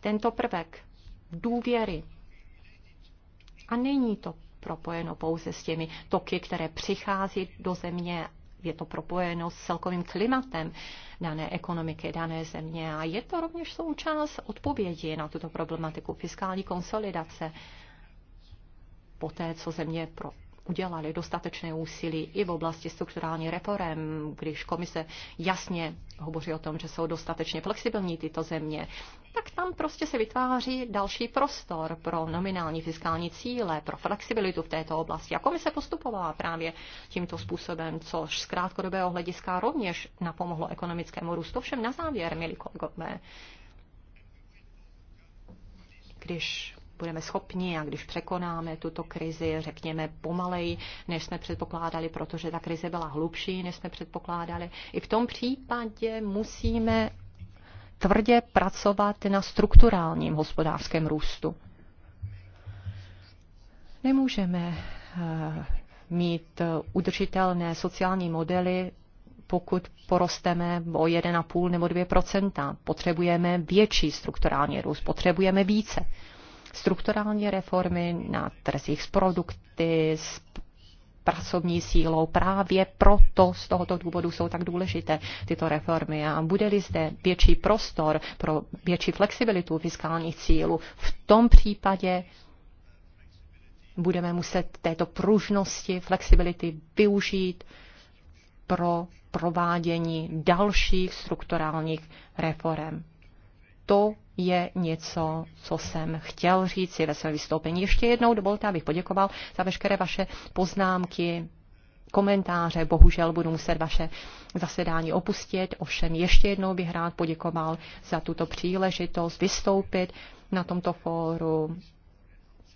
tento prvek důvěry. A není to propojeno pouze s těmi toky, které přichází do země je to propojeno s celkovým klimatem dané ekonomiky, dané země a je to rovněž součást odpovědi na tuto problematiku fiskální konsolidace. Poté, co země pro udělali dostatečné úsilí i v oblasti strukturální reform, když komise jasně hovoří o tom, že jsou dostatečně flexibilní tyto země, tak tam prostě se vytváří další prostor pro nominální fiskální cíle, pro flexibilitu v této oblasti. A komise postupovala právě tímto způsobem, což z krátkodobého hlediska rovněž napomohlo ekonomickému růstu. Všem na závěr, milí kolegové, když budeme schopni a když překonáme tuto krizi, řekněme pomaleji, než jsme předpokládali, protože ta krize byla hlubší, než jsme předpokládali. I v tom případě musíme tvrdě pracovat na strukturálním hospodářském růstu. Nemůžeme eh, mít udržitelné sociální modely, pokud porosteme o 1,5 nebo 2 Potřebujeme větší strukturální růst, potřebujeme více strukturální reformy na trzích s produkty, s pracovní sílou. Právě proto z tohoto důvodu jsou tak důležité tyto reformy. A bude-li zde větší prostor pro větší flexibilitu fiskálních cílů, v tom případě budeme muset této pružnosti, flexibility využít pro provádění dalších strukturálních reform. To je něco, co jsem chtěl říct si ve svém vystoupení. Ještě jednou dovolte, abych poděkoval za veškeré vaše poznámky, komentáře. Bohužel budu muset vaše zasedání opustit, ovšem ještě jednou bych rád poděkoval za tuto příležitost vystoupit na tomto fóru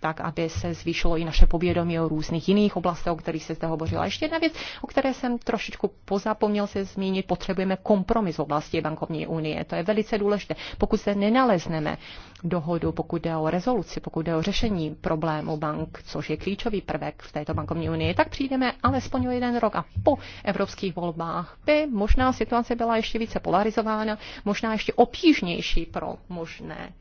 tak aby se zvýšilo i naše povědomí o různých jiných oblastech, o kterých se zde hovořila. Ještě jedna věc, o které jsem trošičku pozapomněl se zmínit, potřebujeme kompromis v oblasti bankovní unie. To je velice důležité. Pokud se nenalezneme dohodu, pokud jde o rezoluci, pokud jde o řešení problému bank, což je klíčový prvek v této bankovní unii, tak přijdeme alespoň o jeden rok a po evropských volbách by možná situace byla ještě více polarizována, možná ještě obtížnější pro možné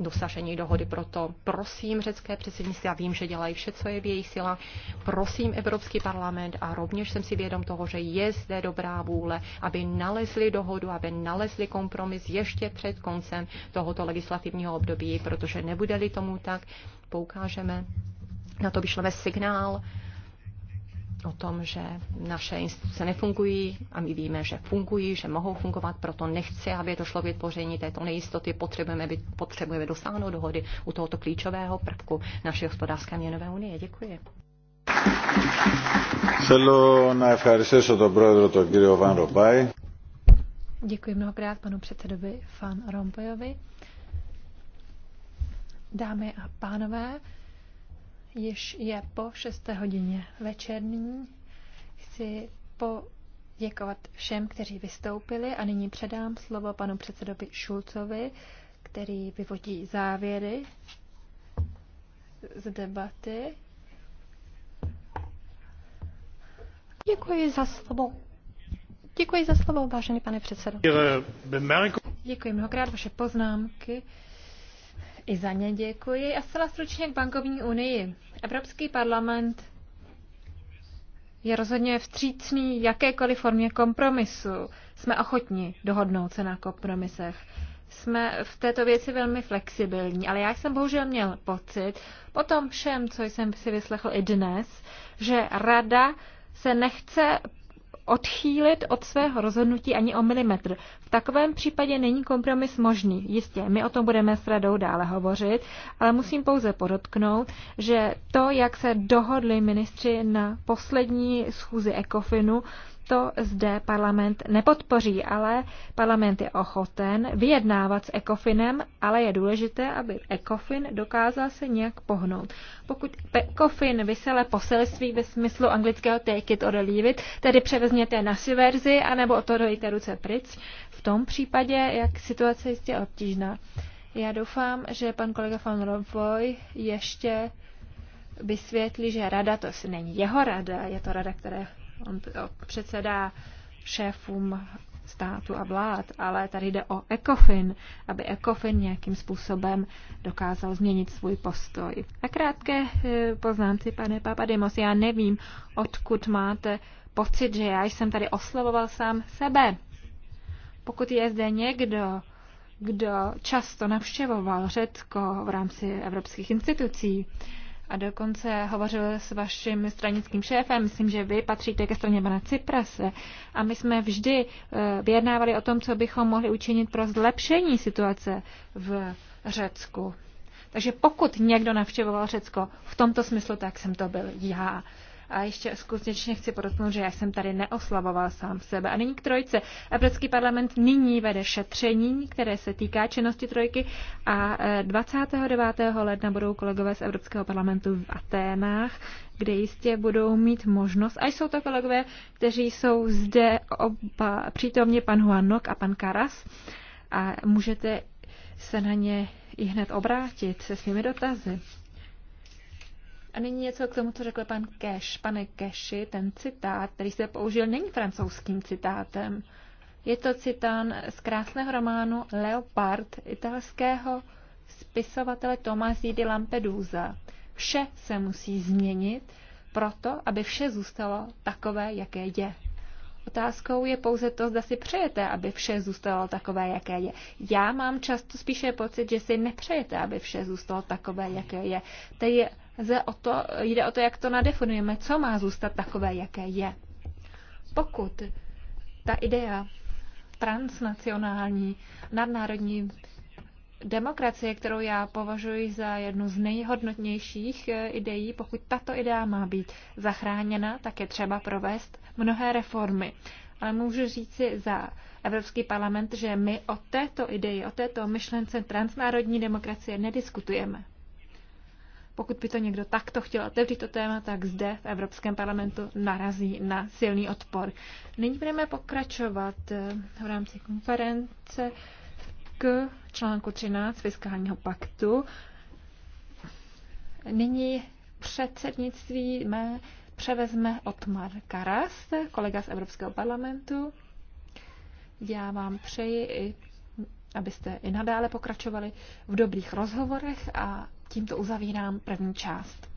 dosažení dohody. Proto prosím řecké předsednictví, já vím, že dělají vše, co je v jejich silách, prosím Evropský parlament a rovněž jsem si vědom toho, že je zde dobrá vůle, aby nalezli dohodu, aby nalezli kompromis ještě před koncem tohoto legislativního období, protože nebude-li tomu tak, poukážeme na to vyšleme signál o tom, že naše instituce nefungují a my víme, že fungují, že mohou fungovat, proto nechci, aby došlo k vytvoření této nejistoty. Potřebujeme, by, potřebujeme dosáhnout dohody u tohoto klíčového prvku naší hospodářské měnové unie. Děkuji. Θέλω να Děkuji mnohokrát panu předsedovi Fan Rompojovi. Dámy a pánové, Již je po 6. hodině večerní. Chci poděkovat všem, kteří vystoupili a nyní předám slovo panu předsedovi Šulcovi, který vyvodí závěry z debaty. Děkuji za slovo. Děkuji za slovo, vážený pane předsedo. Děkuji mnohokrát vaše poznámky. I za ně děkuji. A zcela stručně k bankovní unii. Evropský parlament je rozhodně vstřícný jakékoliv formě kompromisu. Jsme ochotni dohodnout se na kompromisech. Jsme v této věci velmi flexibilní, ale já jsem bohužel měl pocit, po tom všem, co jsem si vyslechl i dnes, že rada se nechce odchýlit od svého rozhodnutí ani o milimetr. V takovém případě není kompromis možný. Jistě, my o tom budeme s radou dále hovořit, ale musím pouze podotknout, že to, jak se dohodli ministři na poslední schůzi ECOFINu, to zde parlament nepodpoří, ale parlament je ochoten vyjednávat s ECOFINem, ale je důležité, aby ECOFIN dokázal se nějak pohnout. Pokud ECOFIN vysele poselství ve smyslu anglického take it or leave it, tedy převezněte na verzi, anebo o to dojíte ruce pryč, v tom případě, jak situace jistě obtížná. Já doufám, že pan kolega van Rompuy ještě vysvětlí, že rada to není jeho rada, je to rada, které On předsedá šéfům státu a vlád, ale tady jde o ECOFIN, aby ECOFIN nějakým způsobem dokázal změnit svůj postoj. A krátké eh, poznámci, pane Papadimos, já nevím, odkud máte pocit, že já jsem tady oslovoval sám sebe. Pokud je zde někdo, kdo často navštěvoval Řecko v rámci evropských institucí, a dokonce hovořil s vaším stranickým šéfem, myslím, že vy patříte ke straně pana Ciprase a my jsme vždy eh, vyjednávali o tom, co bychom mohli učinit pro zlepšení situace v Řecku. Takže pokud někdo navštěvoval Řecko v tomto smyslu, tak jsem to byl já. A ještě skutečně chci podotknout, že já jsem tady neoslavoval sám sebe. A nyní k trojce. Evropský parlament nyní vede šetření, které se týká činnosti trojky a 29. Eh, ledna budou kolegové z Evropského parlamentu v Aténách, kde jistě budou mít možnost, a jsou to kolegové, kteří jsou zde oba přítomně pan Huanok a pan Karas, a můžete se na ně i hned obrátit se svými dotazy. A nyní něco k tomu, co řekl pan Cash. Pane Cashi, ten citát, který se použil, není francouzským citátem. Je to citán z krásného románu Leopard italského spisovatele Tomasi di Lampedusa. Vše se musí změnit proto, aby vše zůstalo takové, jaké je. Otázkou je pouze to, zda si přejete, aby vše zůstalo takové, jaké je. Já mám často spíše pocit, že si nepřejete, aby vše zůstalo takové, jaké je. Tedy Jde o, to, jde o to, jak to nadefinujeme, co má zůstat takové, jaké je. Pokud ta idea transnacionální, nadnárodní demokracie, kterou já považuji za jednu z nejhodnotnějších eh, ideí, pokud tato idea má být zachráněna, tak je třeba provést mnohé reformy. Ale můžu říci za Evropský parlament, že my o této ideji, o této myšlence transnárodní demokracie nediskutujeme. Pokud by to někdo takto chtěl otevřít to téma, tak zde v Evropském parlamentu narazí na silný odpor. Nyní budeme pokračovat eh, v rámci konference k článku 13 fiskálního paktu. Nyní předsednictví mé převezme Otmar Karas, kolega z Evropského parlamentu. Já vám přeji, abyste i nadále pokračovali v dobrých rozhovorech a Tímto uzavírám první část.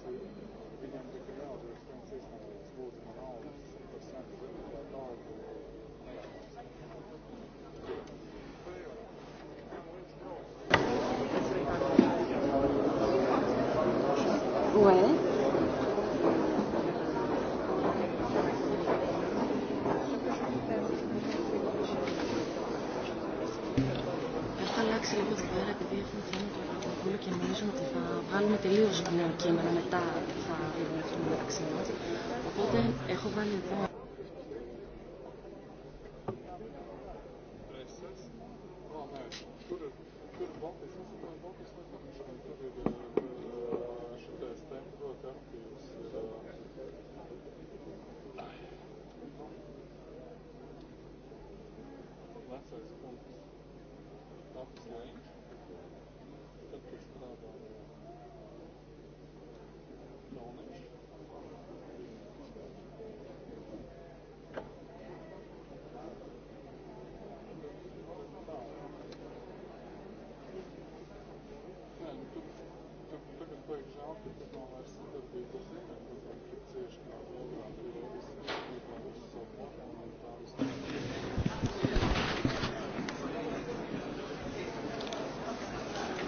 se τελείως νέο κείμενο μετά θα δούμε διαβουλευτούμε μεταξύ μας. Οπότε έχω βάλει εδώ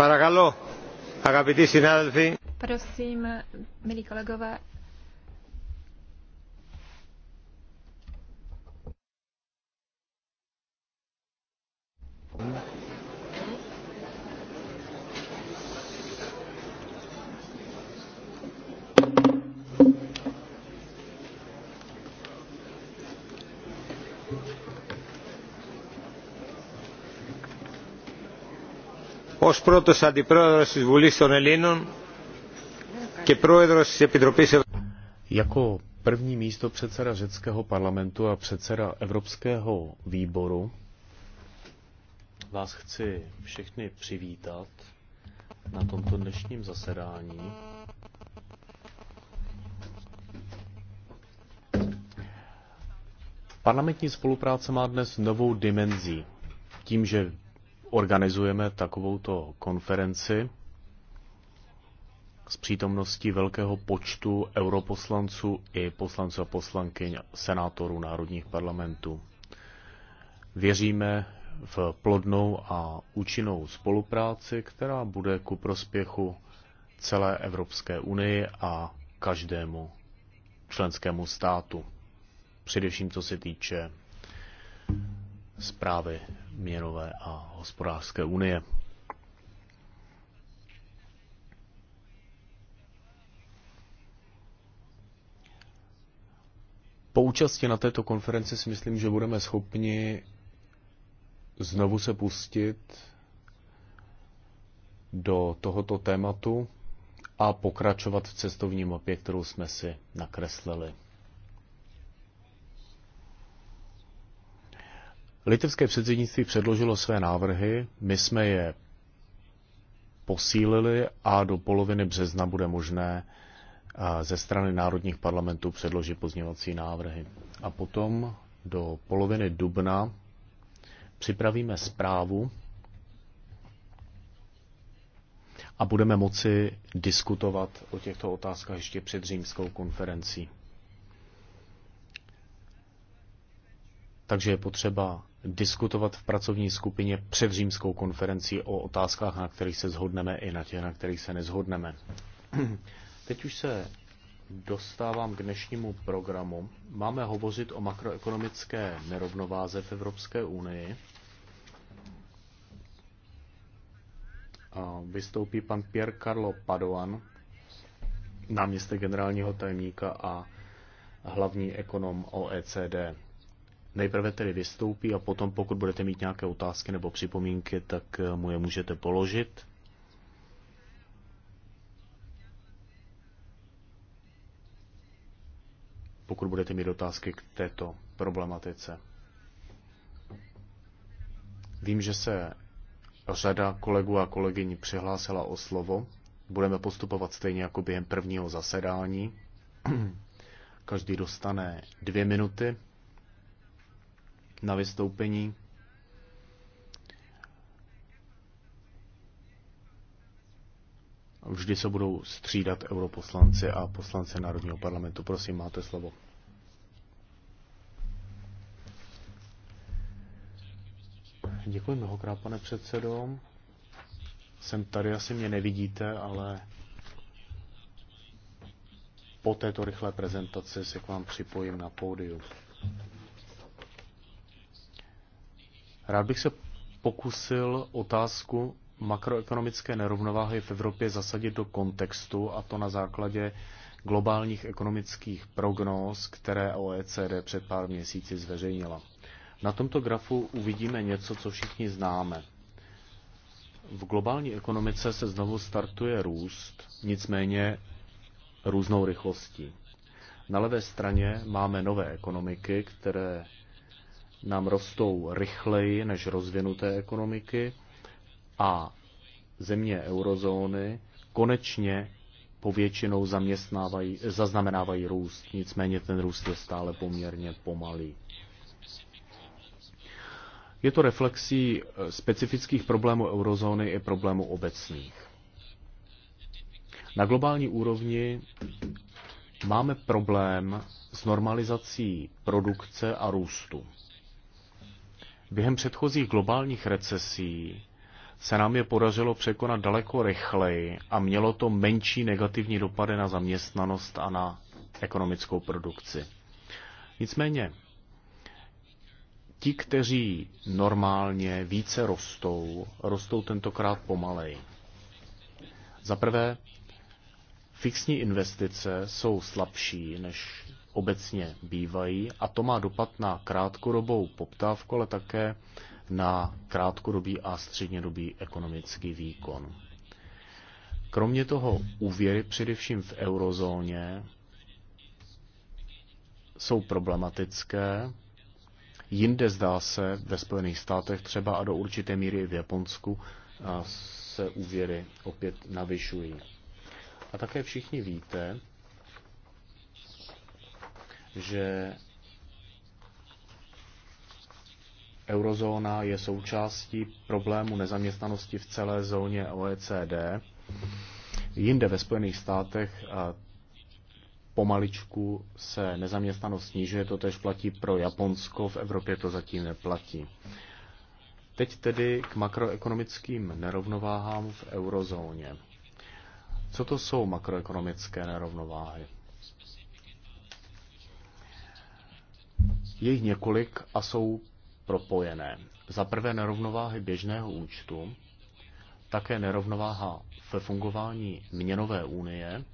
Paragalo, agapiti synalfi. Prosím, milí kolegové, πρώτος αντιπρόεδρος της Βουλής των Ελλήνων και πρόεδρος της Επιτροπής Jako první místo předseda řeckého parlamentu a předseda Evropského výboru vás chci všechny přivítat na tomto dnešním zasedání. Parlamentní spolupráce má dnes novou dimenzi, Tím, že organizujeme takovouto konferenci s přítomností velkého počtu europoslanců i poslanců a poslankyň senátorů národních parlamentů. Věříme v plodnou a účinnou spolupráci, která bude ku prospěchu celé Evropské unii a každému členskému státu. Především co se týče zprávy měnové a hospodářské unie. Po účasti na této konferenci si myslím, že budeme schopni znovu se pustit do tohoto tématu a pokračovat v cestovní mapě, kterou jsme si nakreslili. Litevské předsednictví předložilo své návrhy, my jsme je posílili a do poloviny března bude možné eh, ze strany národních parlamentů předložit pozměňovací návrhy. A potom do poloviny dubna připravíme zprávu a budeme moci diskutovat o těchto otázkách ještě před římskou konferencí. Takže je potřeba diskutovat v pracovní skupině před římskou konferencí o otázkách, na kterých se zhodneme i na těch, na kterých se nezhodneme. Teď už se dostávám k dnešnímu programu. Máme hovořit o makroekonomické nerovnováze v Evropské unii. Vystoupí pan Pier Carlo Padoan, náměstek generálního tajemníka a hlavní ekonom OECD. Nejprve tedy vystoupí a potom, pokud budete mít nějaké otázky nebo připomínky, tak eh, mu je můžete položit. Pokud budete mít otázky k této problematice. Vím, že se řada kolegů a kolegyň přihlásila o slovo. Budeme postupovat stejně jako během prvního zasedání. Každý dostane dvě minuty na vystoupení. Vždy se budou střídat europoslanci a poslanci Národního parlamentu. Prosím, máte slovo. Děkuji mnohokrát, pane předsedo. Jsem tady, asi mě nevidíte, ale po této rychlé prezentaci se k vám připojím na pódium. Rád bych se pokusil otázku makroekonomické nerovnováhy v Evropě zasadit do kontextu, a to na základě globálních ekonomických prognóz, které OECD před pár měsíci zveřejnila. Na tomto grafu uvidíme něco, co všichni známe. V globální ekonomice se znovu startuje růst, nicméně různou rychlostí. Na levé straně máme nové ekonomiky, které nám rostou rychleji než rozvinuté ekonomiky a země eurozóny konečně povětšinou zaměstnávají, zaznamenávají růst, nicméně ten růst je stále poměrně pomalý. Je to reflexí specifických problémů eurozóny i problémů obecných. Na globální úrovni máme problém s normalizací produkce a růstu. Během předchozích globálních recesí se nám je podařilo překonat daleko rychleji a mělo to menší negativní dopady na zaměstnanost a na ekonomickou produkci. Nicméně, ti, kteří normálně více rostou, rostou tentokrát pomalej. Za prvé, fixní investice jsou slabší než obecně bývají a to má dopad na krátkodobou poptávku, ale také na krátkodobý a střednědobý ekonomický výkon. Kromě toho úvěry především v eurozóně jsou problematické. Jinde zdá se, ve Spojených státech třeba a do určité míry i v Japonsku, se úvěry opět navyšují. A také všichni víte, že eurozóna je součástí problému nezaměstnanosti v celé zóně OECD. Jinde ve Spojených státech pomaličku se nezaměstnanost snižuje, to tež platí pro Japonsko, v Evropě to zatím neplatí. Teď tedy k makroekonomickým nerovnováhám v eurozóně. Co to jsou makroekonomické nerovnováhy? Je jich několik a jsou propojené. Za prvé nerovnováhy běžného účtu, také nerovnováha ve fungování měnové unie,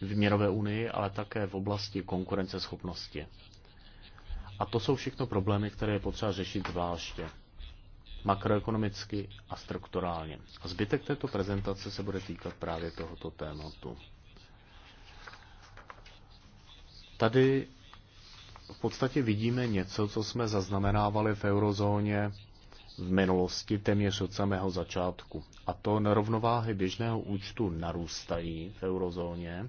v měnové unii, ale také v oblasti konkurenceschopnosti. A to jsou všechno problémy, které je potřeba řešit zvláště makroekonomicky a strukturálně. A zbytek této prezentace se bude týkat právě tohoto tématu. Tady v podstatě vidíme něco, co jsme zaznamenávali v eurozóně v minulosti téměř od samého začátku. A to nerovnováhy běžného účtu narůstají v eurozóně.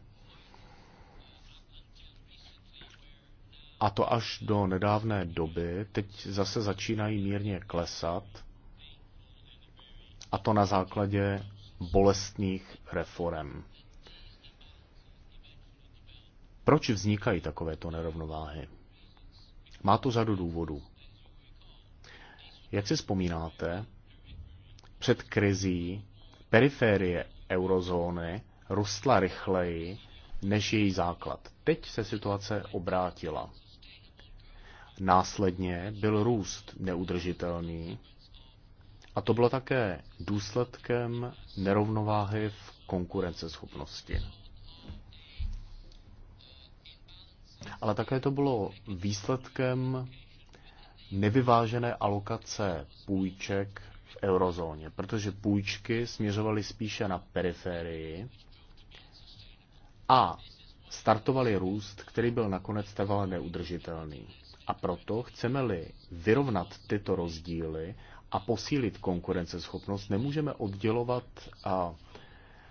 A to až do nedávné doby. Teď zase začínají mírně klesat. A to na základě bolestných reform. Proč vznikají takovéto nerovnováhy? Má to řadu důvodů. Jak si vzpomínáte, před krizí periférie eurozóny rostla rychleji než její základ. Teď se situace obrátila. Následně byl růst neudržitelný a to bylo také důsledkem nerovnováhy v konkurenceschopnosti. ale také to bylo výsledkem nevyvážené alokace půjček v eurozóně, protože půjčky směřovaly spíše na periferii a startovali růst, který byl nakonec trvale neudržitelný. A proto chceme-li vyrovnat tyto rozdíly a posílit konkurenceschopnost, nemůžeme oddělovat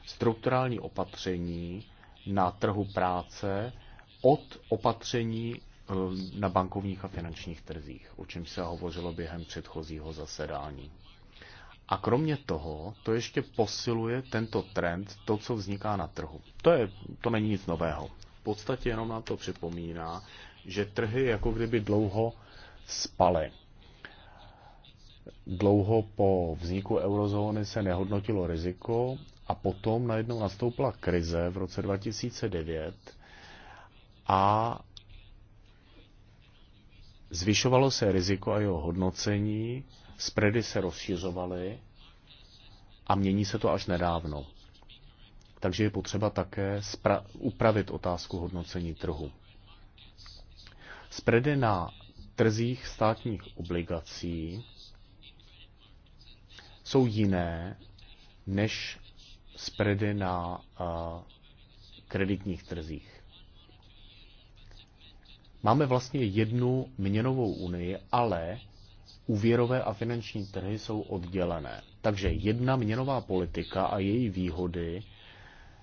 strukturální opatření na trhu práce od opatření eh, na bankovních a finančních trzích, o čem se hovořilo během předchozího zasedání. A kromě toho, to ještě posiluje tento trend, to, co vzniká na trhu. To, je, to není nic nového. V podstatě jenom nám to připomíná, že trhy jako kdyby dlouho spaly. Dlouho po vzniku eurozóny se nehodnotilo riziko a potom najednou nastoupila krize v roce 2009 a zvyšovalo se riziko a jeho hodnocení, spredy se rozšiřovaly a mění se to až nedávno. Takže je potřeba také upravit otázku hodnocení trhu. Spredy na trzích státních obligací jsou jiné než spredy na uh, kreditních trzích. Máme vlastně jednu měnovou unii, ale úvěrové a finanční trhy jsou oddělené. Takže jedna měnová politika a její výhody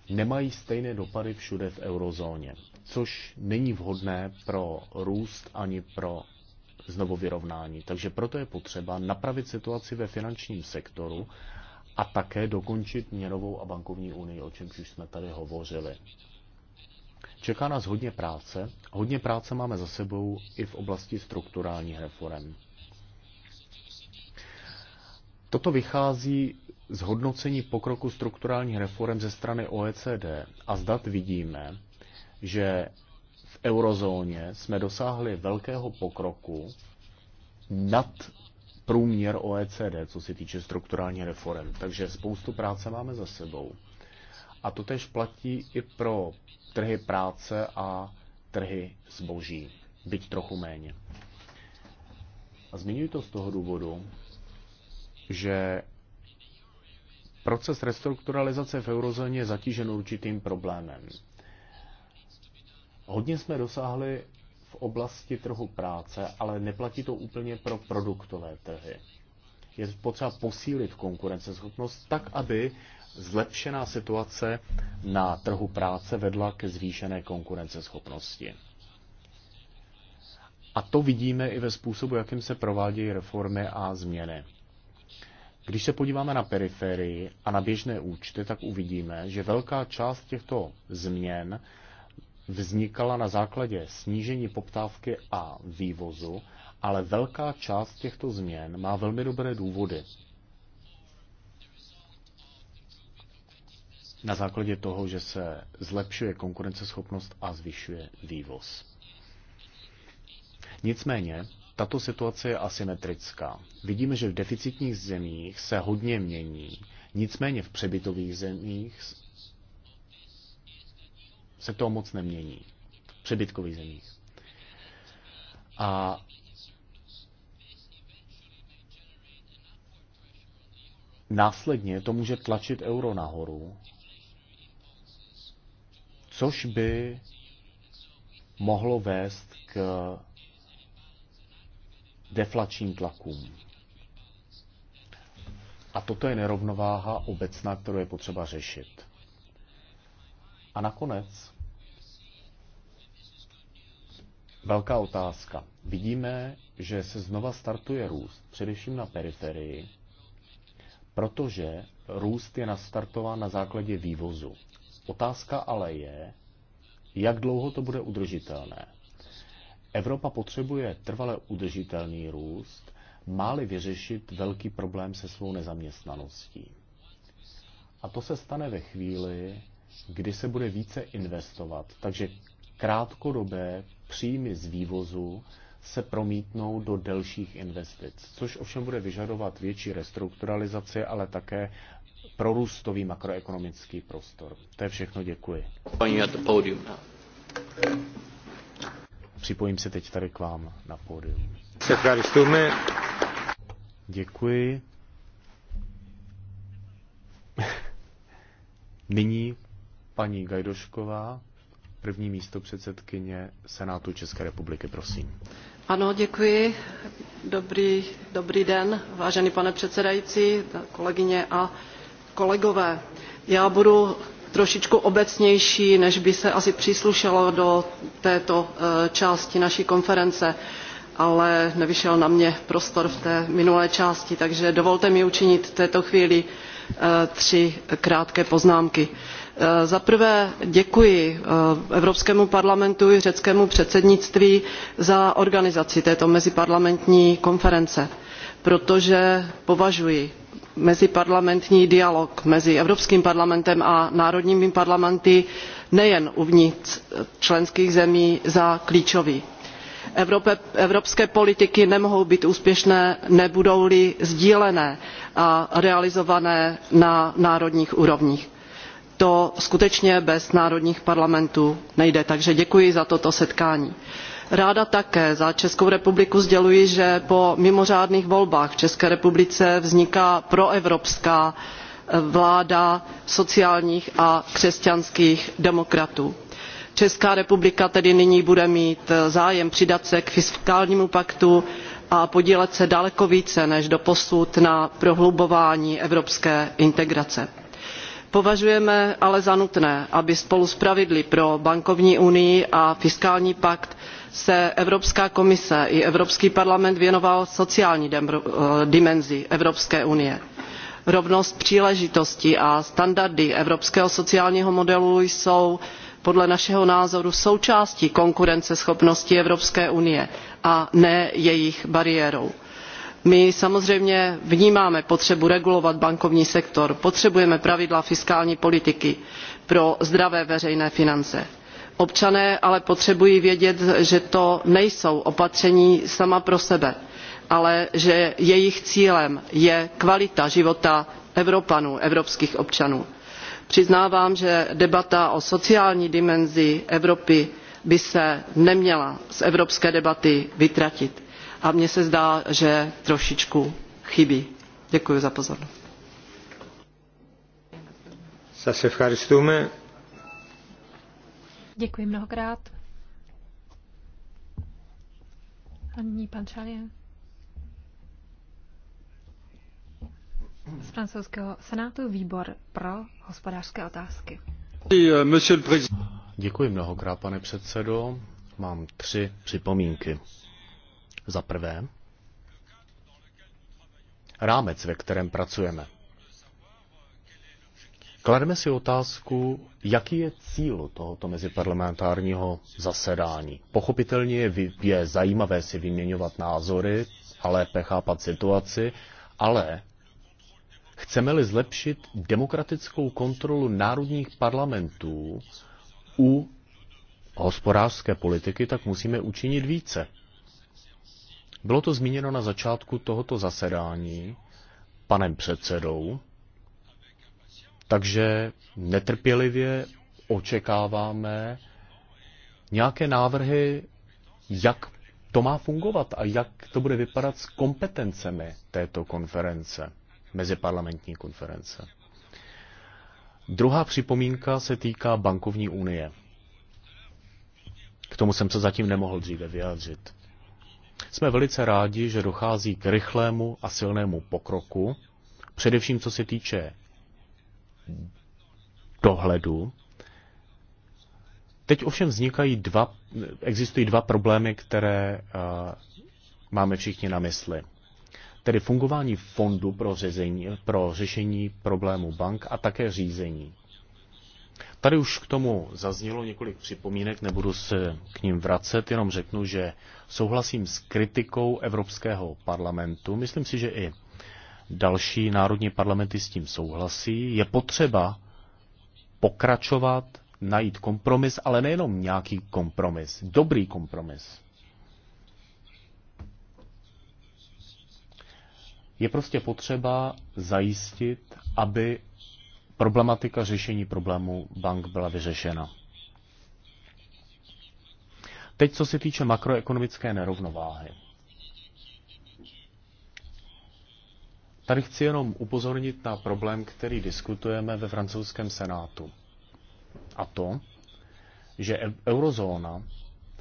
nemají stejné dopady všude v eurozóně, což není vhodné pro růst ani pro znovu vyrovnání. Takže proto je potřeba napravit situaci ve finančním sektoru a také dokončit měnovou a bankovní unii, o čemž už jsme tady hovořili. Čeká nás hodně práce. Hodně práce máme za sebou i v oblasti strukturálních reform. Toto vychází z hodnocení pokroku strukturálních reform ze strany OECD a zdat vidíme, že v eurozóně jsme dosáhli velkého pokroku nad průměr OECD, co se týče strukturální reform. Takže spoustu práce máme za sebou. A to tež platí i pro trhy práce a trhy zboží, byť trochu méně. A zmiňuji to z toho důvodu, že proces restrukturalizace v eurozóně je zatížen určitým problémem. Hodně jsme dosáhli v oblasti trhu práce, ale neplatí to úplně pro produktové trhy. Je potřeba posílit konkurenceschopnost tak, aby zlepšená situace na trhu práce vedla ke zvýšené konkurenceschopnosti. A to vidíme i ve způsobu, jakým se provádějí reformy a změny. Když se podíváme na periferii a na běžné účty, tak uvidíme, že velká část těchto změn vznikala na základě snížení poptávky a vývozu, ale velká část těchto změn má velmi dobré důvody. na základě toho, že se zlepšuje konkurenceschopnost a zvyšuje vývoz. Nicméně, tato situace je asymetrická. Vidíme, že v deficitních zemích se hodně mění, nicméně v přebytových zemích se to moc nemění. V přebytkových zemích. A následně to může tlačit euro nahoru což by mohlo vést k deflačním tlakům. A toto je nerovnováha obecná, kterou je potřeba řešit. A nakonec velká otázka. Vidíme, že se znova startuje růst, především na periferii, protože růst je nastartován na základě vývozu. Otázka ale je, jak dlouho to bude udržitelné. Evropa potřebuje trvale udržitelný růst, má-li vyřešit velký problém se svou nezaměstnaností. A to se stane ve chvíli, kdy se bude více investovat. Takže krátkodobé příjmy z vývozu se promítnou do delších investic, což ovšem bude vyžadovat větší restrukturalizaci, ale také prorůstový makroekonomický prostor. To je všechno, děkuji. No. Připojím se teď tady k vám na pódium. Děkuji. Nyní paní Gajdošková, první místo předsedkyně Senátu České republiky, prosím. Ano, děkuji. Dobrý, dobrý den, vážený pane předsedající, kolegyně a kolegové, já budu trošičku obecnější, než by se asi příslušelo do této eh, části naší konference, ale nevyšel na mě prostor v té minulé části, takže dovolte mi učinit v této chvíli eh, tři krátké poznámky. Eh, za prvé děkuji Evropskému parlamentu i řeckému předsednictví za organizaci této meziparlamentní konference, protože považuji meziparlamentní dialog mezi evropským parlamentem a národními parlamenty nejen uvnitř členských zemí za klíčový. evropské politiky nemohou být úspěšné nebudou li sdílené a realizované na národních úrovních. to skutečně bez národních parlamentů nejde takže děkuji za toto setkání ráda také za českou republiku sděluji že po mimořádných volbách v české republice vzniká proevropská eh, vláda sociálních a křesťanských demokratů. česká republika tedy nyní bude mít eh, zájem přidat se k fiskálnímu paktu a podílet se daleko více než doposud na prohlubování evropské integrace považujeme ale za nutné aby spolu s pravidly pro bankovní unii a fiskální pakt se evropská komise i evropský parlament věnoval sociální eh, dimenzi evropské unie. rovnost příležitostí a standardy evropského sociálního modelu jsou podle našeho názoru součástí konkurenceschopnosti evropské unie a ne jejich bariérou my samozřejmě vnímáme potřebu regulovat bankovní sektor potřebujeme pravidla fiskální politiky pro zdravé veřejné finance občané ale potřebují vědět že to nejsou opatření sama pro sebe ale že jejich cílem je kvalita života evropanů evropských občanů. přiznávám že debata o sociální dimenzi evropy by se neměla z evropské debaty vytratit a mně se zdá že trošičku chybí. děkuji za pozornost. Děkuji mnohokrát. Ani pan Šalien. Z francouzského senátu výbor pro hospodářské otázky. Děkuji mnohokrát, pane předsedo. Mám tři připomínky. Za prvé, rámec, ve kterém pracujeme. Klademe si otázku, jaký je cíl tohoto meziparlamentárního zasedání. Pochopitelně je, je zajímavé si vyměňovat názory a lépe chápat situaci, ale chceme-li zlepšit demokratickou kontrolu národních parlamentů u hospodářské politiky, tak musíme učinit více. Bylo to zmíněno na začátku tohoto zasedání panem předsedou, takže netrpělivě očekáváme nějaké návrhy, jak to má fungovat a jak to bude vypadat s kompetencemi této konference, meziparlamentní konference. Druhá připomínka se týká bankovní unie. K tomu jsem se zatím nemohl dříve vyjádřit. Jsme velice rádi, že dochází k rychlému a silnému pokroku, především co se týče dohledu. Teď ovšem vznikají dva, existují dva problémy, které eh, máme všichni na mysli. Tedy fungování fondu pro, řezení, pro řešení problému bank a také řízení. Tady už k tomu zaznělo několik připomínek, nebudu se k ním vracet, jenom řeknu, že souhlasím s kritikou Evropského parlamentu. Myslím si, že i další národní parlamenty s tím souhlasí. Je potřeba pokračovat, najít kompromis, ale nejenom nějaký kompromis, dobrý kompromis. Je prostě potřeba zajistit, aby problematika řešení problému bank byla vyřešena. Teď, co se týče makroekonomické nerovnováhy. Tady chci jenom upozornit na problém, který diskutujeme ve francouzském senátu. A to, že eurozóna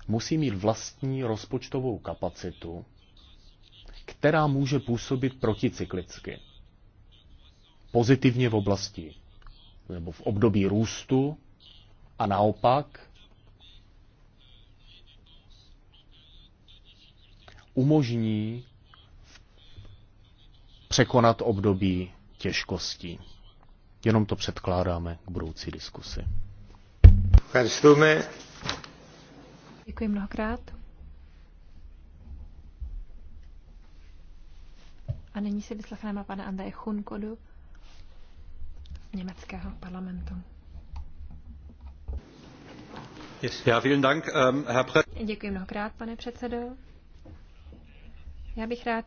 musí mít vlastní rozpočtovou kapacitu, která může působit proticyklicky. Pozitivně v oblasti nebo v období růstu a naopak umožní překonat období těžkostí. Jenom to předkládáme k budoucí diskusi. Děkuji mnohokrát. A nyní si vyslechneme pana Andaje Chunkodu z německého parlamentu. vielen Dank, ähm, Herr Děkuji mnohokrát, pane předsedo. Já bych rád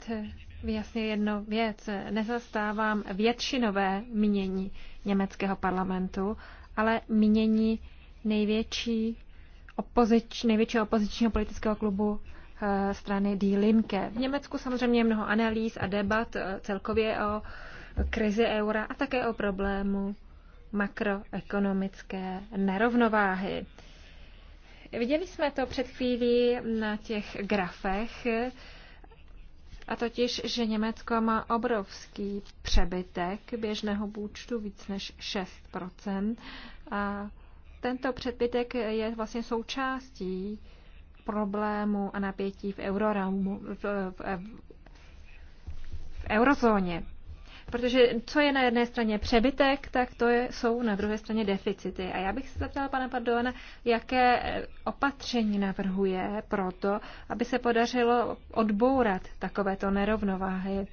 vyjasnil jedno věc. Nezastávám většinové mínění německého parlamentu, ale mínění největší opozič, největšího opozičního politického klubu eh, strany Die Linke. V Německu samozřejmě je mnoho analýz a debat eh, celkově o krizi eura a také o problému makroekonomické nerovnováhy. Viděli jsme to před chvílí na těch grafech, a totiž, že Německo má obrovský přebytek běžného bůčtu víc než 6%. A tento přebytek je vlastně součástí problému a napětí v, euroramu, v, v, v eurozóně. Protože co je na jedné straně přebytek, tak to je, jsou na druhé straně deficity. A já bych se zeptala pana Pardona, jaké eh, opatření navrhuje proto, aby se podařilo odbourat takovéto nerovnováhy,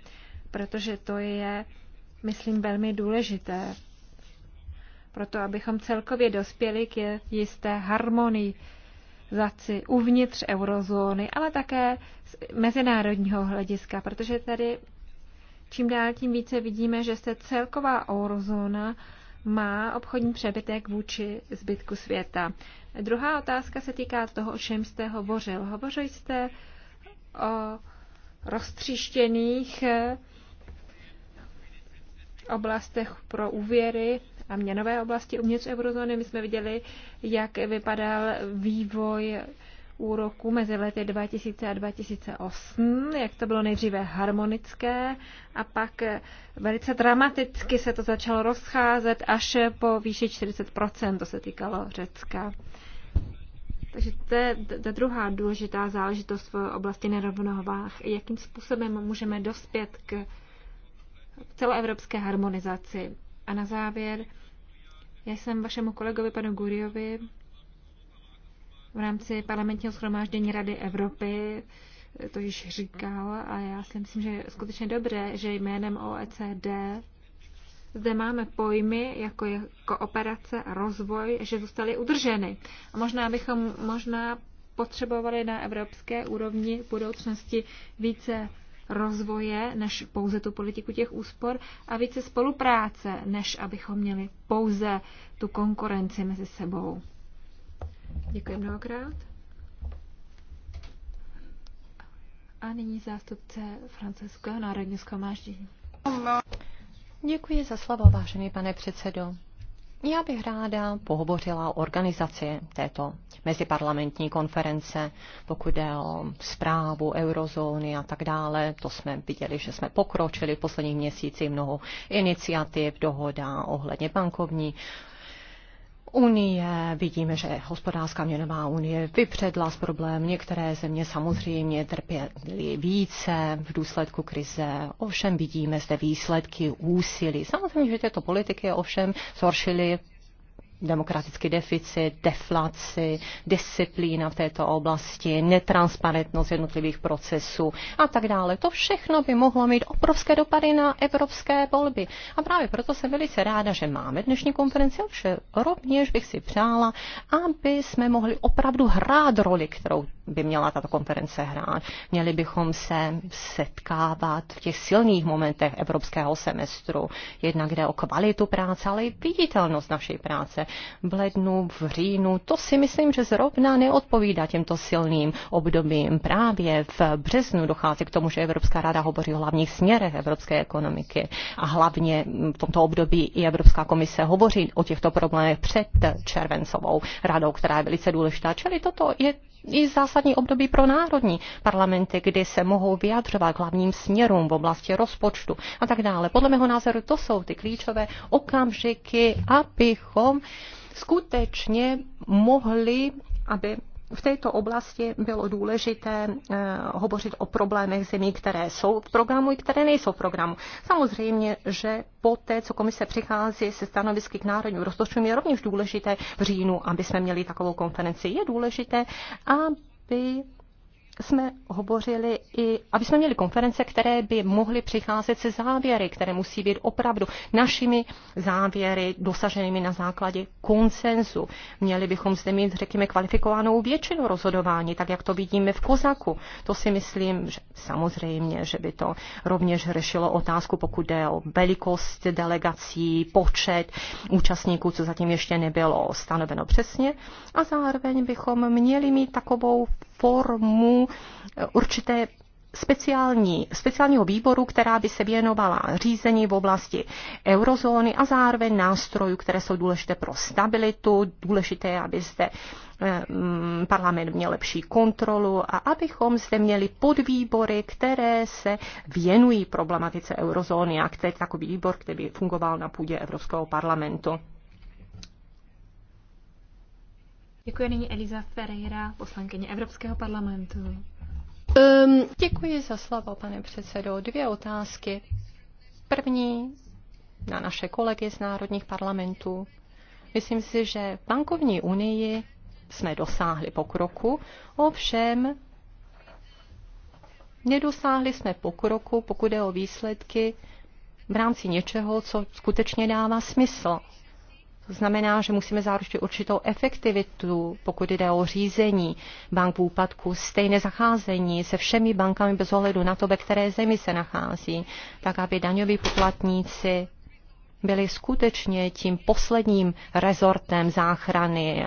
protože to je, myslím, velmi důležité. Proto, abychom celkově dospěli k jisté harmonii zaci uvnitř eurozóny, ale také z mezinárodního hlediska, protože tady Čím dál tím více vidíme, že se celková eurozóna má obchodní přebytek vůči zbytku světa. Druhá otázka se týká toho, o čem jste hovořil. Hovořili jste o roztříštěných eh, oblastech pro úvěry a měnové oblasti uvnitř eurozóny. My jsme viděli, jak vypadal vývoj úroku mezi lety 2000 a 2008, jak to bylo nejdříve harmonické a pak velice dramaticky se to začalo rozcházet až po výši 40%, to se týkalo Řecka. Takže to je ta druhá důležitá záležitost v oblasti nerovnováh. Jakým způsobem můžeme dospět k celoevropské harmonizaci? A na závěr, já jsem vašemu kolegovi panu Guriovi v rámci parlamentního schromáždění Rady Evropy, to již říkal a já si myslím, že je skutečně dobré, že jménem OECD zde máme pojmy jako je kooperace a rozvoj, že zůstaly udrženy. A možná bychom možná potřebovali na evropské úrovni v budoucnosti více rozvoje než pouze tu politiku těch úspor a více spolupráce, než abychom měli pouze tu konkurenci mezi sebou. Děkuji mnohokrát. A nyní zástupce francouzského národního zkomáždění. Děkuji za slovo, vážený pane předsedo. Já bych ráda pohovořila o organizaci této meziparlamentní konference, pokud jde o zprávu eurozóny a tak dále. To jsme viděli, že jsme pokročili v posledních měsících mnoho iniciativ, dohoda ohledně bankovní unie, vidíme, že hospodářská měnová unie vypředla s problém. Některé země samozřejmě trpěly více v důsledku krize, ovšem vidíme zde výsledky úsilí. Samozřejmě, že tyto politiky ovšem zhoršily demokratický deficit, deflaci, disciplína v této oblasti, netransparentnost jednotlivých procesů a tak dále. To všechno by mohlo mít obrovské dopady na evropské volby. A právě proto jsem velice ráda, že máme dnešní konferenci, že rovněž bych si přála, aby jsme mohli opravdu hrát roli, kterou by měla tato konference hrát. Měli bychom se setkávat v těch silných momentech evropského semestru. Jednak jde o kvalitu práce, ale i viditelnost naší práce v lednu, v říjnu. To si myslím, že zrovna neodpovídá těmto silným obdobím. Právě v březnu dochází k tomu, že Evropská rada hovoří o hlavních směrech evropské ekonomiky a hlavně v tomto období i Evropská komise hovoří o těchto problémech před červencovou radou, která je velice důležitá. Čili toto je i zásadní období pro národní parlamenty, kdy se mohou vyjadřovat k hlavním směrům v oblasti rozpočtu a tak dále. Podle mého názoru to jsou ty klíčové okamžiky, abychom skutečně mohli aby v této oblasti bylo důležité eh, hovořit o problémech zemí, které jsou v programu i které nejsou v programu. Samozřejmě, že poté, co komise přichází se stanovisky k národním rozpočtům, je rovněž důležité v říjnu, aby jsme měli takovou konferenci. Je důležité, aby jsme hovořili i, aby jsme měli konference, které by mohly přicházet se závěry, které musí být opravdu našimi závěry dosaženými na základě konsenzu. Měli bychom zde mít, řekněme, kvalifikovanou většinu rozhodování, tak jak to vidíme v Kozaku. To si myslím, že samozřejmě, že by to rovněž řešilo otázku, pokud jde o velikost delegací, počet účastníků, co zatím ještě nebylo stanoveno přesně. A zároveň bychom měli mít takovou formu eh, určité speciální, speciálního výboru, která by se věnovala řízení v oblasti eurozóny a zároveň nástrojů, které jsou důležité pro stabilitu, důležité, aby zde eh, mm, parlament měl lepší kontrolu a abychom zde měli podvýbory, které se věnují problematice eurozóny a který takový výbor, který by fungoval na půdě Evropského parlamentu. Děkuji nyní Eliza Ferreira, poslankyně Evropského parlamentu. Um, děkuji za slovo, pane předsedo. Dvě otázky. První na naše kolegy z národních parlamentů. Myslím si, že v bankovní unii jsme dosáhli pokroku, ovšem nedosáhli jsme pokroku, pokud je o výsledky v rámci něčeho, co skutečně dává smysl. To znamená, že musíme zaručit určitou efektivitu, pokud jde o řízení bank v úpadku, stejné zacházení se všemi bankami bez ohledu na to, ve které zemi se nachází, tak aby daňoví poplatníci byli skutečně tím posledním rezortem záchrany.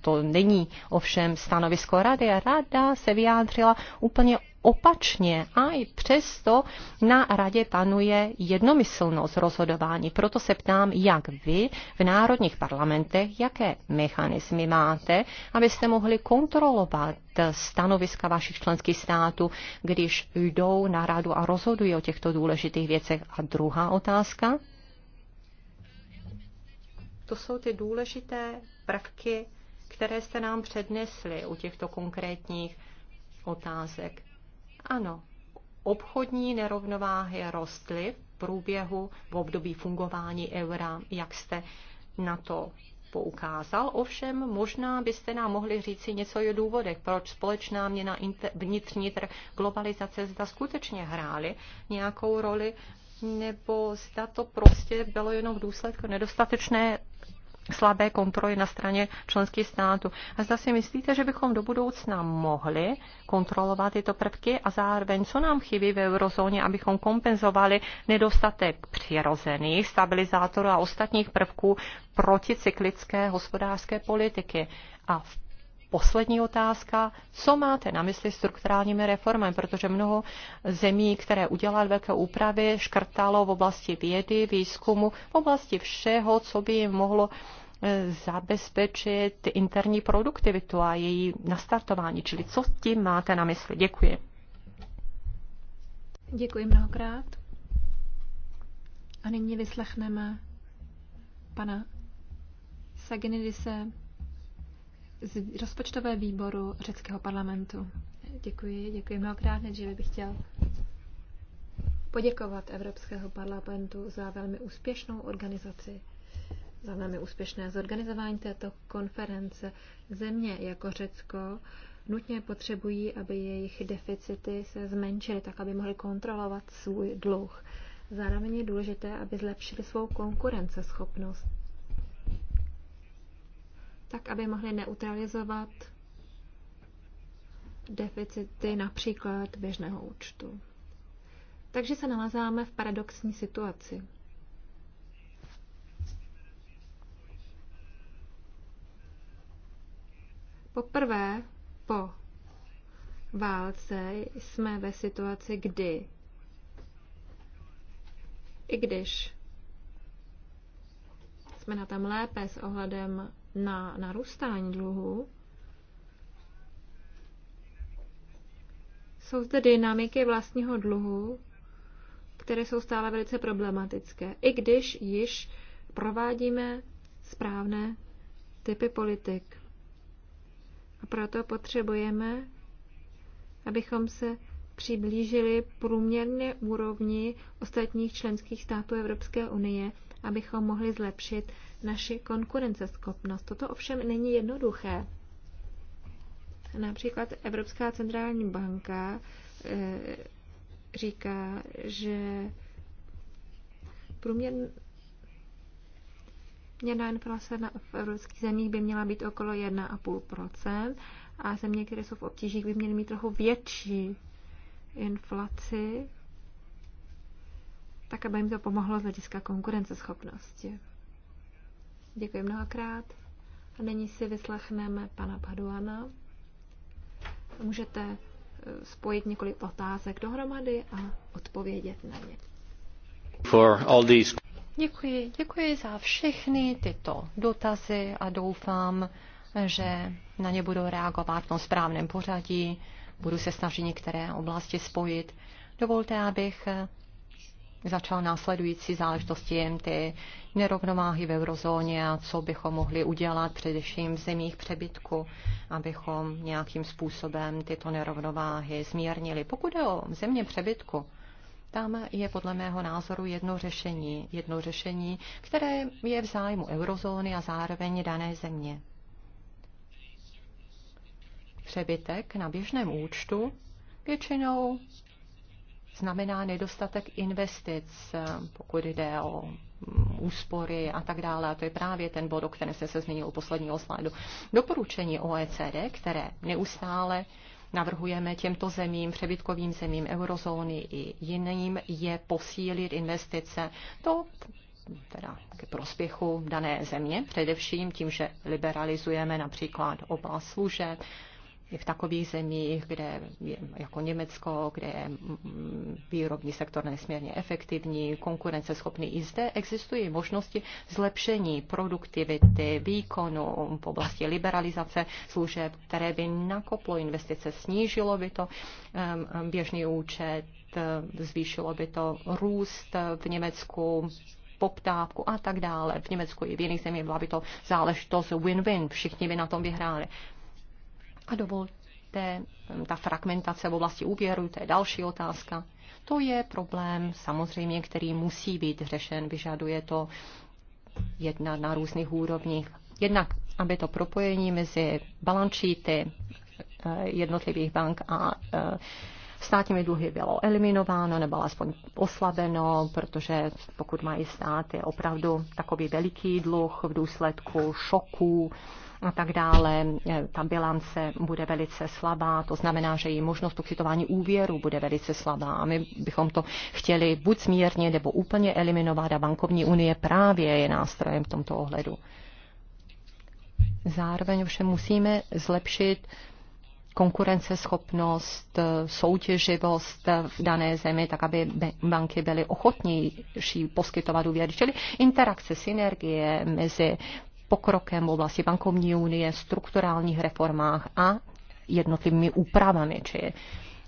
To není ovšem stanovisko rady. Rada se vyjádřila úplně opačně a i přesto na radě panuje jednomyslnost rozhodování. Proto se ptám, jak vy v národních parlamentech, jaké mechanismy máte, abyste mohli kontrolovat stanoviska vašich členských států, když jdou na radu a rozhodují o těchto důležitých věcech. A druhá otázka? To jsou ty důležité prvky, které jste nám přednesli u těchto konkrétních otázek. Ano, obchodní nerovnováhy rostly v průběhu v období fungování eura, jak jste na to poukázal. Ovšem, možná byste nám mohli říci něco o důvodech, proč společná měna vnitřní trh globalizace zda skutečně hrály nějakou roli, nebo zda to prostě bylo jenom v důsledku nedostatečné slabé kontroly na straně členských států. A zda si myslíte, že bychom do budoucna mohli kontrolovat tyto prvky a zároveň, co nám chybí v eurozóně, abychom kompenzovali nedostatek přirozených stabilizátorů a ostatních prvků proticyklické hospodářské politiky. A v poslední otázka, co máte na mysli strukturálními reformami, protože mnoho zemí, které udělaly velké úpravy, škrtalo v oblasti vědy, výzkumu, v oblasti všeho, co by jim mohlo eh, zabezpečit interní produktivitu a její nastartování. Čili co s tím máte na mysli? Děkuji. Děkuji mnohokrát. A nyní vyslechneme pana Saginidise z rozpočtové výboru řeckého parlamentu. Děkuji, děkuji mnohokrát, že bych chtěl poděkovat Evropského parlamentu za velmi úspěšnou organizaci, za velmi úspěšné zorganizování této konference. Země jako Řecko nutně potřebují, aby jejich deficity se zmenšily, tak aby mohli kontrolovat svůj dluh. Zároveň je důležité, aby zlepšili svou konkurenceschopnost tak aby mohli neutralizovat deficity například běžného účtu. Takže se nalazáme v paradoxní situaci. Poprvé po válce jsme ve situaci, kdy i když jsme na tom lépe s ohledem na narůstání dluhu, jsou zde dynamiky vlastního dluhu, které jsou stále velice problematické, i když již provádíme správné typy politik. A proto potřebujeme, abychom se přiblížili průměrné úrovni ostatních členských států Evropské unie, abychom mohli zlepšit naši konkurenceschopnost. Toto ovšem není jednoduché. Například Evropská centrální banka eh, říká, že průměrná inflace v evropských zemích by měla být okolo 1,5 a země, které jsou v obtížích, by měly mít trochu větší inflaci, tak aby jim to pomohlo z hlediska konkurenceschopnosti. Děkuji mnohokrát. A nyní si vyslechneme pana Paduana. Můžete eh, spojit několik otázek dohromady a odpovědět na ně. For all these... Děkuji, děkuji za všechny tyto dotazy a doufám, že na ně budu reagovat v tom správném pořadí. Budu se snažit některé oblasti spojit. Dovolte, abych eh, začal následující záležitosti, ty nerovnováhy v eurozóně a co bychom mohli udělat především v zemích přebytku, abychom nějakým způsobem tyto nerovnováhy zmírnili. Pokud je o země přebytku, tam je podle mého názoru jedno řešení, jedno řešení, které je v zájmu eurozóny a zároveň dané země. Přebytek na běžném účtu většinou znamená nedostatek investic, pokud jde o úspory a tak dále. A to je právě ten bod, o kterém jsem se zmínil u posledního slajdu. Doporučení OECD, které neustále navrhujeme těmto zemím, přebytkovým zemím eurozóny i jiným, je posílit investice. To teda k prospěchu dané země, především tím, že liberalizujeme například oblast služeb, i v takových zemích, kde je, jako Německo, kde je mm, výrobní sektor nesmírně efektivní, konkurenceschopný. I zde existují možnosti zlepšení produktivity, výkonu v oblasti liberalizace služeb, které by nakoplo investice, snížilo by to běžný účet, zvýšilo by to růst v Německu, poptávku a tak dále. V Německu i v jiných zemích byla by to záležitost win-win, všichni by na tom vyhráli. A dovolte, ta fragmentace v oblasti úvěru, to je další otázka. To je problém samozřejmě, který musí být řešen, vyžaduje to jedna na různých úrovních. Jednak, aby to propojení mezi balančíty e, jednotlivých bank a e, státními dluhy bylo eliminováno nebo alespoň oslabeno, protože pokud mají státy opravdu takový veliký dluh v důsledku šoků, a tak dále. E, ta bilance bude velice slabá, to znamená, že její možnost poskytování úvěru bude velice slabá. A my bychom to chtěli buď smírně nebo úplně eliminovat a bankovní unie právě je nástrojem v tomto ohledu. Zároveň ovšem musíme zlepšit konkurenceschopnost, soutěživost v dané zemi, tak aby banky byly ochotnější poskytovat úvěry. Čili interakce, synergie mezi pokrokem v oblasti bankovní unie, strukturálních reformách a jednotlivými úpravami či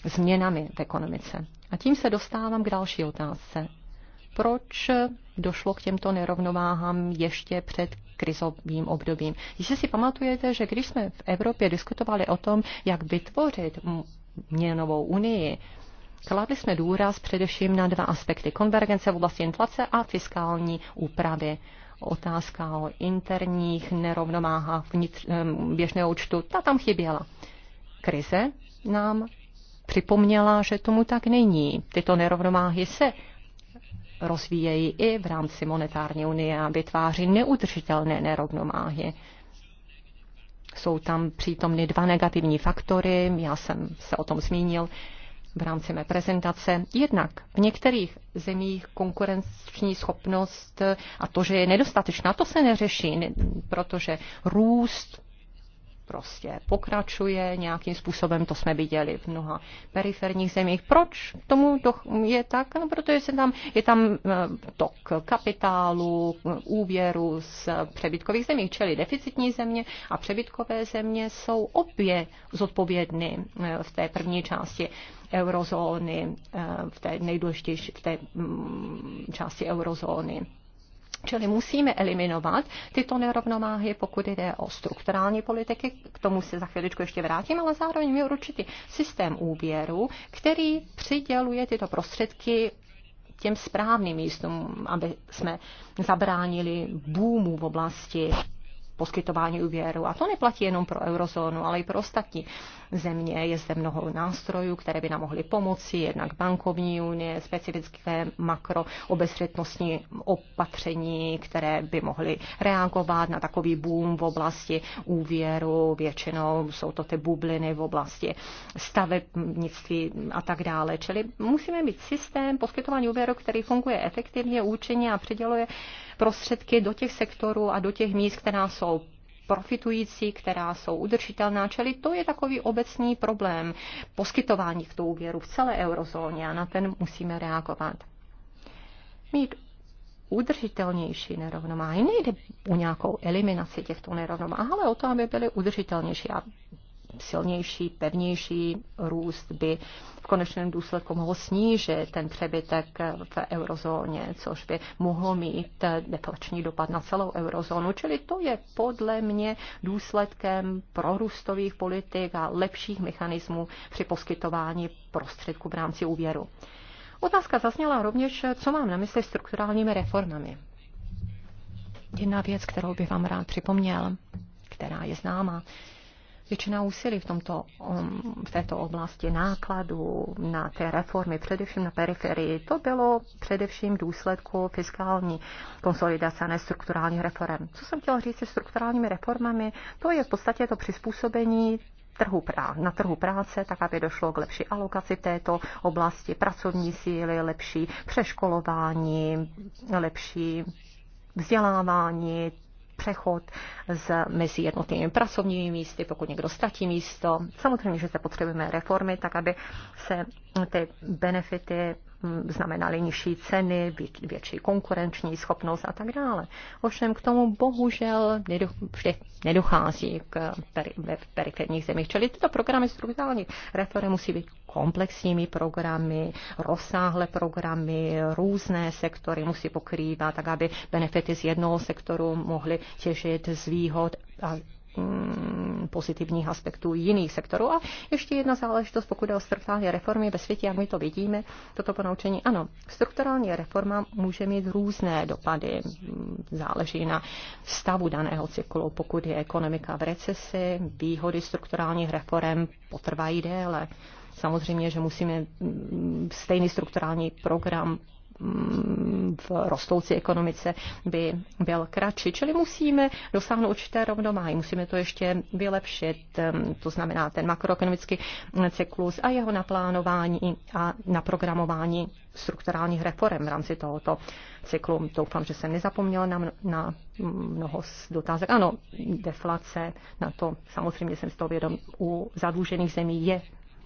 změnami v ekonomice. A tím se dostávám k další otázce. Proč došlo k těmto nerovnováhám ještě před krizovým obdobím? Jestli si pamatujete, že když jsme v Evropě diskutovali o tom, jak vytvořit měnovou unii, Kladli jsme důraz především na dva aspekty. Konvergence v oblasti inflace a fiskální úpravy otázka o interních nerovnováhách vnitř, běžného účtu, ta tam chyběla. Krize nám připomněla, že tomu tak není. Tyto nerovnováhy se rozvíjejí i v rámci monetární unie a vytváří neudržitelné nerovnováhy. Jsou tam přítomny dva negativní faktory, já jsem se o tom zmínil v rámci mé prezentace. Jednak v některých zemích konkurenční schopnost a to, že je nedostatečná, to se neřeší, protože růst prostě pokračuje nějakým způsobem, to jsme viděli v mnoha periferních zemích. Proč tomu je tak? No, protože se tam, je tam eh, tok kapitálu, úvěru z přebytkových zemí, čili deficitní země a přebytkové země jsou obě zodpovědny eh, v té první části eurozóny, eh, v té nejdůležitější, v té mm, části eurozóny. Čili musíme eliminovat tyto nerovnováhy, pokud jde o strukturální politiky, k tomu se za chviličku ještě vrátím, ale zároveň je určitý systém úvěru, který přiděluje tyto prostředky těm správným místům, aby jsme zabránili boomu v oblasti poskytování úvěru. A to neplatí jenom pro eurozónu, ale i pro ostatní země. Je zde mnoho nástrojů, které by nám mohly pomoci, jednak bankovní unie, specifické obezřetnostní opatření, které by mohly reagovat na takový boom v oblasti úvěru. Většinou jsou to ty bubliny v oblasti stavebnictví a tak dále. Čili musíme mít systém poskytování úvěru, který funguje efektivně, účinně a předěluje prostředky do těch sektorů a do těch míst, která jsou profitující, která jsou udržitelná, čili to je takový obecný problém poskytování k tou úvěru v celé eurozóně a na ten musíme reagovat. Mít udržitelnější nerovnováhy. Nejde o nějakou eliminaci těchto nerovnováh, ale o to, aby byly udržitelnější. A silnější, pevnější růst by v konečném důsledku mohl snížit ten přebytek v eurozóně, což by mohlo mít deflační dopad na celou eurozónu. Čili to je podle mě důsledkem prorůstových politik a lepších mechanismů při poskytování prostředků v rámci úvěru. Otázka zazněla rovněž, co mám na mysli strukturálními reformami. Jedna věc, kterou bych vám rád připomněl, která je známa, většina úsilí v, tomto, um, v této oblasti nákladů na té reformy, především na periferii, to bylo především v důsledku fiskální konsolidace a nestrukturálních strukturálních reform. Co jsem chtěla říct se strukturálními reformami, to je v podstatě to přizpůsobení trhu prá- na trhu práce, tak aby došlo k lepší alokaci v této oblasti pracovní síly, lepší přeškolování, lepší vzdělávání, přechod z, mezi jednotlivými pracovními místy, pokud někdo ztratí místo. Samozřejmě, že se potřebujeme reformy, tak aby se ty benefity hm, znamenaly nižší ceny, větší konkurenční schopnost a tak dále. Ovšem k tomu bohužel nedochází k peri, ve periferních zemích. Čili tyto programy strukturální reformy musí být komplexními programy, rozsáhlé programy, různé sektory musí pokrývat, tak aby benefity z jednoho sektoru mohly těžit z výhod a mm, pozitivních aspektů jiných sektorů. A ještě jedna záležitost, pokud je o strukturální reformy ve světě, jak my to vidíme, toto ponaučení. Ano, strukturální reforma může mít různé dopady, záleží na stavu daného cyklu. Pokud je ekonomika v recesi, výhody strukturálních reform potrvají déle. Samozřejmě, že musíme mm, stejný strukturální program mm, v rostoucí ekonomice by byl kratší. Čili musíme dosáhnout určité rovnováhy, musíme to ještě vylepšit, mm, to znamená ten makroekonomický cyklus a jeho naplánování a naprogramování strukturálních reform v rámci tohoto cyklu. Doufám, že jsem nezapomněla na, na mnoho z dotázek. Ano, deflace, na to samozřejmě jsem z toho vědom, u zadlužených zemí je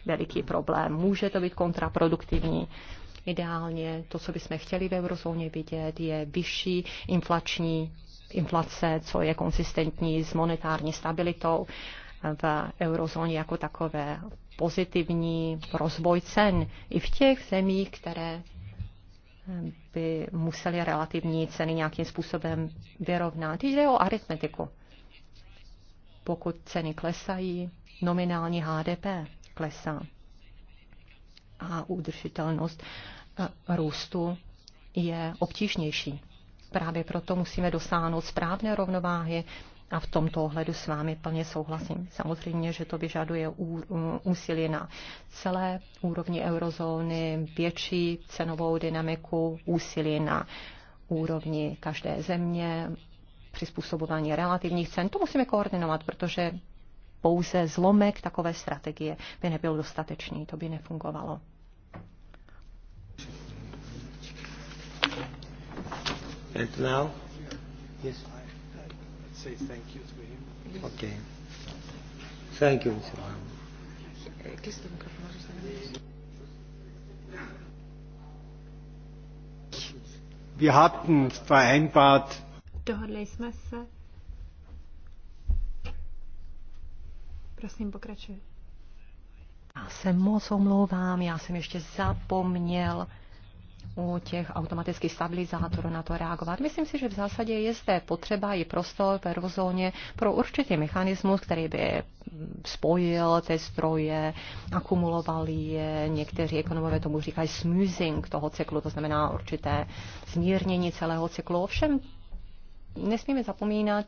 veliký problém. Může to být kontraproduktivní. Ideálně to, co bychom chtěli v eurozóně vidět, je vyšší inflační inflace, co je konsistentní s monetární stabilitou v eurozóně jako takové pozitivní rozvoj cen i v těch zemích, které eh, by museli relativní ceny nějakým způsobem vyrovnat. Jde o aritmetiku. Pokud ceny klesají, nominální HDP klesá. A udržitelnost eh, růstu je obtížnější. Právě proto musíme dosáhnout správné rovnováhy a v tomto ohledu s vámi plně souhlasím. Samozřejmě, že to vyžaduje úsilí na celé úrovni eurozóny, větší cenovou dynamiku, úsilí na úrovni každé země, přizpůsobování relativních cen. To musíme koordinovat, protože pouze zlomek takové strategie by nebyl dostatečný, to by nefungovalo. And now? Yes. Say thank you to him. Okay. Thank you, Mr. Wir hatten vereinbart, Dohodli jsme se, Prosím, pokračuj. Já se moc omlouvám, já jsem ještě zapomněl u těch automatických stabilizátorů na to reagovat. Myslím si, že v zásadě je zde potřeba i prostor v eurozóně pro určitý mechanismus, který by spojil ty stroje, akumuloval je. Někteří ekonomové tomu říkají smoothing toho cyklu, to znamená určité zmírnění celého cyklu. Ovšem nesmíme zapomínat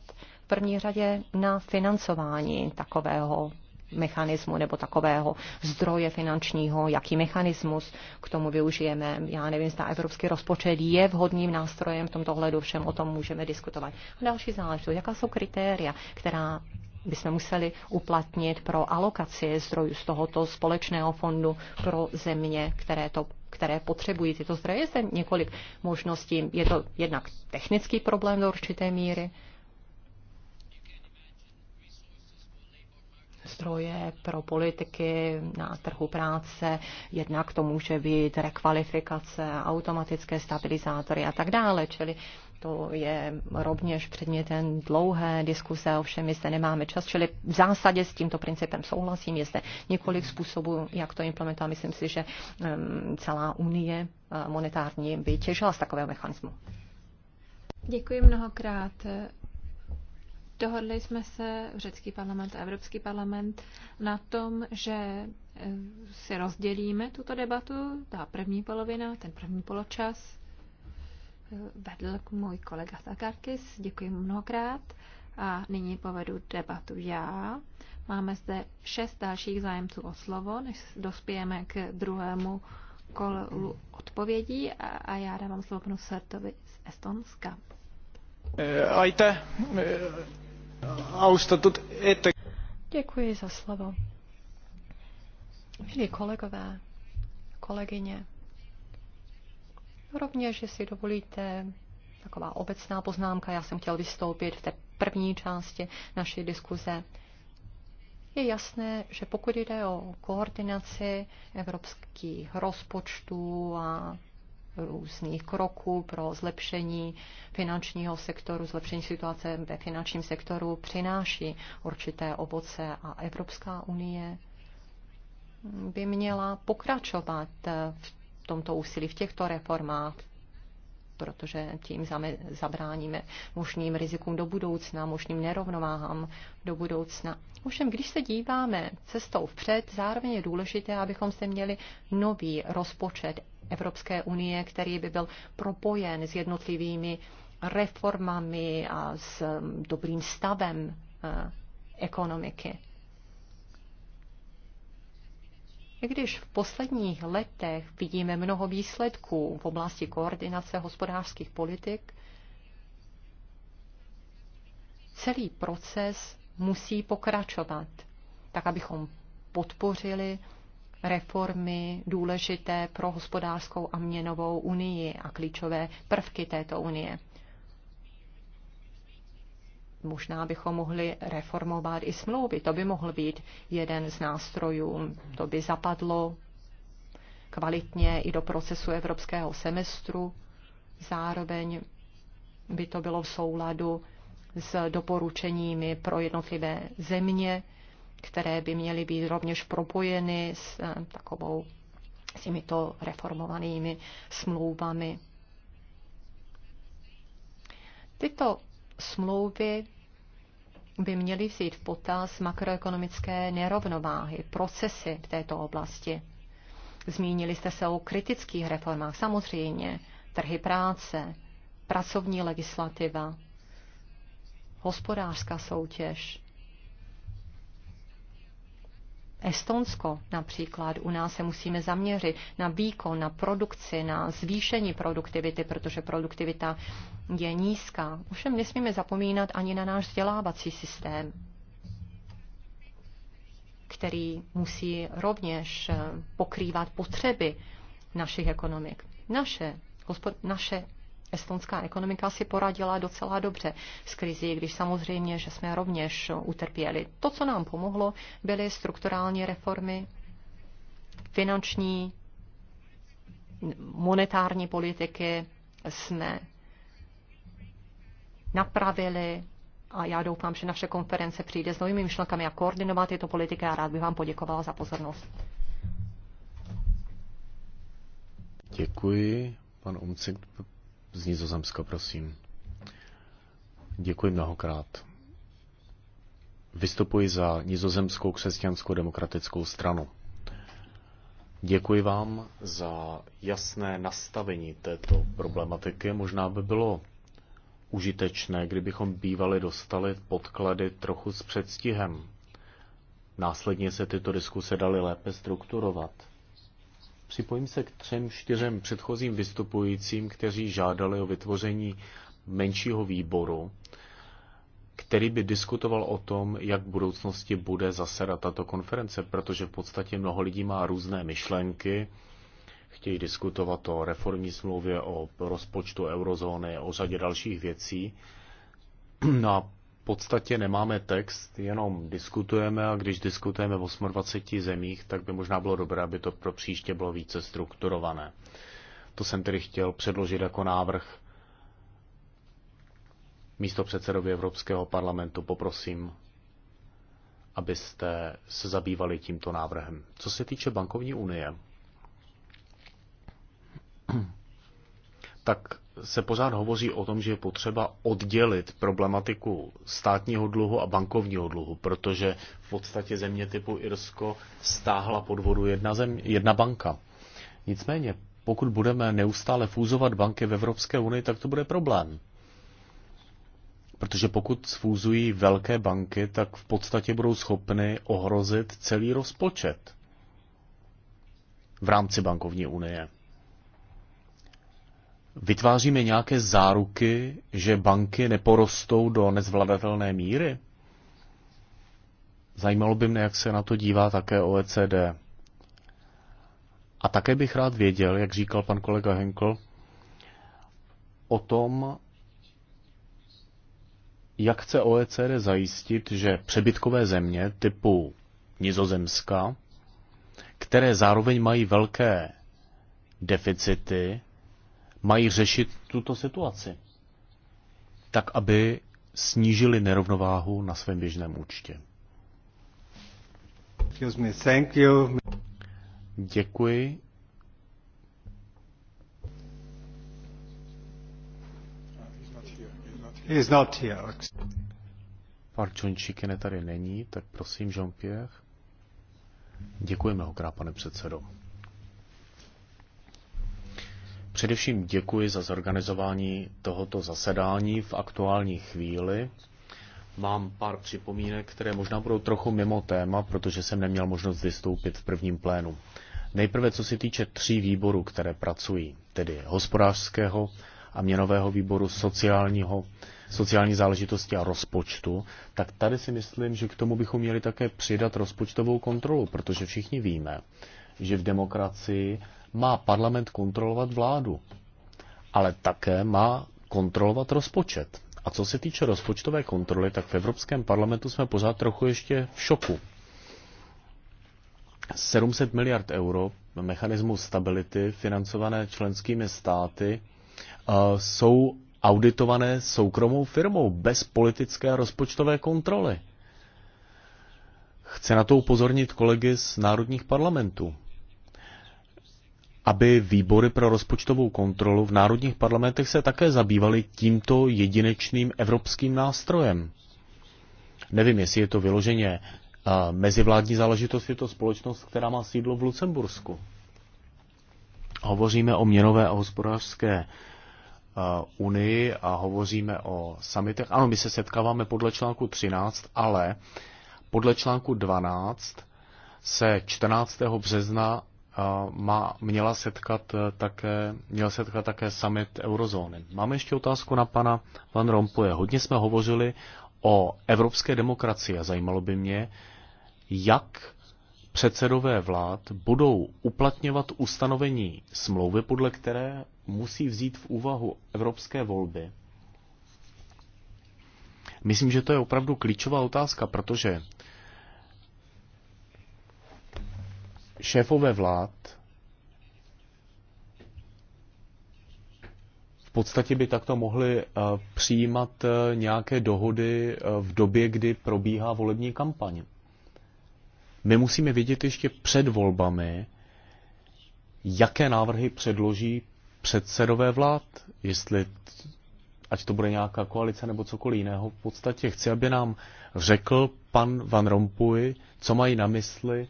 první řadě na financování takového mechanismu nebo takového zdroje finančního, jaký mechanismus k tomu využijeme. Já nevím, zda evropský rozpočet je vhodným nástrojem v tomto hledu, všem o tom můžeme diskutovat. A další záležitost, jaká jsou kritéria, která bychom museli uplatnit pro alokaci zdrojů z tohoto společného fondu pro země, které to které potřebují tyto zdroje. Je zde několik možností. Je to jednak technický problém do určité míry, nástroje pro politiky na trhu práce, jednak to může být rekvalifikace, automatické stabilizátory a tak dále, čili to je rovněž předmětem dlouhé diskuse, ovšem my zde nemáme čas, čili v zásadě s tímto principem souhlasím, je zde několik způsobů, jak to implementovat. Myslím si, že celá Unie eh, monetární by těžila z takového mechanismu. Děkuji mnohokrát. Dohodli jsme se, řecký parlament a Evropský parlament, na tom, že eh, si rozdělíme tuto debatu. Ta první polovina, ten první poločas eh, vedl můj kolega Takarkis, Děkuji mu mnohokrát. A nyní povedu debatu já. Máme zde šest dalších zájemců o slovo, než dospějeme k druhému kolu odpovědí a, a já dávám slovo panu Sertovi z Estonska. Eh, Ajte, Děkuji za slovo. Milí kolegové, kolegyně, rovněž, jestli dovolíte, taková obecná poznámka, já jsem chtěl vystoupit v té první části naší diskuze. Je jasné, že pokud jde o koordinaci evropských rozpočtů a různých kroků pro zlepšení finančního sektoru, zlepšení situace ve finančním sektoru přináší určité ovoce a Evropská unie by měla pokračovat v tomto úsilí, v těchto reformách, protože tím zabráníme možným rizikům do budoucna, možným nerovnováhám do budoucna. Ovšem, když se díváme cestou vpřed, zároveň je důležité, abychom se měli nový rozpočet, Evropské unie, který by byl propojen s jednotlivými reformami a s um, dobrým stavem uh, ekonomiky. I když v posledních letech vidíme mnoho výsledků v oblasti koordinace hospodářských politik, celý proces musí pokračovat, tak abychom podpořili reformy důležité pro hospodářskou a měnovou unii a klíčové prvky této unie. Možná bychom mohli reformovat i smlouvy. To by mohl být jeden z nástrojů. To by zapadlo kvalitně i do procesu evropského semestru. Zároveň by to bylo v souladu s doporučeními pro jednotlivé země které by měly být rovněž propojeny s eh, takovou s těmito reformovanými smlouvami. Tyto smlouvy by měly vzít v potaz makroekonomické nerovnováhy, procesy v této oblasti. Zmínili jste se o kritických reformách, samozřejmě, trhy práce, pracovní legislativa, hospodářská soutěž, Estonsko například. U nás se musíme zaměřit na výkon, na produkci, na zvýšení produktivity, protože produktivita je nízká. Ovšem nesmíme zapomínat ani na náš vzdělávací systém který musí rovněž eh, pokrývat potřeby našich ekonomik. Naše, naše estonská ekonomika si poradila docela dobře s krizí, když samozřejmě, že jsme rovněž utrpěli. To, co nám pomohlo, byly strukturální reformy, finanční, monetární politiky jsme napravili a já doufám, že naše konference přijde s novými myšlenkami, a koordinovat tyto politiky a rád bych vám poděkovala za pozornost. Děkuji. Pan Omcik z Nizozemska, prosím. Děkuji mnohokrát. Vystupuji za Nizozemskou křesťanskou demokratickou stranu. Děkuji vám za jasné nastavení této problematiky. Možná by bylo užitečné, kdybychom bývali dostali podklady trochu s předstihem. Následně se tyto diskuse daly lépe strukturovat. Připojím se k třem, čtyřem předchozím vystupujícím, kteří žádali o vytvoření menšího výboru, který by diskutoval o tom, jak v budoucnosti bude zasedat tato konference, protože v podstatě mnoho lidí má různé myšlenky, chtějí diskutovat o reformní smlouvě, o rozpočtu eurozóny, o řadě dalších věcí. No a podstatě nemáme text, jenom diskutujeme a když diskutujeme v 28 zemích, tak by možná bylo dobré, aby to pro příště bylo více strukturované. To jsem tedy chtěl předložit jako návrh místo předsedovi Evropského parlamentu. Poprosím, abyste se zabývali tímto návrhem. Co se týče bankovní unie, tak se pořád hovoří o tom, že je potřeba oddělit problematiku státního dluhu a bankovního dluhu, protože v podstatě země typu Irsko stáhla podvodu jedna, zem, jedna banka. Nicméně, pokud budeme neustále fúzovat banky v Evropské unii, tak to bude problém. Protože pokud sfúzují velké banky, tak v podstatě budou schopny ohrozit celý rozpočet v rámci bankovní unie. Vytváříme nějaké záruky, že banky neporostou do nezvladatelné míry? Zajímalo by mě, jak se na to dívá také OECD. A také bych rád věděl, jak říkal pan kolega Henkel, o tom, jak chce OECD zajistit, že přebytkové země typu Nizozemska, které zároveň mají velké deficity, mají řešit tuto situaci, tak aby snížili nerovnováhu na svém běžném účtě. Děkuji. He's not here. Parčončík tady není, tak prosím, Jean-Pierre. Děkuji mnohokrát, pane předsedo. Především děkuji za zorganizování tohoto zasedání v aktuální chvíli. Mám pár připomínek, které možná budou trochu mimo téma, protože jsem neměl možnost vystoupit v prvním plénu. Nejprve co se týče tří výborů, které pracují, tedy hospodářského a měnového výboru, sociálního, sociální záležitosti a rozpočtu, tak tady si myslím, že k tomu bychom měli také přidat rozpočtovou kontrolu, protože všichni víme, že v demokracii má parlament kontrolovat vládu, ale také má kontrolovat rozpočet. A co se týče rozpočtové kontroly, tak v Evropském parlamentu jsme pořád trochu ještě v šoku. 700 miliard euro mechanismu stability financované členskými státy eh, jsou auditované soukromou firmou bez politické a rozpočtové kontroly. Chce na to upozornit kolegy z národních parlamentů aby výbory pro rozpočtovou kontrolu v národních parlamentech se také zabývaly tímto jedinečným evropským nástrojem. Nevím, jestli je to vyloženě eh, mezivládní záležitost, je to společnost, která má sídlo v Lucembursku. Hovoříme o měnové a hospodářské eh, unii a hovoříme o samitech. Ano, my se setkáváme podle článku 13, ale podle článku 12 se 14. března má, měla setkat eh, také, měl setkat také summit eurozóny. Máme ještě otázku na pana Van Rompuje. Hodně jsme hovořili o evropské demokracii a zajímalo by mě, jak předsedové vlád budou uplatňovat ustanovení smlouvy, podle které musí vzít v úvahu evropské volby. Myslím, že to je opravdu klíčová otázka, protože šéfové vlád v podstatě by takto mohli eh, přijímat eh, nějaké dohody eh, v době, kdy probíhá volební kampaň. My musíme vidět, ještě před volbami, jaké návrhy předloží předsedové vlád, jestli ať to bude nějaká koalice nebo cokoliv jiného. V podstatě chci, aby nám řekl pan Van Rompuy, co mají na mysli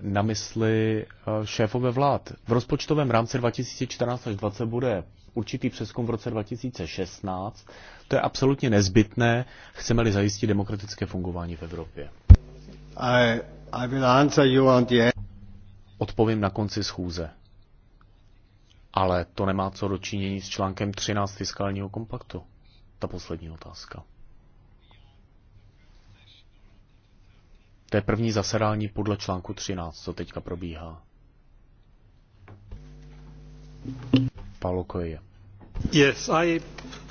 na mysli eh, šéfové vlád. V rozpočtovém rámci 2014 až 2020 bude určitý přeskum v roce 2016. To je absolutně nezbytné, chceme-li zajistit demokratické fungování v Evropě. I, I will answer you on the end. Odpovím na konci schůze. Ale to nemá co dočinění s článkem 13 fiskálního kompaktu. Ta poslední otázka. To je první zasedání podle článku 13, co teďka probíhá. Paolo Coelho. Yes, I,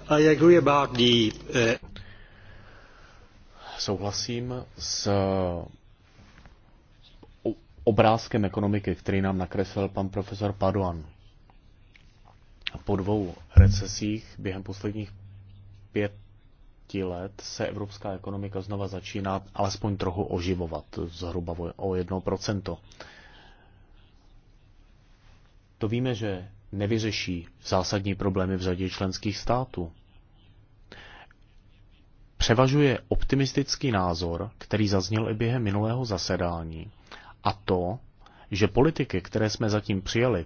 I agree about the, uh... Souhlasím s uh, obrázkem ekonomiky, který nám nakreslil pan profesor Paduan. Po dvou recesích během posledních pět let se evropská ekonomika znova začíná alespoň trochu oživovat, zhruba o 1%. To víme, že nevyřeší zásadní problémy v řadě členských států. Převažuje optimistický názor, který zazněl i během minulého zasedání, a to, že politiky, které jsme zatím přijali,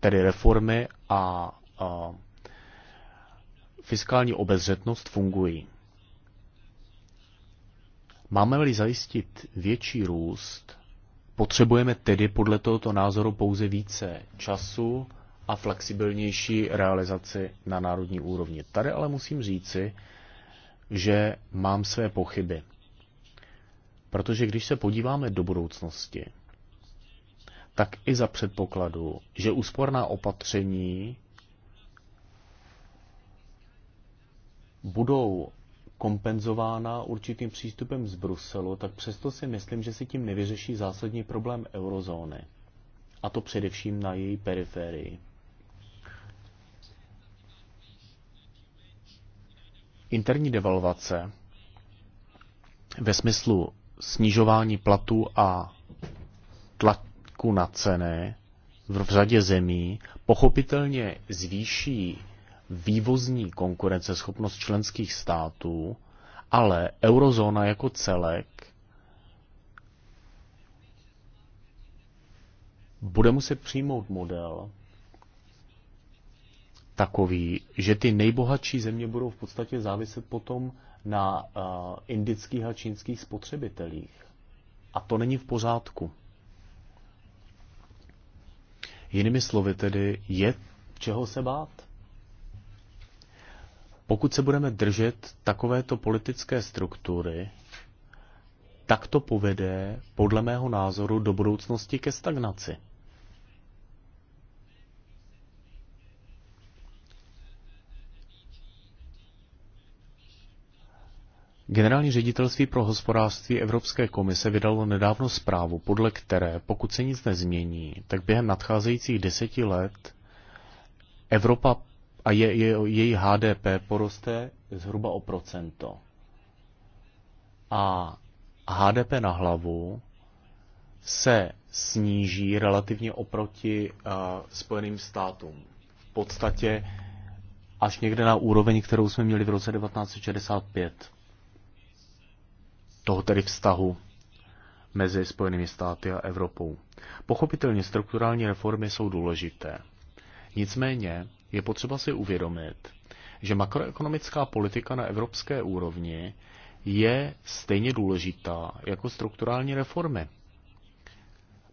tedy reformy a, a fiskální obezřetnost fungují. Máme-li zajistit větší růst, potřebujeme tedy podle tohoto názoru pouze více času a flexibilnější realizaci na národní úrovni. Tady ale musím říci, že mám své pochyby. Protože když se podíváme do budoucnosti, tak i za předpokladu, že úsporná opatření budou kompenzována určitým přístupem z Bruselu, tak přesto si myslím, že si tím nevyřeší zásadní problém eurozóny. A to především na její periferii. Interní devalvace ve smyslu snižování platů a tlaku na ceny v řadě zemí pochopitelně zvýší vývozní konkurenceschopnost členských států, ale eurozóna jako celek bude muset přijmout model takový, že ty nejbohatší země budou v podstatě záviset potom na eh, indických a čínských spotřebitelích. A to není v pořádku. Jinými slovy tedy je čeho se bát pokud se budeme držet takovéto politické struktury, tak to povede, podle mého názoru, do budoucnosti ke stagnaci. Generální ředitelství pro hospodářství Evropské komise vydalo nedávno zprávu, podle které, pokud se nic nezmění, tak během nadcházejících deseti let Evropa a je, je, její HDP poroste zhruba o procento. A HDP na hlavu se sníží relativně oproti uh, Spojeným státům. V podstatě až někde na úroveň, kterou jsme měli v roce 1965. Toho tedy vztahu mezi Spojenými státy a Evropou. Pochopitelně strukturální reformy jsou důležité. Nicméně je potřeba si uvědomit, že makroekonomická politika na evropské úrovni je stejně důležitá jako strukturální reformy.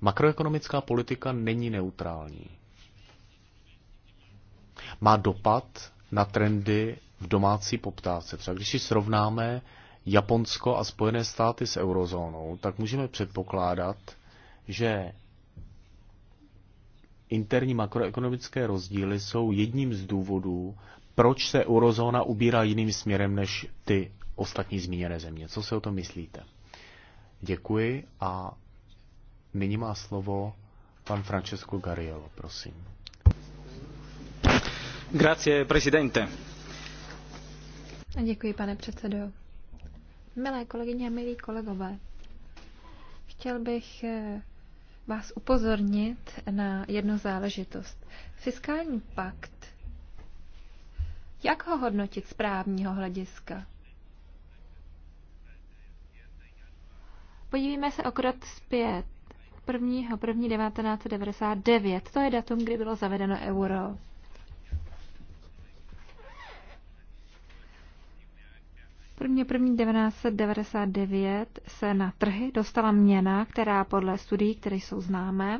Makroekonomická politika není neutrální. Má dopad na trendy v domácí poptávce. Třeba když si srovnáme Japonsko a Spojené státy s eurozónou, tak můžeme předpokládat, že interní makroekonomické rozdíly jsou jedním z důvodů, proč se eurozóna ubírá jiným směrem než ty ostatní zmíněné země. Co si o tom myslíte? Děkuji a nyní má slovo pan Francesco Gariello, prosím. Grazie, presidente. Děkuji, pane předsedo. Milé kolegyně a milí kolegové, chtěl bych eh, vás upozornit na jednu záležitost. Fiskální pakt. Jak ho hodnotit z právního hlediska? Podívejme se o krok zpět. 1. 1. 1999. To je datum, kdy bylo zavedeno euro. První první 1999 se na trhy dostala měna, která podle studií, které jsou známé,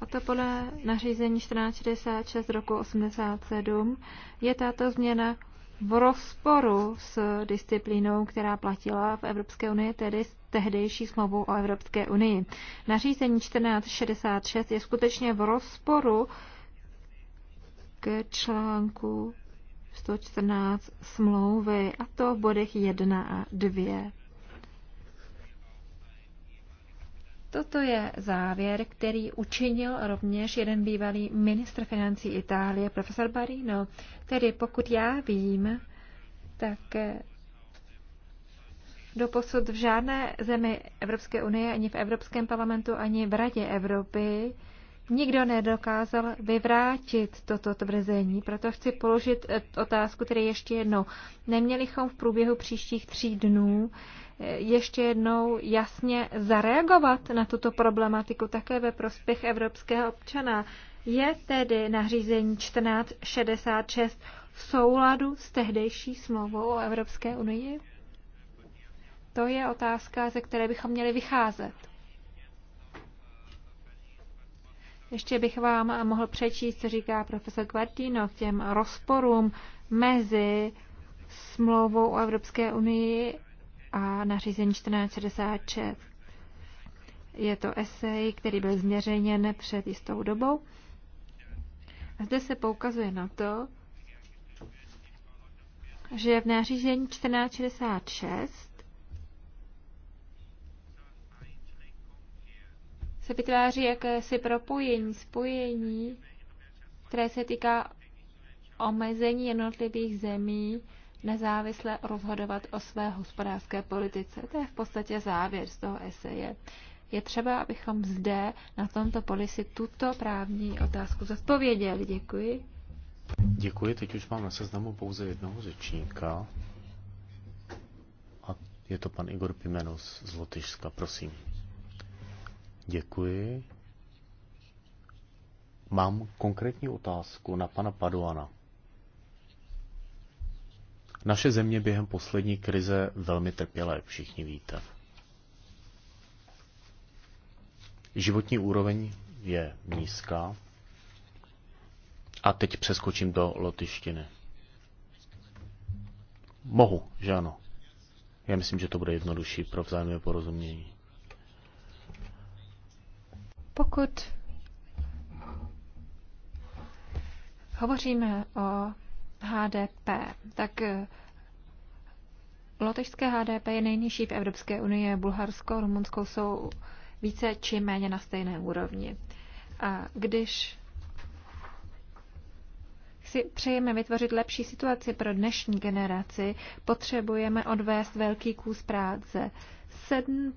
A to podle nařízení 1466 roku 87 je tato změna v rozporu s disciplínou, která platila v Evropské unii, tedy s tehdejší smlouvou o Evropské unii. Nařízení 1466 je skutečně v rozporu k článku 114 smlouvy, a to v bodech 1 a 2. Toto je závěr, který učinil rovněž jeden bývalý ministr financí Itálie, profesor Barino, který, pokud já vím, tak eh, doposud v žádné zemi Evropské unie, ani v Evropském parlamentu, ani v Radě Evropy nikdo nedokázal vyvrátit toto tvrzení. Proto chci položit eh, otázku které ještě jednou. Neměli bychom v průběhu příštích tří dnů ještě jednou jasně zareagovat na tuto problematiku také ve prospěch evropského občana. Je tedy nařízení 1466 v souladu s tehdejší smlouvou o Evropské unii? To je otázka, ze které bychom měli vycházet. Ještě bych vám mohl přečíst, co říká profesor Kvartino k těm rozporům mezi smlouvou o Evropské unii a nařízení 1466. Je to esej, který byl změřeněn před jistou dobou. A zde se poukazuje na to, že v nařízení 1466 se vytváří jakési propojení, spojení, které se týká omezení jednotlivých zemí nezávisle rozhodovat o své hospodářské politice. To je v podstatě závěr z toho eseje. Je třeba, abychom zde na tomto polisi tuto právní otázku zodpověděli. Děkuji. Děkuji, teď už mám na seznamu pouze jednoho řečníka. A je to pan Igor Pimenos z Lotyšska, prosím. Děkuji. Mám konkrétní otázku na pana Paduana. Naše země během poslední krize velmi trpěla, jak všichni víte. Životní úroveň je nízká. A teď přeskočím do lotyštiny. Mohu, že ano. Já myslím, že to bude jednodušší pro vzájemné porozumění. Pokud hovoříme o HDP. Tak eh, lotežské HDP je nejnižší v Evropské unii, Bulharsko a Rumunsko jsou více či méně na stejné úrovni. A když si přejeme vytvořit lepší situaci pro dnešní generaci, potřebujeme odvést velký kus práce. 7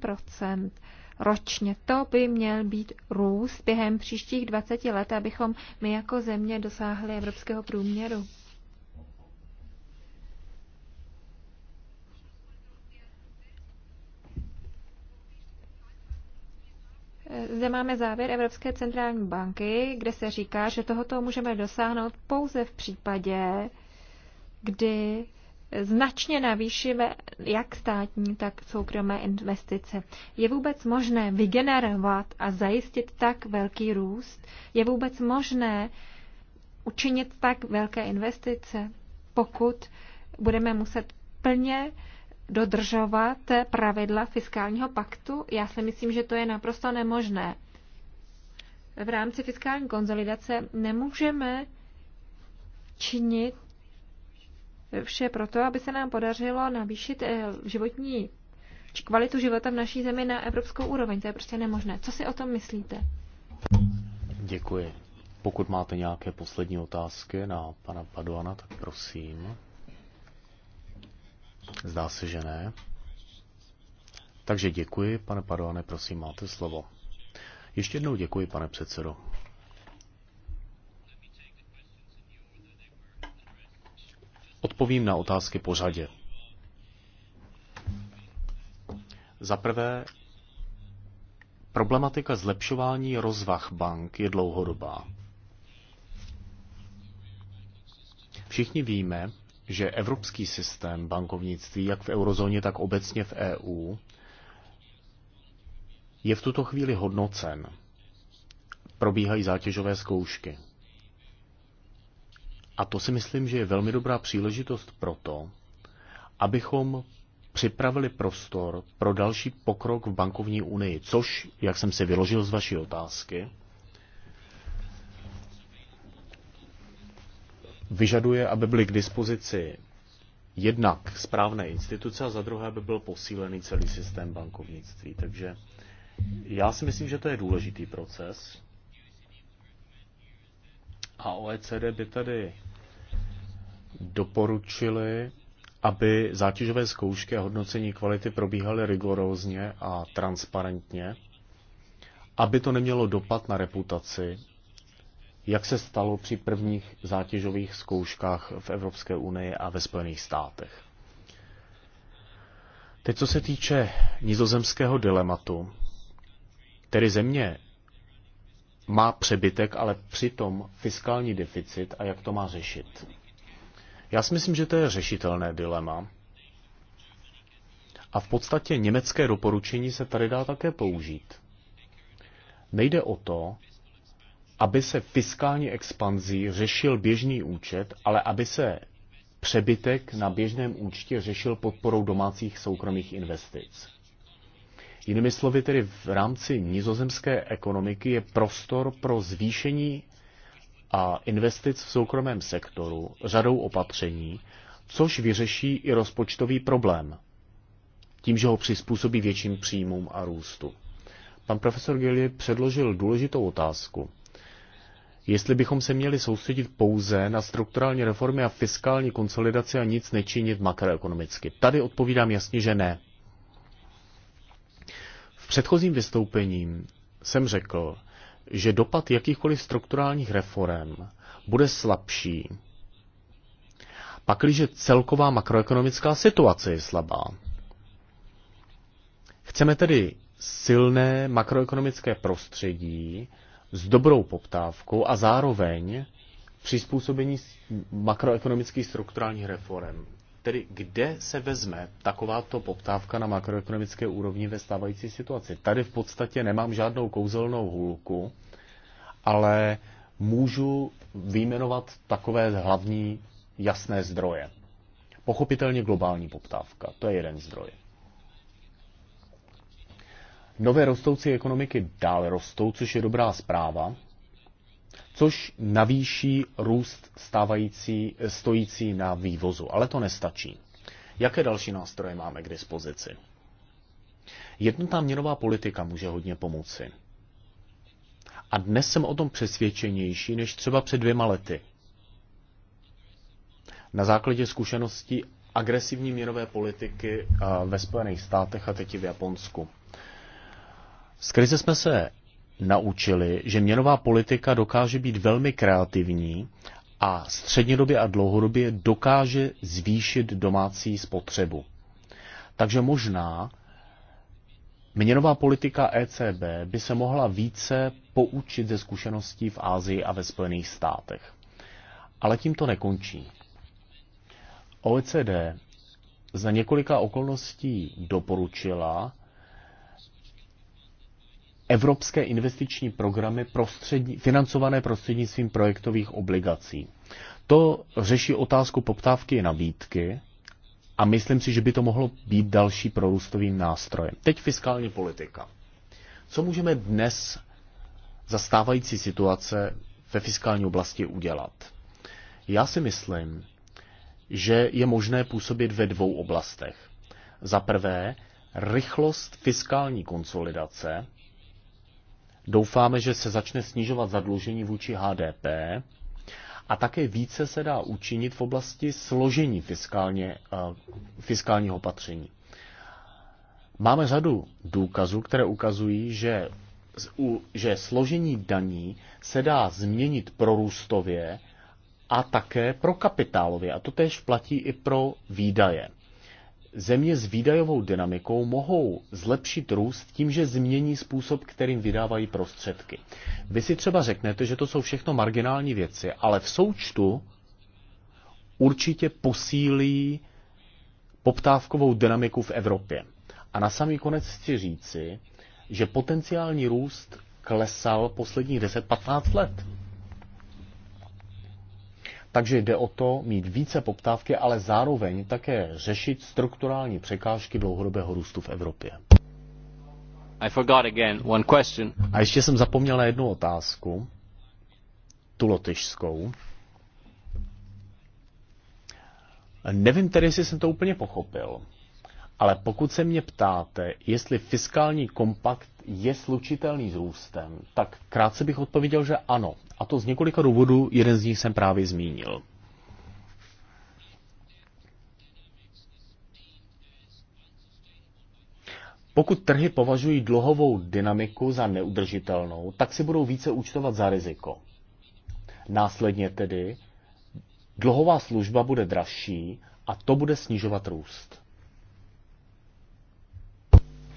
ročně. To by měl být růst během příštích 20 let, abychom my jako země dosáhli evropského průměru. Zde máme závěr Evropské centrální banky, kde se říká, že tohoto můžeme dosáhnout pouze v případě, kdy značně navýšíme jak státní, tak soukromé investice. Je vůbec možné vygenerovat a zajistit tak velký růst? Je vůbec možné učinit tak velké investice, pokud budeme muset plně dodržovat pravidla fiskálního paktu? Já si myslím, že to je naprosto nemožné. V rámci fiskální konzolidace nemůžeme činit vše proto, aby se nám podařilo navýšit eh, životní či kvalitu života v naší zemi na evropskou úroveň. To je prostě nemožné. Co si o tom myslíte? Děkuji. Pokud máte nějaké poslední otázky na pana Paduana, tak prosím. Zdá se, že ne. Takže děkuji, pane Padoane, prosím, máte slovo. Ještě jednou děkuji, pane předsedo. Odpovím na otázky pořadě. Za prvé, problematika zlepšování rozvah bank je dlouhodobá. Všichni víme, že evropský systém bankovnictví, jak v eurozóně, tak obecně v EU, je v tuto chvíli hodnocen. Probíhají zátěžové zkoušky. A to si myslím, že je velmi dobrá příležitost pro to, abychom připravili prostor pro další pokrok v bankovní unii, což, jak jsem si vyložil z vaší otázky, vyžaduje, aby byly k dispozici jednak správné instituce a za druhé, aby byl posílený celý systém bankovnictví. Takže já si myslím, že to je důležitý proces. A OECD by tady doporučili, aby zátěžové zkoušky a hodnocení kvality probíhaly rigorózně a transparentně, aby to nemělo dopad na reputaci jak se stalo při prvních zátěžových zkouškách v Evropské unii a ve Spojených státech. Teď, co se týče nizozemského dilematu, tedy země má přebytek, ale přitom fiskální deficit a jak to má řešit. Já si myslím, že to je řešitelné dilema. A v podstatě německé doporučení se tady dá také použít. Nejde o to, aby se fiskální expanzí řešil běžný účet, ale aby se přebytek na běžném účtě řešil podporou domácích soukromých investic. Jinými slovy tedy v rámci nizozemské ekonomiky je prostor pro zvýšení a investic v soukromém sektoru řadou opatření, což vyřeší i rozpočtový problém, tím, že ho přizpůsobí větším příjmům a růstu. Pan profesor Gilly předložil důležitou otázku jestli bychom se měli soustředit pouze na strukturální reformy a fiskální konsolidaci a nic nečinit makroekonomicky. Tady odpovídám jasně, že ne. V předchozím vystoupením jsem řekl, že dopad jakýchkoliv strukturálních reform bude slabší, pakliže celková makroekonomická situace je slabá. Chceme tedy silné makroekonomické prostředí, s dobrou poptávkou a zároveň přizpůsobení makroekonomických strukturálních reform. Tedy kde se vezme takováto poptávka na makroekonomické úrovni ve stávající situaci? Tady v podstatě nemám žádnou kouzelnou hůlku, ale můžu výjmenovat takové hlavní jasné zdroje. Pochopitelně globální poptávka, to je jeden zdroj. Nové rostoucí ekonomiky dál rostou, což je dobrá zpráva, což navýší růst stávající, stojící na vývozu. Ale to nestačí. Jaké další nástroje máme k dispozici? Jednotná měnová politika může hodně pomoci. A dnes jsem o tom přesvědčenější než třeba před dvěma lety. Na základě zkušeností agresivní měnové politiky eh, ve Spojených státech a teď i v Japonsku. Z krize jsme se naučili, že měnová politika dokáže být velmi kreativní a střednědobě a dlouhodobě dokáže zvýšit domácí spotřebu. Takže možná měnová politika ECB by se mohla více poučit ze zkušeností v Ázii a ve Spojených státech. Ale tím to nekončí. OECD za několika okolností doporučila, evropské investiční programy prostřední, financované prostřednictvím projektových obligací. To řeší otázku poptávky a nabídky a myslím si, že by to mohlo být další prorůstovým nástrojem. Teď fiskální politika. Co můžeme dnes za stávající situace ve fiskální oblasti udělat? Já si myslím, že je možné působit ve dvou oblastech. Za prvé, rychlost fiskální konsolidace, Doufáme, že se začne snižovat zadlužení vůči HDP a také více se dá učinit v oblasti složení fiskálně, eh, fiskálního opatření. Máme řadu důkazů, které ukazují, že, že složení daní se dá změnit prorůstově a také pro kapitálově. A to tež platí i pro výdaje země s výdajovou dynamikou mohou zlepšit růst tím, že změní způsob, kterým vydávají prostředky. Vy si třeba řeknete, že to jsou všechno marginální věci, ale v součtu určitě posílí poptávkovou dynamiku v Evropě. A na samý konec chci říci, že potenciální růst klesal posledních 10-15 let. Takže jde o to mít více poptávky, ale zároveň také řešit strukturální překážky dlouhodobého růstu v Evropě. I forgot again one question. A ještě jsem zapomněl na jednu otázku, tu lotyšskou. Nevím tedy, jestli jsem to úplně pochopil. Ale pokud se mě ptáte, jestli fiskální kompakt je slučitelný s růstem, tak krátce bych odpověděl, že ano. A to z několika důvodů, jeden z nich jsem právě zmínil. Pokud trhy považují dlouhovou dynamiku za neudržitelnou, tak si budou více účtovat za riziko. Následně tedy dluhová služba bude dražší a to bude snižovat růst.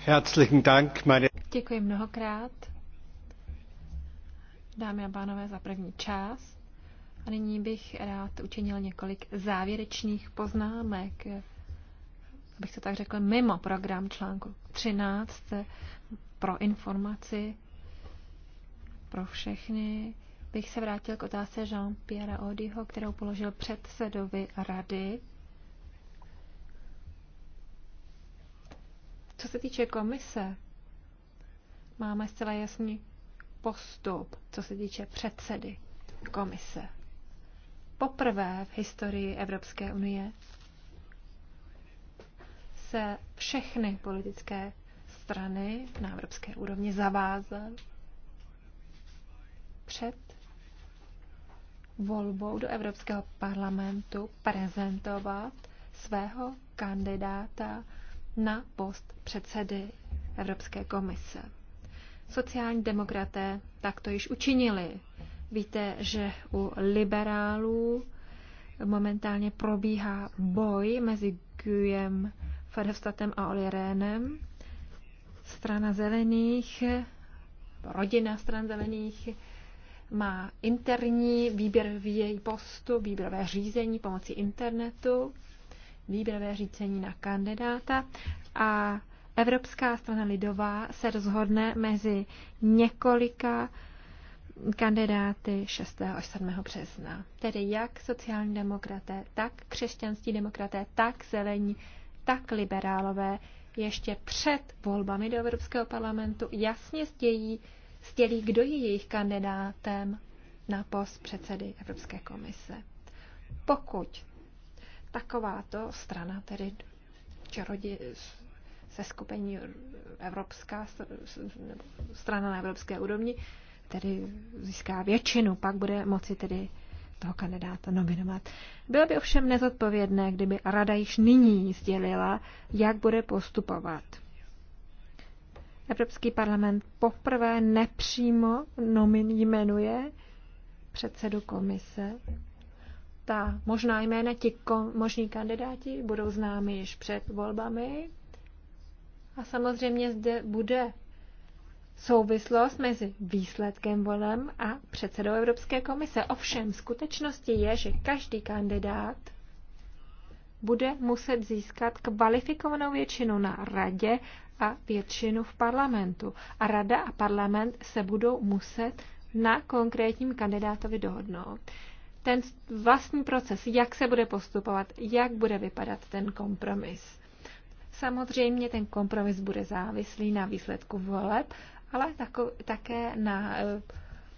Herzlichen Dank, meine... Děkuji mnohokrát, dámy a pánové, za první část. A nyní bych rád učinil několik závěrečných poznámek, abych to tak řekl, mimo program článku 13 pro informaci pro všechny bych se vrátil k otázce Jean-Pierre Audyho, kterou položil předsedovi rady Co se týče komise, máme zcela jasný postup, co se týče předsedy komise. Poprvé v historii Evropské unie se všechny politické strany na evropské úrovni zavázaly před volbou do Evropského parlamentu prezentovat svého kandidáta na post předsedy Evropské komise. Sociální demokraté tak to již učinili. Víte, že u liberálů momentálně probíhá boj mezi Gujem Ferhofstadtem a Oli Rénem. Strana zelených, rodina stran zelených má interní výběr v její postu, výběrové řízení pomocí internetu výběrové řícení na kandidáta a Evropská strana lidová se rozhodne mezi několika kandidáty 6. až 7. března. Tedy jak sociální demokraté, tak křesťanství demokraté, tak zelení, tak liberálové ještě před volbami do Evropského parlamentu jasně stějí, stělí, kdo je jejich kandidátem na post předsedy Evropské komise. Pokud takováto strana, tedy čarodě, se skupení Evropská strana na evropské úrovni, tedy získá většinu, pak bude moci tedy toho kandidáta nominovat. Bylo by ovšem nezodpovědné, kdyby Rada již nyní sdělila, jak bude postupovat. Evropský parlament poprvé nepřímo nomin jmenuje předsedu komise ta možná jména ti možní kandidáti budou známi již před volbami. A samozřejmě zde bude souvislost mezi výsledkem volem a předsedou Evropské komise. Ovšem, skutečností je, že každý kandidát bude muset získat kvalifikovanou většinu na radě a většinu v parlamentu. A rada a parlament se budou muset na konkrétním kandidátovi dohodnout ten vlastní proces, jak se bude postupovat, jak bude vypadat ten kompromis. Samozřejmě ten kompromis bude závislý na výsledku voleb, ale tako, také na eh,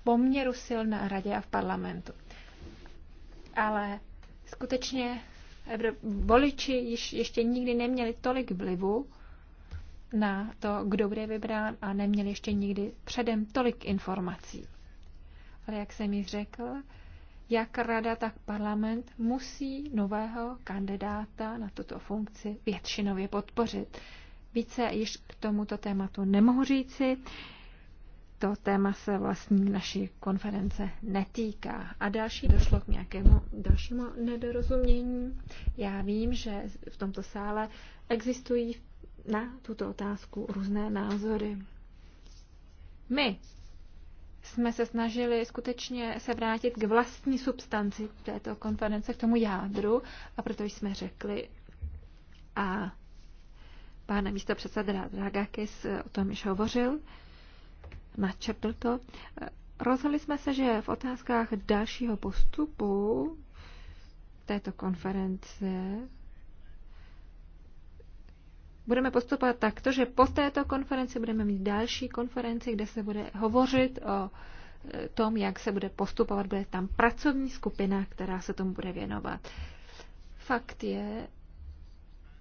poměru sil na radě a v parlamentu. Ale skutečně voliči již ještě nikdy neměli tolik vlivu na to, kdo bude vybrán a neměli ještě nikdy předem tolik informací. Ale jak jsem již řekl, jak rada, tak parlament musí nového kandidáta na tuto funkci většinově podpořit. Více již k tomuto tématu nemohu říci. To téma se vlastní naší konference netýká. A další došlo k nějakému dalšímu nedorozumění. Já vím, že v tomto sále existují na tuto otázku různé názory. My jsme se snažili skutečně se vrátit k vlastní substanci této konference, k tomu jádru, a proto jsme řekli a pán místo předseda Dragakis o tom již hovořil, načetl to. Rozhodli jsme se, že v otázkách dalšího postupu této konference budeme postupovat takto, že po této konferenci budeme mít další konferenci, kde se bude hovořit o e, tom, jak se bude postupovat. Bude tam pracovní skupina, která se tomu bude věnovat. Fakt je,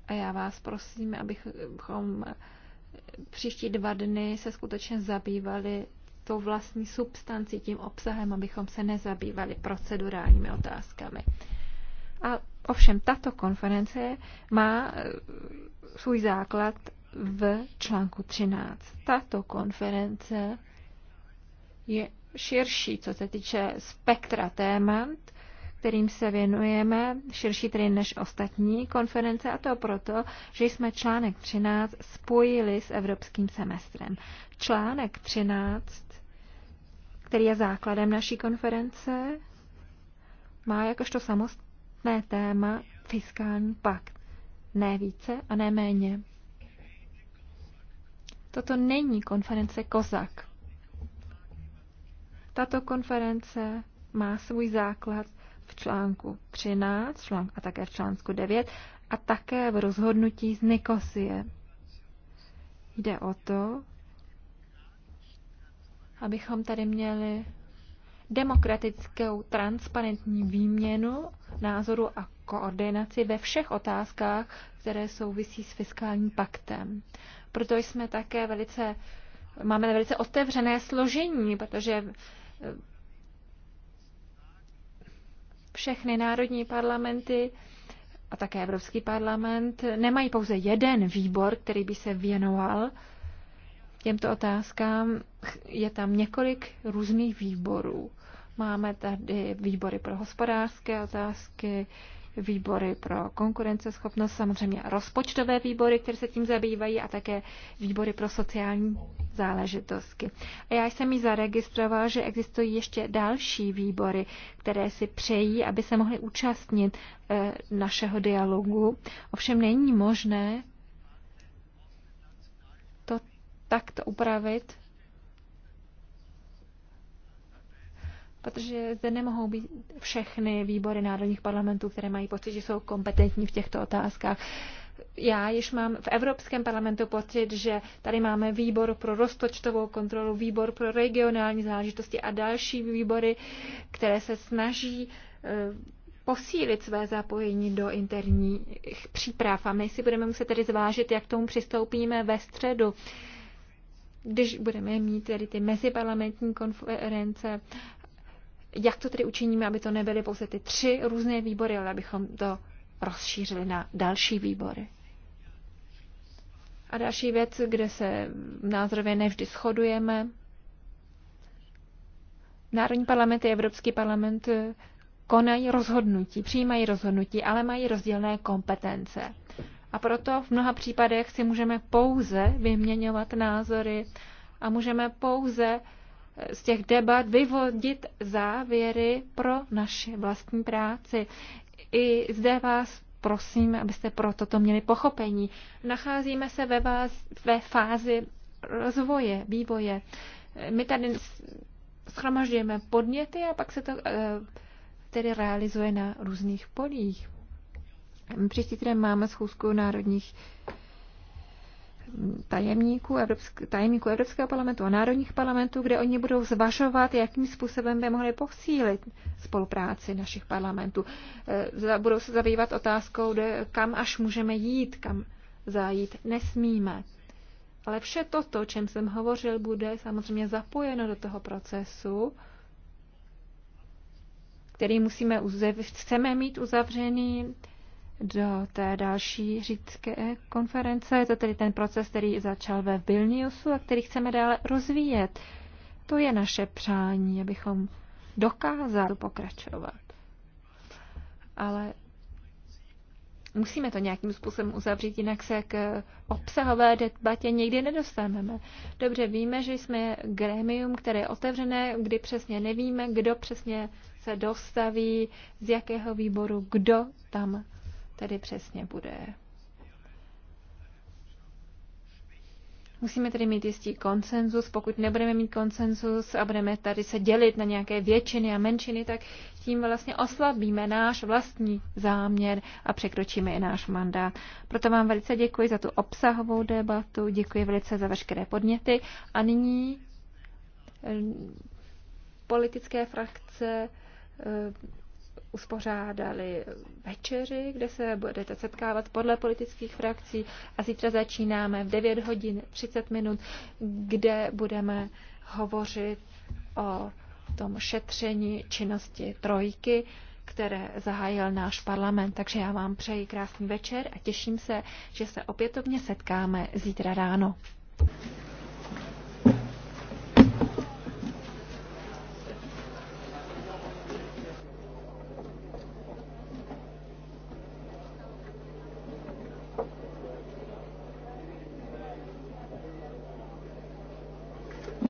a já vás prosím, abychom příští dva dny se skutečně zabývali tou vlastní substancí, tím obsahem, abychom se nezabývali procedurálními otázkami. A Ovšem tato konference má eh, svůj základ v článku 13. Tato konference je širší, co se týče spektra témat, kterým se věnujeme, širší tedy než ostatní konference, a to proto, že jsme článek 13 spojili s evropským semestrem. Článek 13, který je základem naší konference, má jakožto samost mé téma fiskální pakt. Ne více a ne méně. Toto není konference Kozak. Tato konference má svůj základ v článku 13 článk, a také v článku 9 a také v rozhodnutí z Nikosie. Jde o to, abychom tady měli demokratickou transparentní výměnu názoru a koordinaci ve všech otázkách, které souvisí s fiskálním paktem. Proto jsme také velice, máme velice otevřené složení, protože eh, všechny národní parlamenty a také Evropský parlament nemají pouze jeden výbor, který by se věnoval těmto otázkám. Je tam několik různých výborů. Máme tady výbory pro hospodářské otázky, výbory pro konkurenceschopnost, samozřejmě rozpočtové výbory, které se tím zabývají a také výbory pro sociální záležitosti. A já jsem ji zaregistroval, že existují ještě další výbory, které si přejí, aby se mohly účastnit e, našeho dialogu. Ovšem není možné takto upravit, protože zde nemohou být všechny výbory národních parlamentů, které mají pocit, že jsou kompetentní v těchto otázkách. Já již mám v Evropském parlamentu pocit, že tady máme výbor pro rozpočtovou kontrolu, výbor pro regionální záležitosti a další výbory, které se snaží eh, posílit své zapojení do interních příprav. A my si budeme muset tedy zvážit, jak k tomu přistoupíme ve středu když budeme mít tedy ty meziparlamentní konference, jak to tedy učiníme, aby to nebyly pouze ty tři různé výbory, ale abychom to rozšířili na další výbory. A další věc, kde se názorově nevždy shodujeme. Národní parlament a Evropský parlament konají rozhodnutí, přijímají rozhodnutí, ale mají rozdílné kompetence. A proto v mnoha případech si můžeme pouze vyměňovat názory a můžeme pouze eh, z těch debat vyvodit závěry pro naši vlastní práci. I zde vás prosím, abyste pro toto měli pochopení. Nacházíme se ve, vás, ve fázi rozvoje, vývoje. My tady schromažďujeme podněty a pak se to eh, tedy realizuje na různých polích. Příští týden máme schůzku národních tajemníků, Evropsk- tajemníků Evropského parlamentu a národních parlamentů, kde oni budou zvažovat, jakým způsobem by mohli posílit spolupráci našich parlamentů. Eh, budou se zabývat otázkou, kde, kam až můžeme jít, kam zajít nesmíme. Ale vše toto, o čem jsem hovořil, bude samozřejmě zapojeno do toho procesu, který musíme uzav- chceme mít uzavřený do té další řídské konference. Je to tedy ten proces, který začal ve Vilniusu a který chceme dále rozvíjet. To je naše přání, abychom dokázali pokračovat. Ale musíme to nějakým způsobem uzavřít, jinak se k obsahové debatě nikdy nedostaneme. Dobře víme, že jsme grémium, které je otevřené, kdy přesně nevíme, kdo přesně se dostaví, z jakého výboru, kdo tam tedy přesně bude. Musíme tedy mít jistý konsenzus. Pokud nebudeme mít konsenzus a budeme tady se dělit na nějaké většiny a menšiny, tak tím vlastně oslabíme náš vlastní záměr a překročíme i náš mandát. Proto vám velice děkuji za tu obsahovou debatu, děkuji velice za veškeré podněty a nyní eh, politické frakce eh, uspořádali večeři, kde se budete setkávat podle politických frakcí a zítra začínáme v 9 hodin 30 minut, kde budeme hovořit o tom šetření činnosti trojky, které zahájil náš parlament. Takže já vám přeji krásný večer a těším se, že se opětovně setkáme zítra ráno.